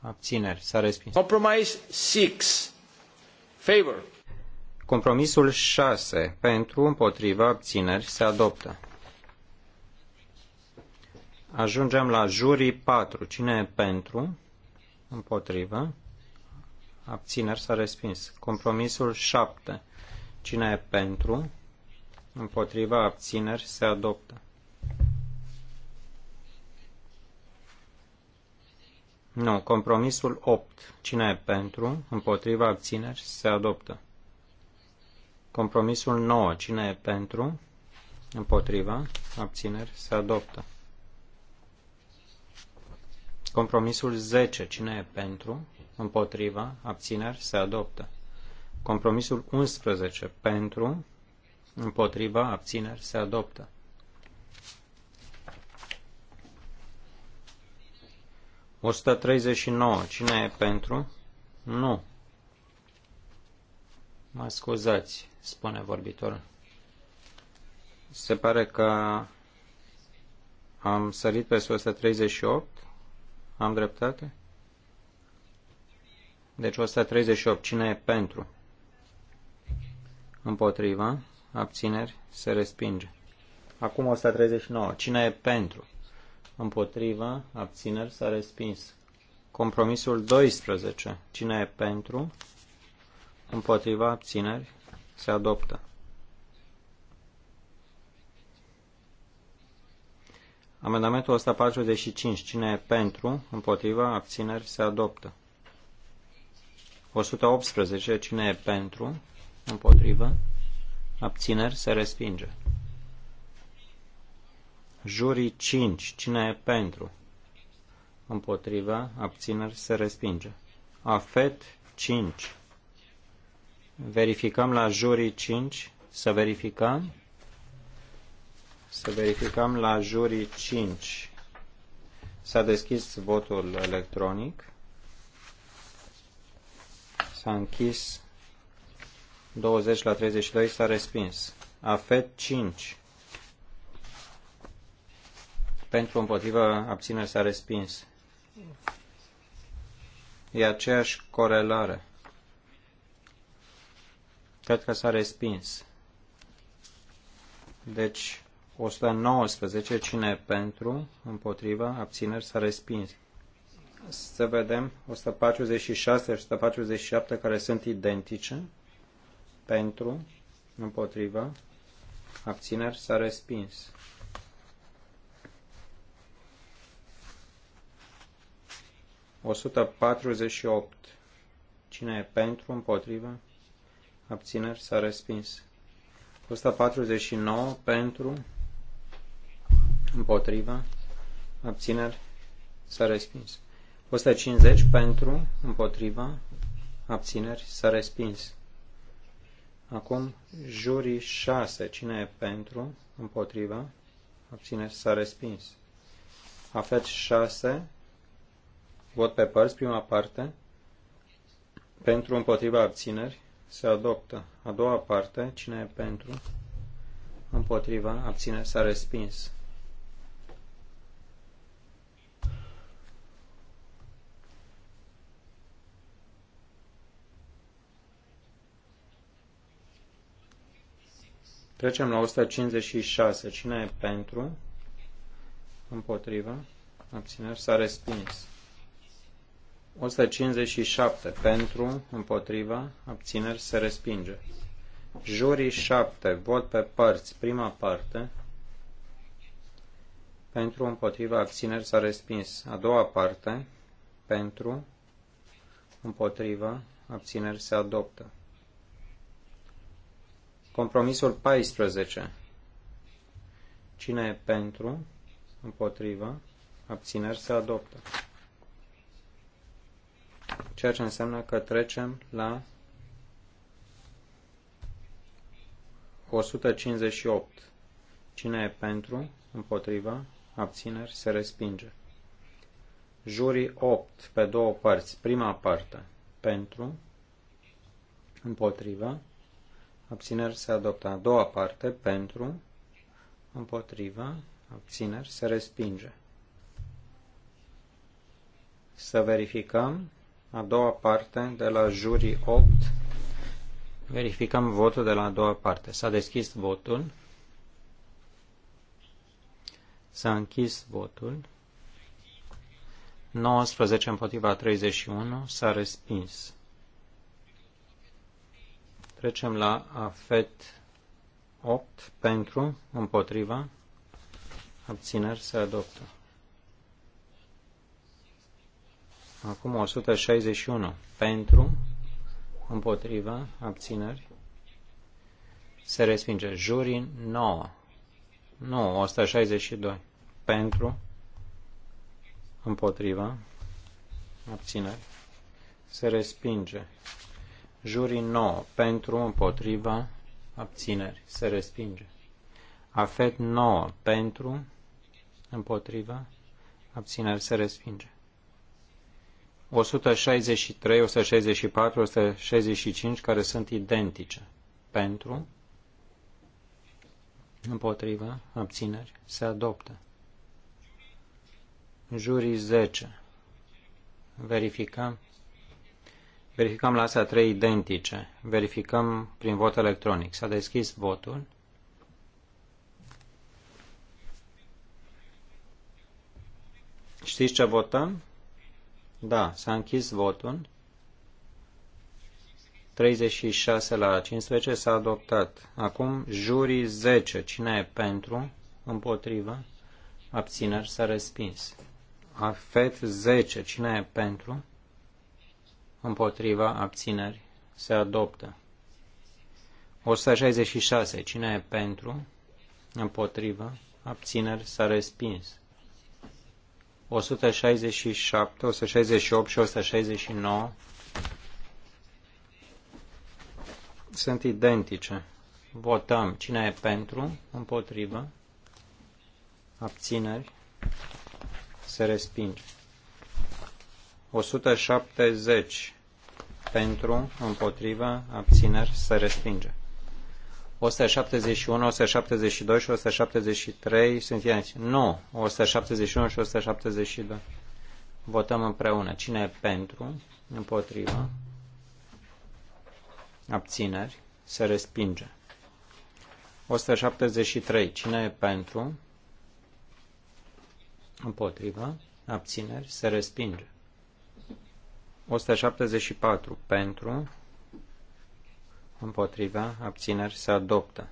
Abțineri. S-a respins. Compromise 6. Favor. Compromisul 6. Pentru, împotriva, abțineri se adoptă. Ajungem la jurii 4. Cine e pentru? Împotrivă. Abțineri s-a respins. Compromisul 7. Cine e pentru? Împotriva abțineri se adoptă. Nu, compromisul 8. Cine e pentru? Împotriva abțineri se adoptă. Compromisul 9. Cine e pentru? Împotriva abțineri se adoptă. Compromisul 10. Cine e pentru? Împotriva? Abțineri? Se adoptă. Compromisul 11. Pentru? Împotriva? Abțineri? Se adoptă. Osta 139. Cine e pentru? Nu. Mă scuzați, spune vorbitorul. Se pare că am sărit pe 138. Am dreptate? Deci 138. Cine e pentru? Împotriva. Abțineri. Se respinge. Acum 139. Cine e pentru? Împotriva. Abțineri. S-a respins. Compromisul 12. Cine e pentru? Împotriva. Abțineri. Se adoptă. Amendamentul 145. Cine e pentru, împotriva, abțineri, se adoptă. 118. Cine e pentru, împotriva, abțineri, se respinge. Jurii 5. Cine e pentru, împotriva, abțineri, se respinge. Afet 5. Verificăm la jurii 5. Să verificăm. Să verificăm la jurii 5. S-a deschis votul electronic. S-a închis 20 la 32, s-a respins. AFET 5. Pentru împotrivă abținere s-a respins. E aceeași corelare. Cred că s-a respins. Deci, 119. Cine pentru? Împotriva? Abțineri? S-a respins. Să vedem 146 și 147 care sunt identice. Pentru? Împotriva? Abțineri? S-a respins. O sută patruzeci și opt. Cine e pentru, împotrivă? Abțineri s-a respins. 149 pentru, împotriva, abțineri, s-a respins. 150 pentru, împotriva, abțineri, s-a respins. Acum, jurii 6, cine e pentru, împotriva, abțineri, s-a respins. Afet 6, vot pe părți, prima parte, pentru, împotriva, abțineri, se adoptă. A doua parte, cine e pentru, împotriva, abțineri, s-a respins. Trecem la 156. Cine e pentru? Împotrivă. Abțineri s-a respins. 157. Pentru, Împotrivă? abțineri se respinge. Jurii 7. Vot pe părți. Prima parte. Pentru, Împotrivă? abțineri s-a respins. A doua parte. Pentru, Împotrivă? abțineri se adoptă. Compromisul 14. Cine e pentru, împotrivă, abțineri se adoptă. Ceea ce înseamnă că trecem la 158. Cine e pentru, împotrivă, abțineri, se respinge. Jurii 8, pe două părți. Prima parte, pentru, împotrivă, abțineri se adoptă. A doua parte, pentru, împotriva, abțineri se respinge. Să verificăm a doua parte de la juri 8. Verificăm votul de la a doua parte. S-a deschis votul. S-a închis votul. 19 împotriva 31 s-a respins. Trecem la afet 8 pentru, împotriva, abțineri se adoptă. Acum 161 pentru, împotriva, abțineri se respinge. Jurii 9. Nu, 162. Pentru, împotriva, abțineri, se respinge. Jurii 9. Pentru, împotriva, abțineri. Se respinge. Afet 9. Pentru, împotriva, abțineri. Se respinge. 163, 164, 165 care sunt identice. Pentru, împotriva, abțineri. Se adoptă. Jurii 10. Verificăm Verificăm la astea trei identice. Verificăm prin vot electronic. S-a deschis votul. Știți ce votăm? Da, s-a închis votul. 36 la 15 s-a adoptat. Acum jurii 10. Cine e pentru? Împotrivă? Abțineri s-a respins. Afet 10. Cine e pentru? împotriva, abțineri, se adoptă. 166. Cine e pentru, împotriva, abțineri, s-a respins. 167, 168 și 169 sunt identice. Votăm cine e pentru, împotrivă, abțineri, se respinge. 170 pentru, împotriva, abțineri, se respinge. 171, 172 și 173 sunt ianți. Nu, 171 și 172. Votăm împreună. Cine e pentru, împotriva, abțineri, se respinge. 173. Cine e pentru, împotriva, abțineri, se respinge. 174 pentru, împotriva, abțineri se adoptă.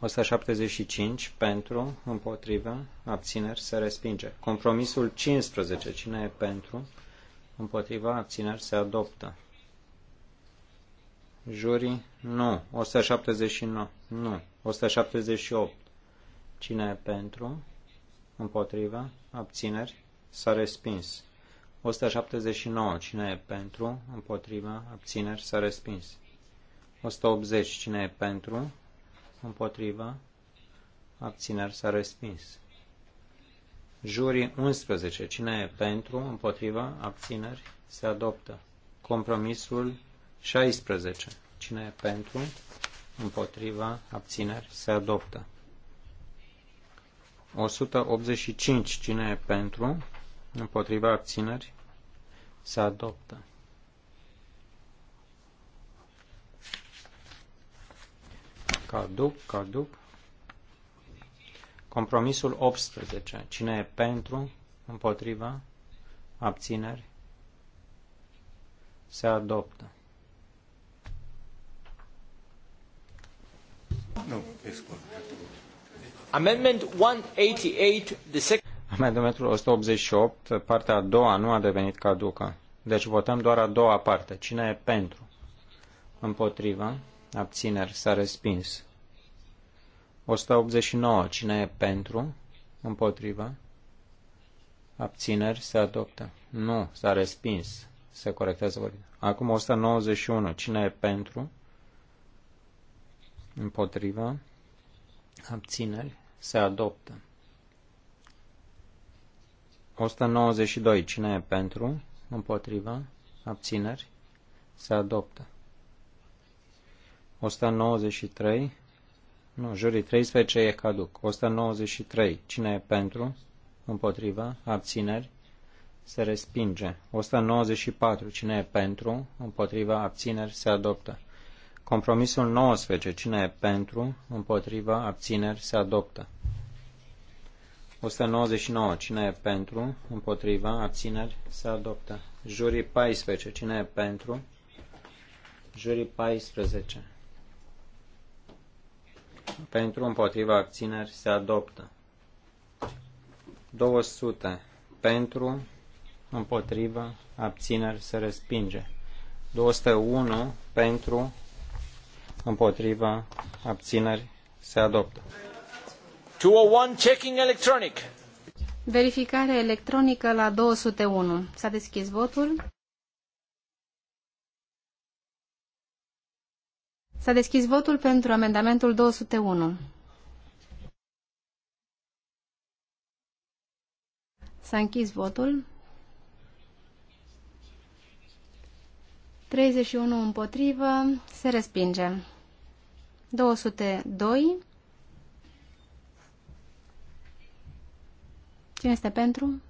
175 pentru, împotriva, abțineri se respinge. Compromisul 15, cine e pentru, împotriva, abțineri se adoptă. Jurii, nu. 179, nu. 178, cine e pentru, împotriva, abțineri s-a respins. 179. Cine e pentru? Împotriva? Abțineri? S-a respins. 180. Cine e pentru? Împotriva? Abțineri? S-a respins. Jurii 11. Cine e pentru? Împotriva? Abțineri? Se adoptă. Compromisul 16. Cine e pentru? Împotriva? Abțineri? Se adoptă. 185. Cine e pentru? împotriva abțineri, se adoptă. Caduc, caduc. Compromisul 18. Cine e pentru, împotriva, abțineri, se adoptă. Nu, Amendment 188, the second Amendamentul 188, partea a doua, nu a devenit caducă. Deci votăm doar a doua parte. Cine e pentru? Împotrivă. Abțineri. S-a respins. 189. Cine e pentru? Împotrivă. Abțineri. Se adoptă. Nu. S-a respins. Se corectează vorbirea. Acum 191. Cine e pentru? Împotrivă. Abțineri. Se adoptă. 192. Cine e pentru? Împotriva? Abțineri? Se adoptă. 193. Nu, jurii 13 e caduc. 193. Cine e pentru? Împotriva? Abțineri? Se respinge. 194. Cine e pentru? Împotriva? Abțineri? Se adoptă. Compromisul 19. Cine e pentru? Împotriva? Abțineri? Se adoptă. 199. Cine e pentru? Împotriva? Abțineri? Se adoptă. Jurii 14. Cine e pentru? Jurii 14. Pentru, împotriva, abțineri, se adoptă. 200. Pentru, împotriva, abțineri, se respinge. 201. Pentru, împotriva, abțineri, se adoptă. 201 electronic. Verificare electronică la 201. S-a deschis votul. S-a deschis votul pentru amendamentul 201. S-a închis votul. 31 împotrivă, se respinge. 202 Cine este pentru?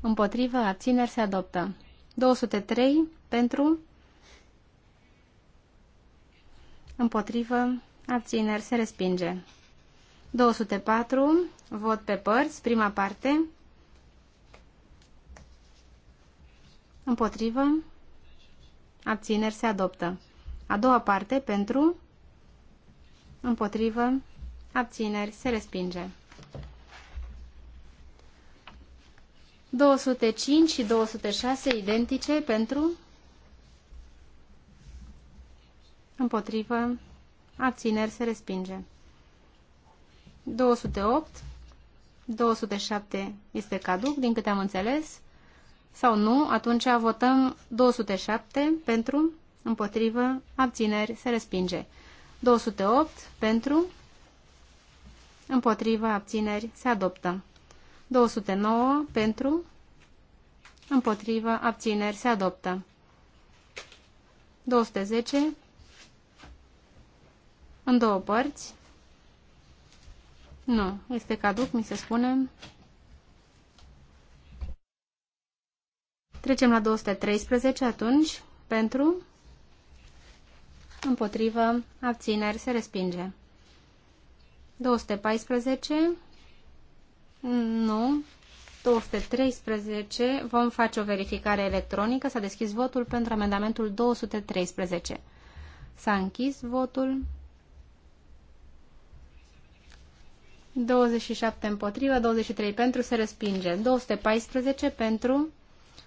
Împotrivă, abțineri, se adoptă. 203 pentru, împotrivă, abțineri, se respinge. 204, vot pe părți, prima parte, împotrivă, abțineri, se adoptă. A doua parte, pentru, împotrivă, abțineri, se respinge. 205 și 206 identice pentru împotrivă abțineri se respinge. 208 207 este caduc, din câte am înțeles, sau nu, atunci votăm 207 pentru, împotrivă, abțineri, se respinge. 208 pentru, împotrivă, abțineri, se adoptă. 209 pentru, împotrivă, abțineri, se adoptă. 210 în două părți. Nu, este caduc, mi se spune. Trecem la 213 atunci, pentru, împotrivă, abțineri, se respinge. 214 nu. 213. Vom face o verificare electronică. S-a deschis votul pentru amendamentul 213. S-a închis votul. 27 împotrivă, 23 pentru, se respinge. 214 pentru,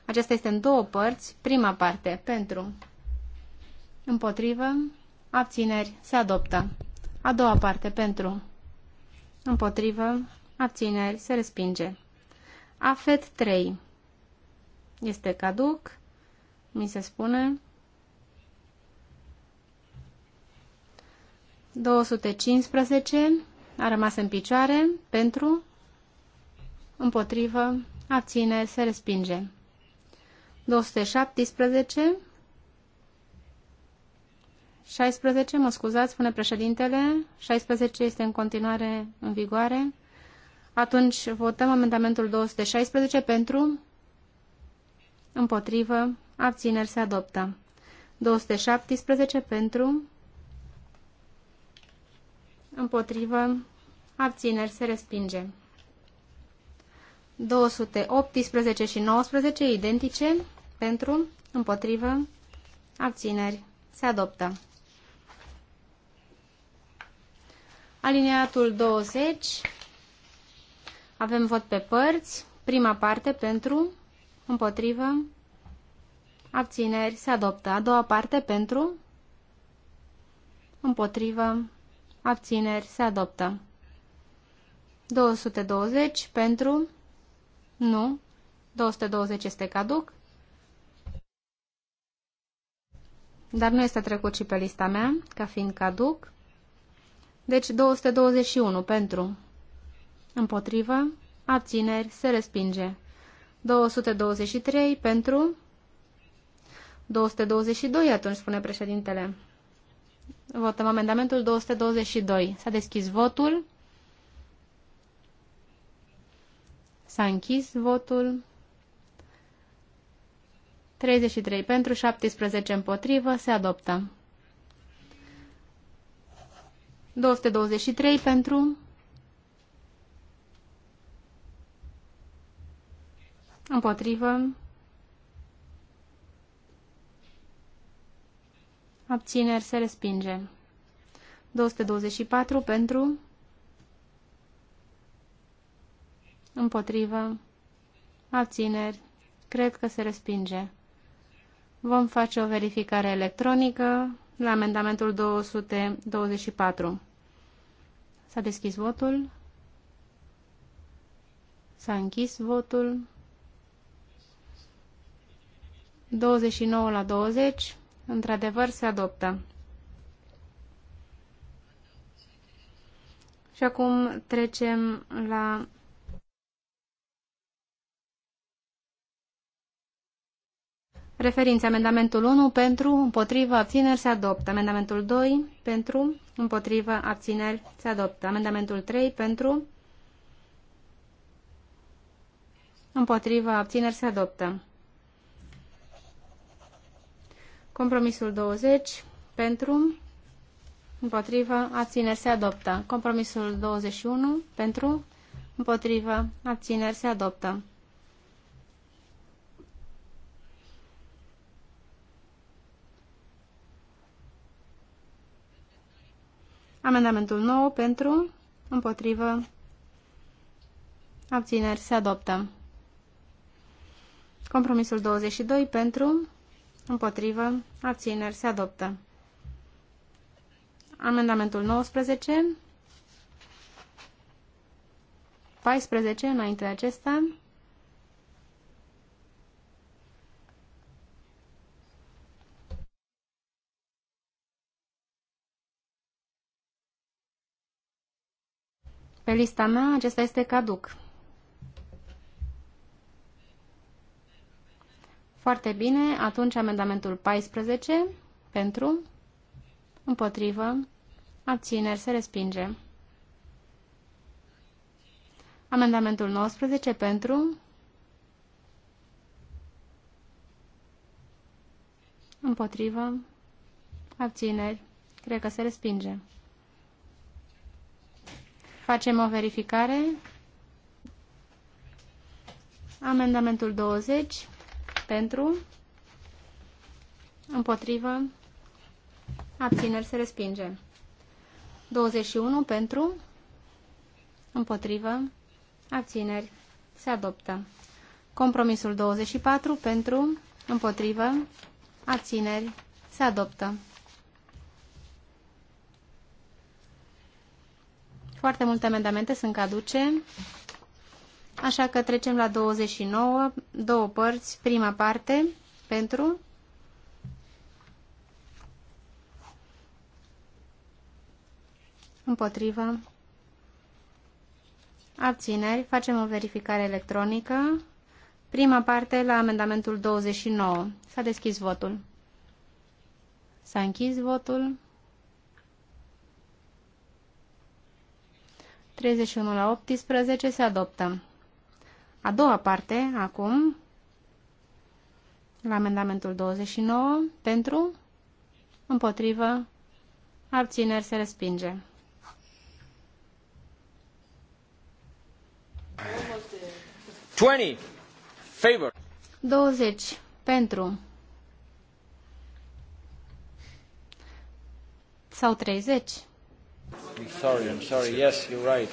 Aceasta este în două părți, prima parte, pentru, împotrivă, abțineri, se adoptă. A doua parte, pentru, împotrivă, abțineri, se respinge. Afet 3 este caduc, mi se spune. 215 a rămas în picioare pentru, împotrivă, abține, se respinge. 217 16, mă scuzați, spune președintele, 16 este în continuare în vigoare. Atunci votăm amendamentul 216 pentru, împotrivă, abțineri se adoptă. 217 pentru, împotrivă, abțineri se respinge. 218 și 19 identice pentru, împotrivă, abțineri se adoptă. Alineatul 20 avem vot pe părți. Prima parte pentru, împotrivă, abțineri, se adoptă. A doua parte pentru, împotrivă, abțineri, se adoptă. 220 pentru, nu, 220 este caduc, dar nu este trecut și pe lista mea, ca fiind caduc. Deci 221 pentru, împotrivă, abțineri, se respinge. 223 pentru 222, atunci spune președintele. Votăm amendamentul 222. S-a deschis votul. S-a închis votul. 33 pentru, 17 împotrivă, se adoptă. 223 pentru, Împotrivă. Abțineri se respinge. 224 pentru. Împotrivă. Abțineri. Cred că se respinge. Vom face o verificare electronică la amendamentul 224. S-a deschis votul. S-a închis votul. 29 la 20, într-adevăr, se adoptă. Și acum trecem la referințe. Amendamentul 1 pentru, împotrivă, abțineri se adoptă. Amendamentul 2 pentru, împotrivă, abțineri se adoptă. Amendamentul 3 pentru, împotrivă, abțineri se adoptă. Compromisul 20 pentru, împotrivă, abțineri se adoptă. Compromisul 21 pentru, împotrivă, abțineri se adoptă. Amendamentul 9 pentru, împotrivă, abțineri se adoptă. Compromisul 22 pentru, Împotrivă. Abțineri. Se adoptă. Amendamentul 19. 14 înainte de acesta. Pe lista mea acesta este caduc. Foarte bine, atunci amendamentul 14 pentru, împotrivă, abțineri se respinge. Amendamentul 19 pentru, împotrivă, abțineri, cred că se respinge. Facem o verificare. Amendamentul 20 pentru. Împotrivă. Abțineri se respinge. 21 pentru. Împotrivă. Abțineri se adoptă. Compromisul 24 pentru. Împotrivă. Abțineri se adoptă. Foarte multe amendamente sunt caduce. Așa că trecem la 29, două părți, prima parte, pentru, împotrivă, abțineri, facem o verificare electronică, prima parte la amendamentul 29. S-a deschis votul. S-a închis votul. 31 la 18 se adoptă. A doua parte, acum, la amendamentul 29, pentru, împotrivă, abțineri se respinge. Favor. 20. Pentru. Sau 30. I'm sorry, I'm sorry. Yes, you're right.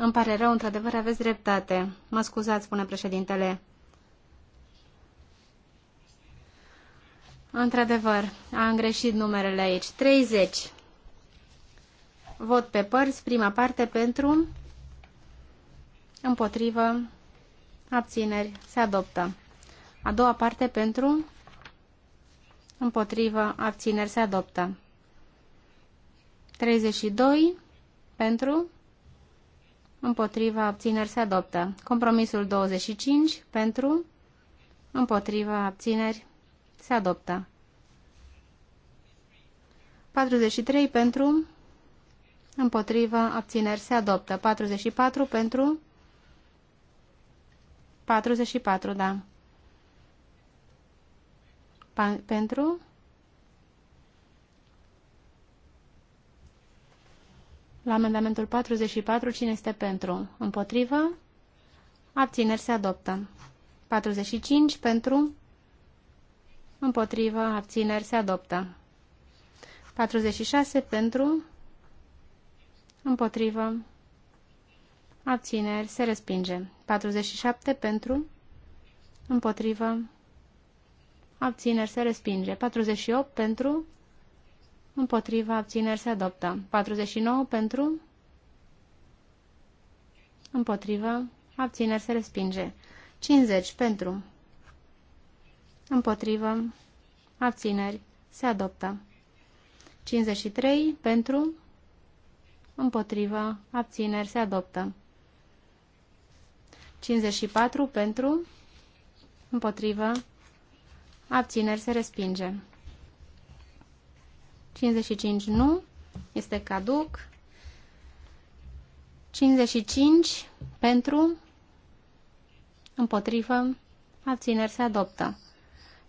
Îmi pare rău, într-adevăr, aveți dreptate. Mă scuzați, spune președintele. Într-adevăr, am greșit numerele aici. 30. Vot pe părți, prima parte pentru, împotrivă, abțineri, se adoptă. A doua parte pentru, împotrivă, abțineri, se adoptă. 32 pentru, împotriva abțineri se adoptă. Compromisul 25 pentru, împotriva abțineri se adoptă. 43 pentru, împotriva abțineri se adoptă. 44 pentru, 44, da. Pa, pentru, La amendamentul 44, cine este pentru? Împotrivă? Abțineri se adoptă. 45 pentru? Împotrivă, abțineri se adoptă. 46 pentru? Împotrivă, abțineri se respinge. 47 pentru? Împotrivă, abțineri se respinge. 48 pentru? Împotriva abțineri se adoptă. 49 pentru. Împotriva abțineri se respinge. 50 pentru. Împotrivă. Abțineri. Se adoptă. 53 pentru. Împotrivă. Abțineri. Se adoptă. 54 pentru. Împotrivă. Abțineri. Se respinge. 55 nu, este caduc. 55 pentru, împotrivă, abțineri se adoptă.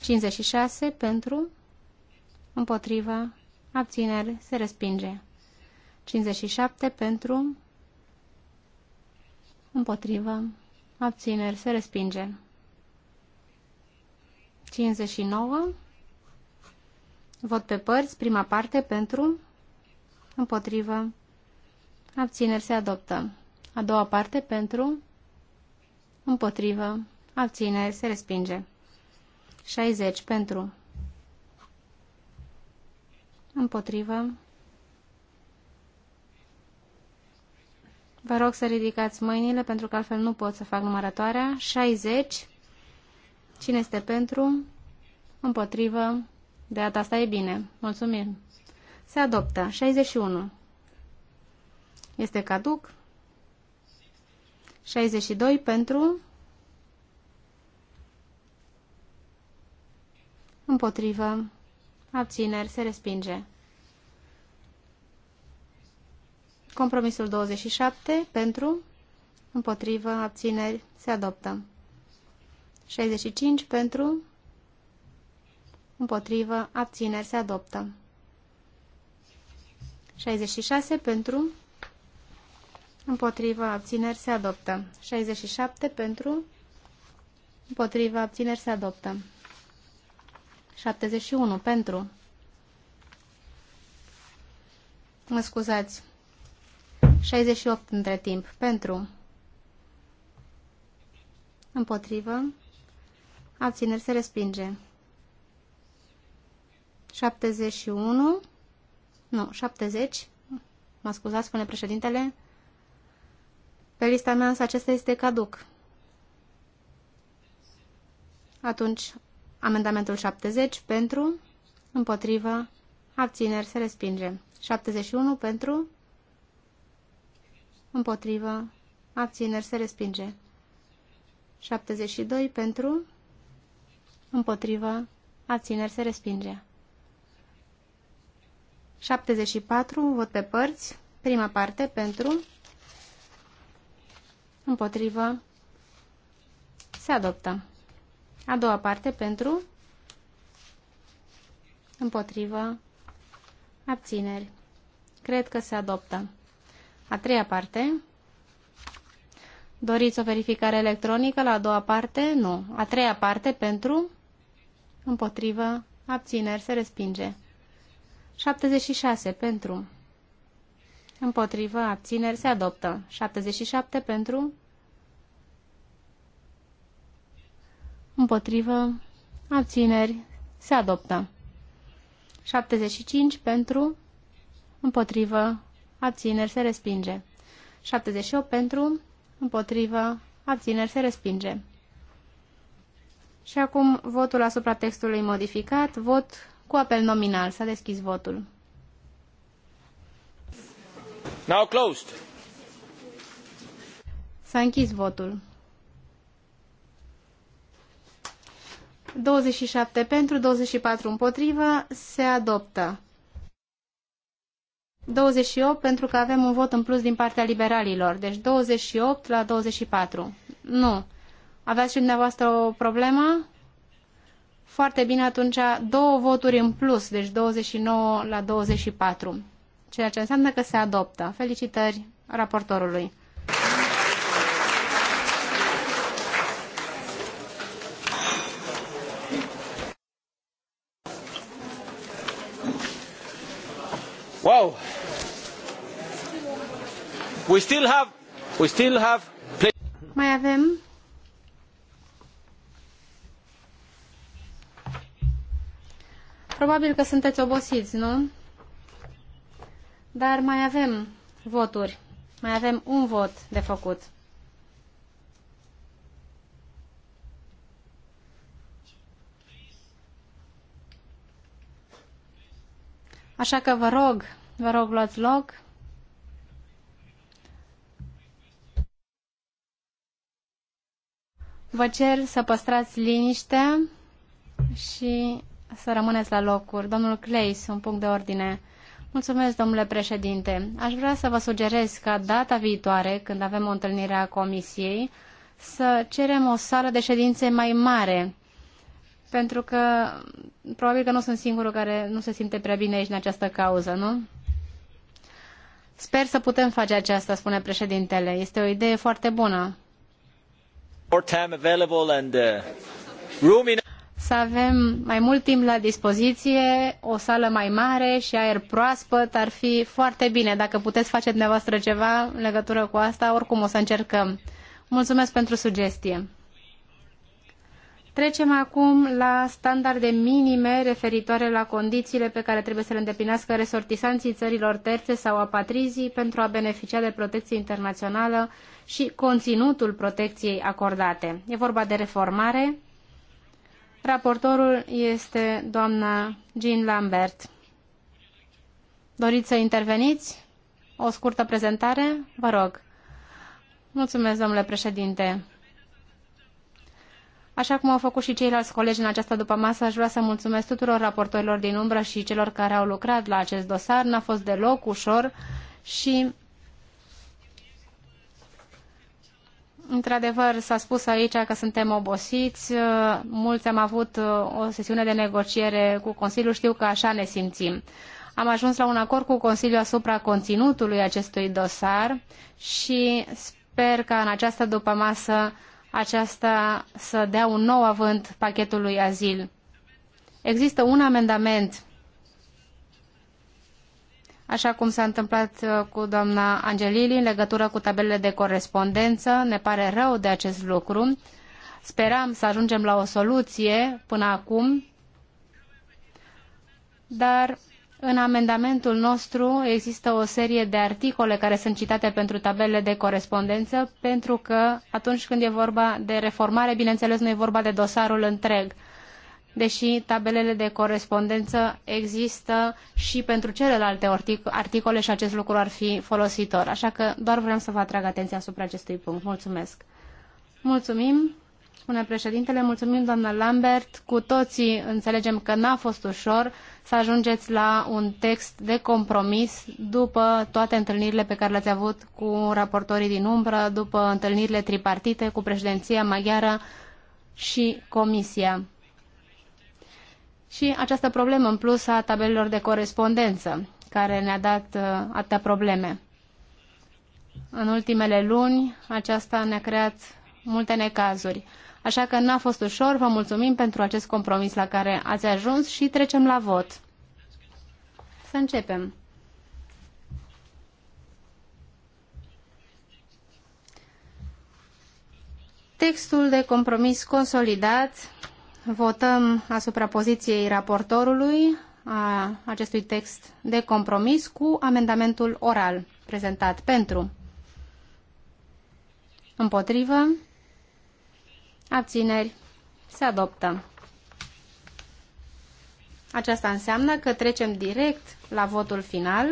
56 pentru, împotrivă, abțineri se respinge. 57 pentru, împotrivă, abțineri se respinge. 59 Vot pe părți, prima parte pentru, împotrivă, abțineri se adoptă. A doua parte pentru, împotrivă, abțineri se respinge. 60 pentru, împotrivă. Vă rog să ridicați mâinile pentru că altfel nu pot să fac numărătoarea. 60. Cine este pentru? Împotrivă. De data asta e bine. Mulțumim. Se adoptă. 61. Este caduc. 62 pentru. Împotrivă. Abțineri. Se respinge. Compromisul 27 pentru. Împotrivă. Abțineri. Se adoptă. 65 pentru împotrivă, abțineri, se adoptă. 66 pentru, împotrivă, abțineri, se adoptă. 67 pentru, împotrivă, abțineri, se adoptă. 71 pentru, mă scuzați, 68 între timp, pentru, împotrivă, abțineri, se respinge. 71, nu, 70, mă scuzați, spune președintele, pe lista mea însă acesta este caduc. Atunci, amendamentul 70 pentru, împotrivă, abțineri, se respinge. 71 pentru, împotrivă, abțineri, se respinge. 72 pentru, împotrivă, abțineri, se respinge. 74, vot pe părți, prima parte pentru, împotrivă, se adoptă. A doua parte pentru, împotrivă, abțineri. Cred că se adoptă. A treia parte. Doriți o verificare electronică la a doua parte? Nu. A treia parte pentru, împotrivă, abțineri, se respinge. 76 pentru. Împotrivă, abțineri, se adoptă. 77 pentru. Împotrivă, abțineri, se adoptă. 75 pentru. Împotrivă, abțineri, se respinge. 78 pentru. Împotrivă, abțineri, se respinge. Și acum votul asupra textului modificat, vot cu apel nominal s-a deschis votul. Now closed. S-a închis votul. 27 pentru, 24 împotrivă, se adoptă. 28 pentru că avem un vot în plus din partea liberalilor, deci 28 la 24. Nu. Aveați și dumneavoastră o problemă? Foarte bine, atunci două voturi în plus, deci 29 la 24, ceea ce înseamnă că se adoptă. Felicitări raportorului. Wow! We still have, we still have... Mai avem Probabil că sunteți obosiți, nu? Dar mai avem voturi. Mai avem un vot de făcut. Așa că vă rog, vă rog, luați loc. Vă cer să păstrați liniște și să rămâneți la locuri. Domnul Cleis, un punct de ordine. Mulțumesc, domnule președinte. Aș vrea să vă sugerez ca data viitoare, când avem o întâlnire a comisiei, să cerem o sală de ședințe mai mare, pentru că probabil că nu sunt singurul care nu se simte prea bine aici în această cauză, nu? Sper să putem face aceasta, spune președintele. Este o idee foarte bună. More time available and, uh, room in să avem mai mult timp la dispoziție, o sală mai mare și aer proaspăt ar fi foarte bine. Dacă puteți face dumneavoastră ceva în legătură cu asta, oricum o să încercăm. Mulțumesc pentru sugestie. Trecem acum la standarde minime referitoare la condițiile pe care trebuie să le îndeplinească resortisanții țărilor terțe sau apatrizii pentru a beneficia de protecție internațională și conținutul protecției acordate. E vorba de reformare, Raportorul este doamna Jean Lambert. Doriți să interveniți? O scurtă prezentare? Vă rog. Mulțumesc, domnule președinte. Așa cum au făcut și ceilalți colegi în această dupămasă, aș vrea să mulțumesc tuturor raportorilor din umbră și celor care au lucrat la acest dosar. N-a fost deloc ușor și Într-adevăr, s-a spus aici că suntem obosiți. Mulți am avut uh, o sesiune de negociere cu Consiliul, știu că așa ne simțim. Am ajuns la un acord cu Consiliul asupra conținutului acestui dosar și sper că în această dupămasă aceasta să dea un nou avânt pachetului azil. Există un amendament așa cum s-a întâmplat uh, cu doamna Angelili în legătură cu tabelele de corespondență. Ne pare rău de acest lucru. Speram să ajungem la o soluție până acum, dar în amendamentul nostru există o serie de articole care sunt citate pentru tabelele de corespondență, pentru că atunci când e vorba de reformare, bineînțeles, nu e vorba de dosarul întreg deși tabelele de corespondență există și pentru celelalte articole și acest lucru ar fi folositor. Așa că doar vreau să vă atrag atenția asupra acestui punct. Mulțumesc! Mulțumim, spune președintele, mulțumim doamna Lambert. Cu toții înțelegem că n-a fost ușor să ajungeți la un text de compromis după toate întâlnirile pe care le-ați avut cu raportorii din umbră, după întâlnirile tripartite cu președinția maghiară și comisia și această problemă în plus a tabelelor de corespondență, care ne-a dat uh, atâtea probleme. În ultimele luni, aceasta ne-a creat multe necazuri. Așa că n-a fost ușor, vă mulțumim pentru acest compromis la care ați ajuns și trecem la vot. Să începem. Textul de compromis consolidat Votăm asupra poziției raportorului a acestui text de compromis cu amendamentul oral prezentat pentru, împotrivă, abțineri, se adoptă. Aceasta înseamnă că trecem direct la votul final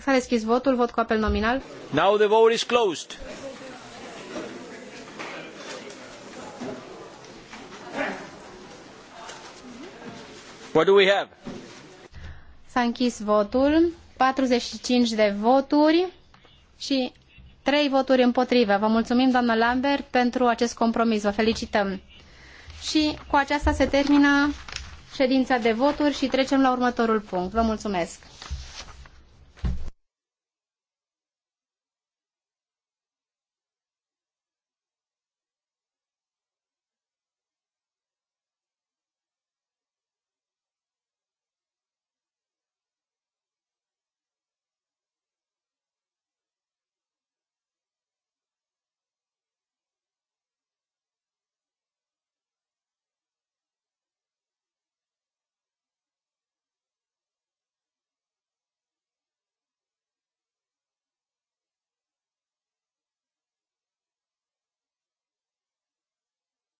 S-a deschis votul, vot cu apel nominal. Now the vote is closed. What do we have? S-a închis votul, 45 de voturi și 3 voturi împotrivă. Vă mulțumim, doamnă Lambert, pentru acest compromis. Vă felicităm. Și cu aceasta se termină ședința de voturi și trecem la următorul punct. Vă mulțumesc.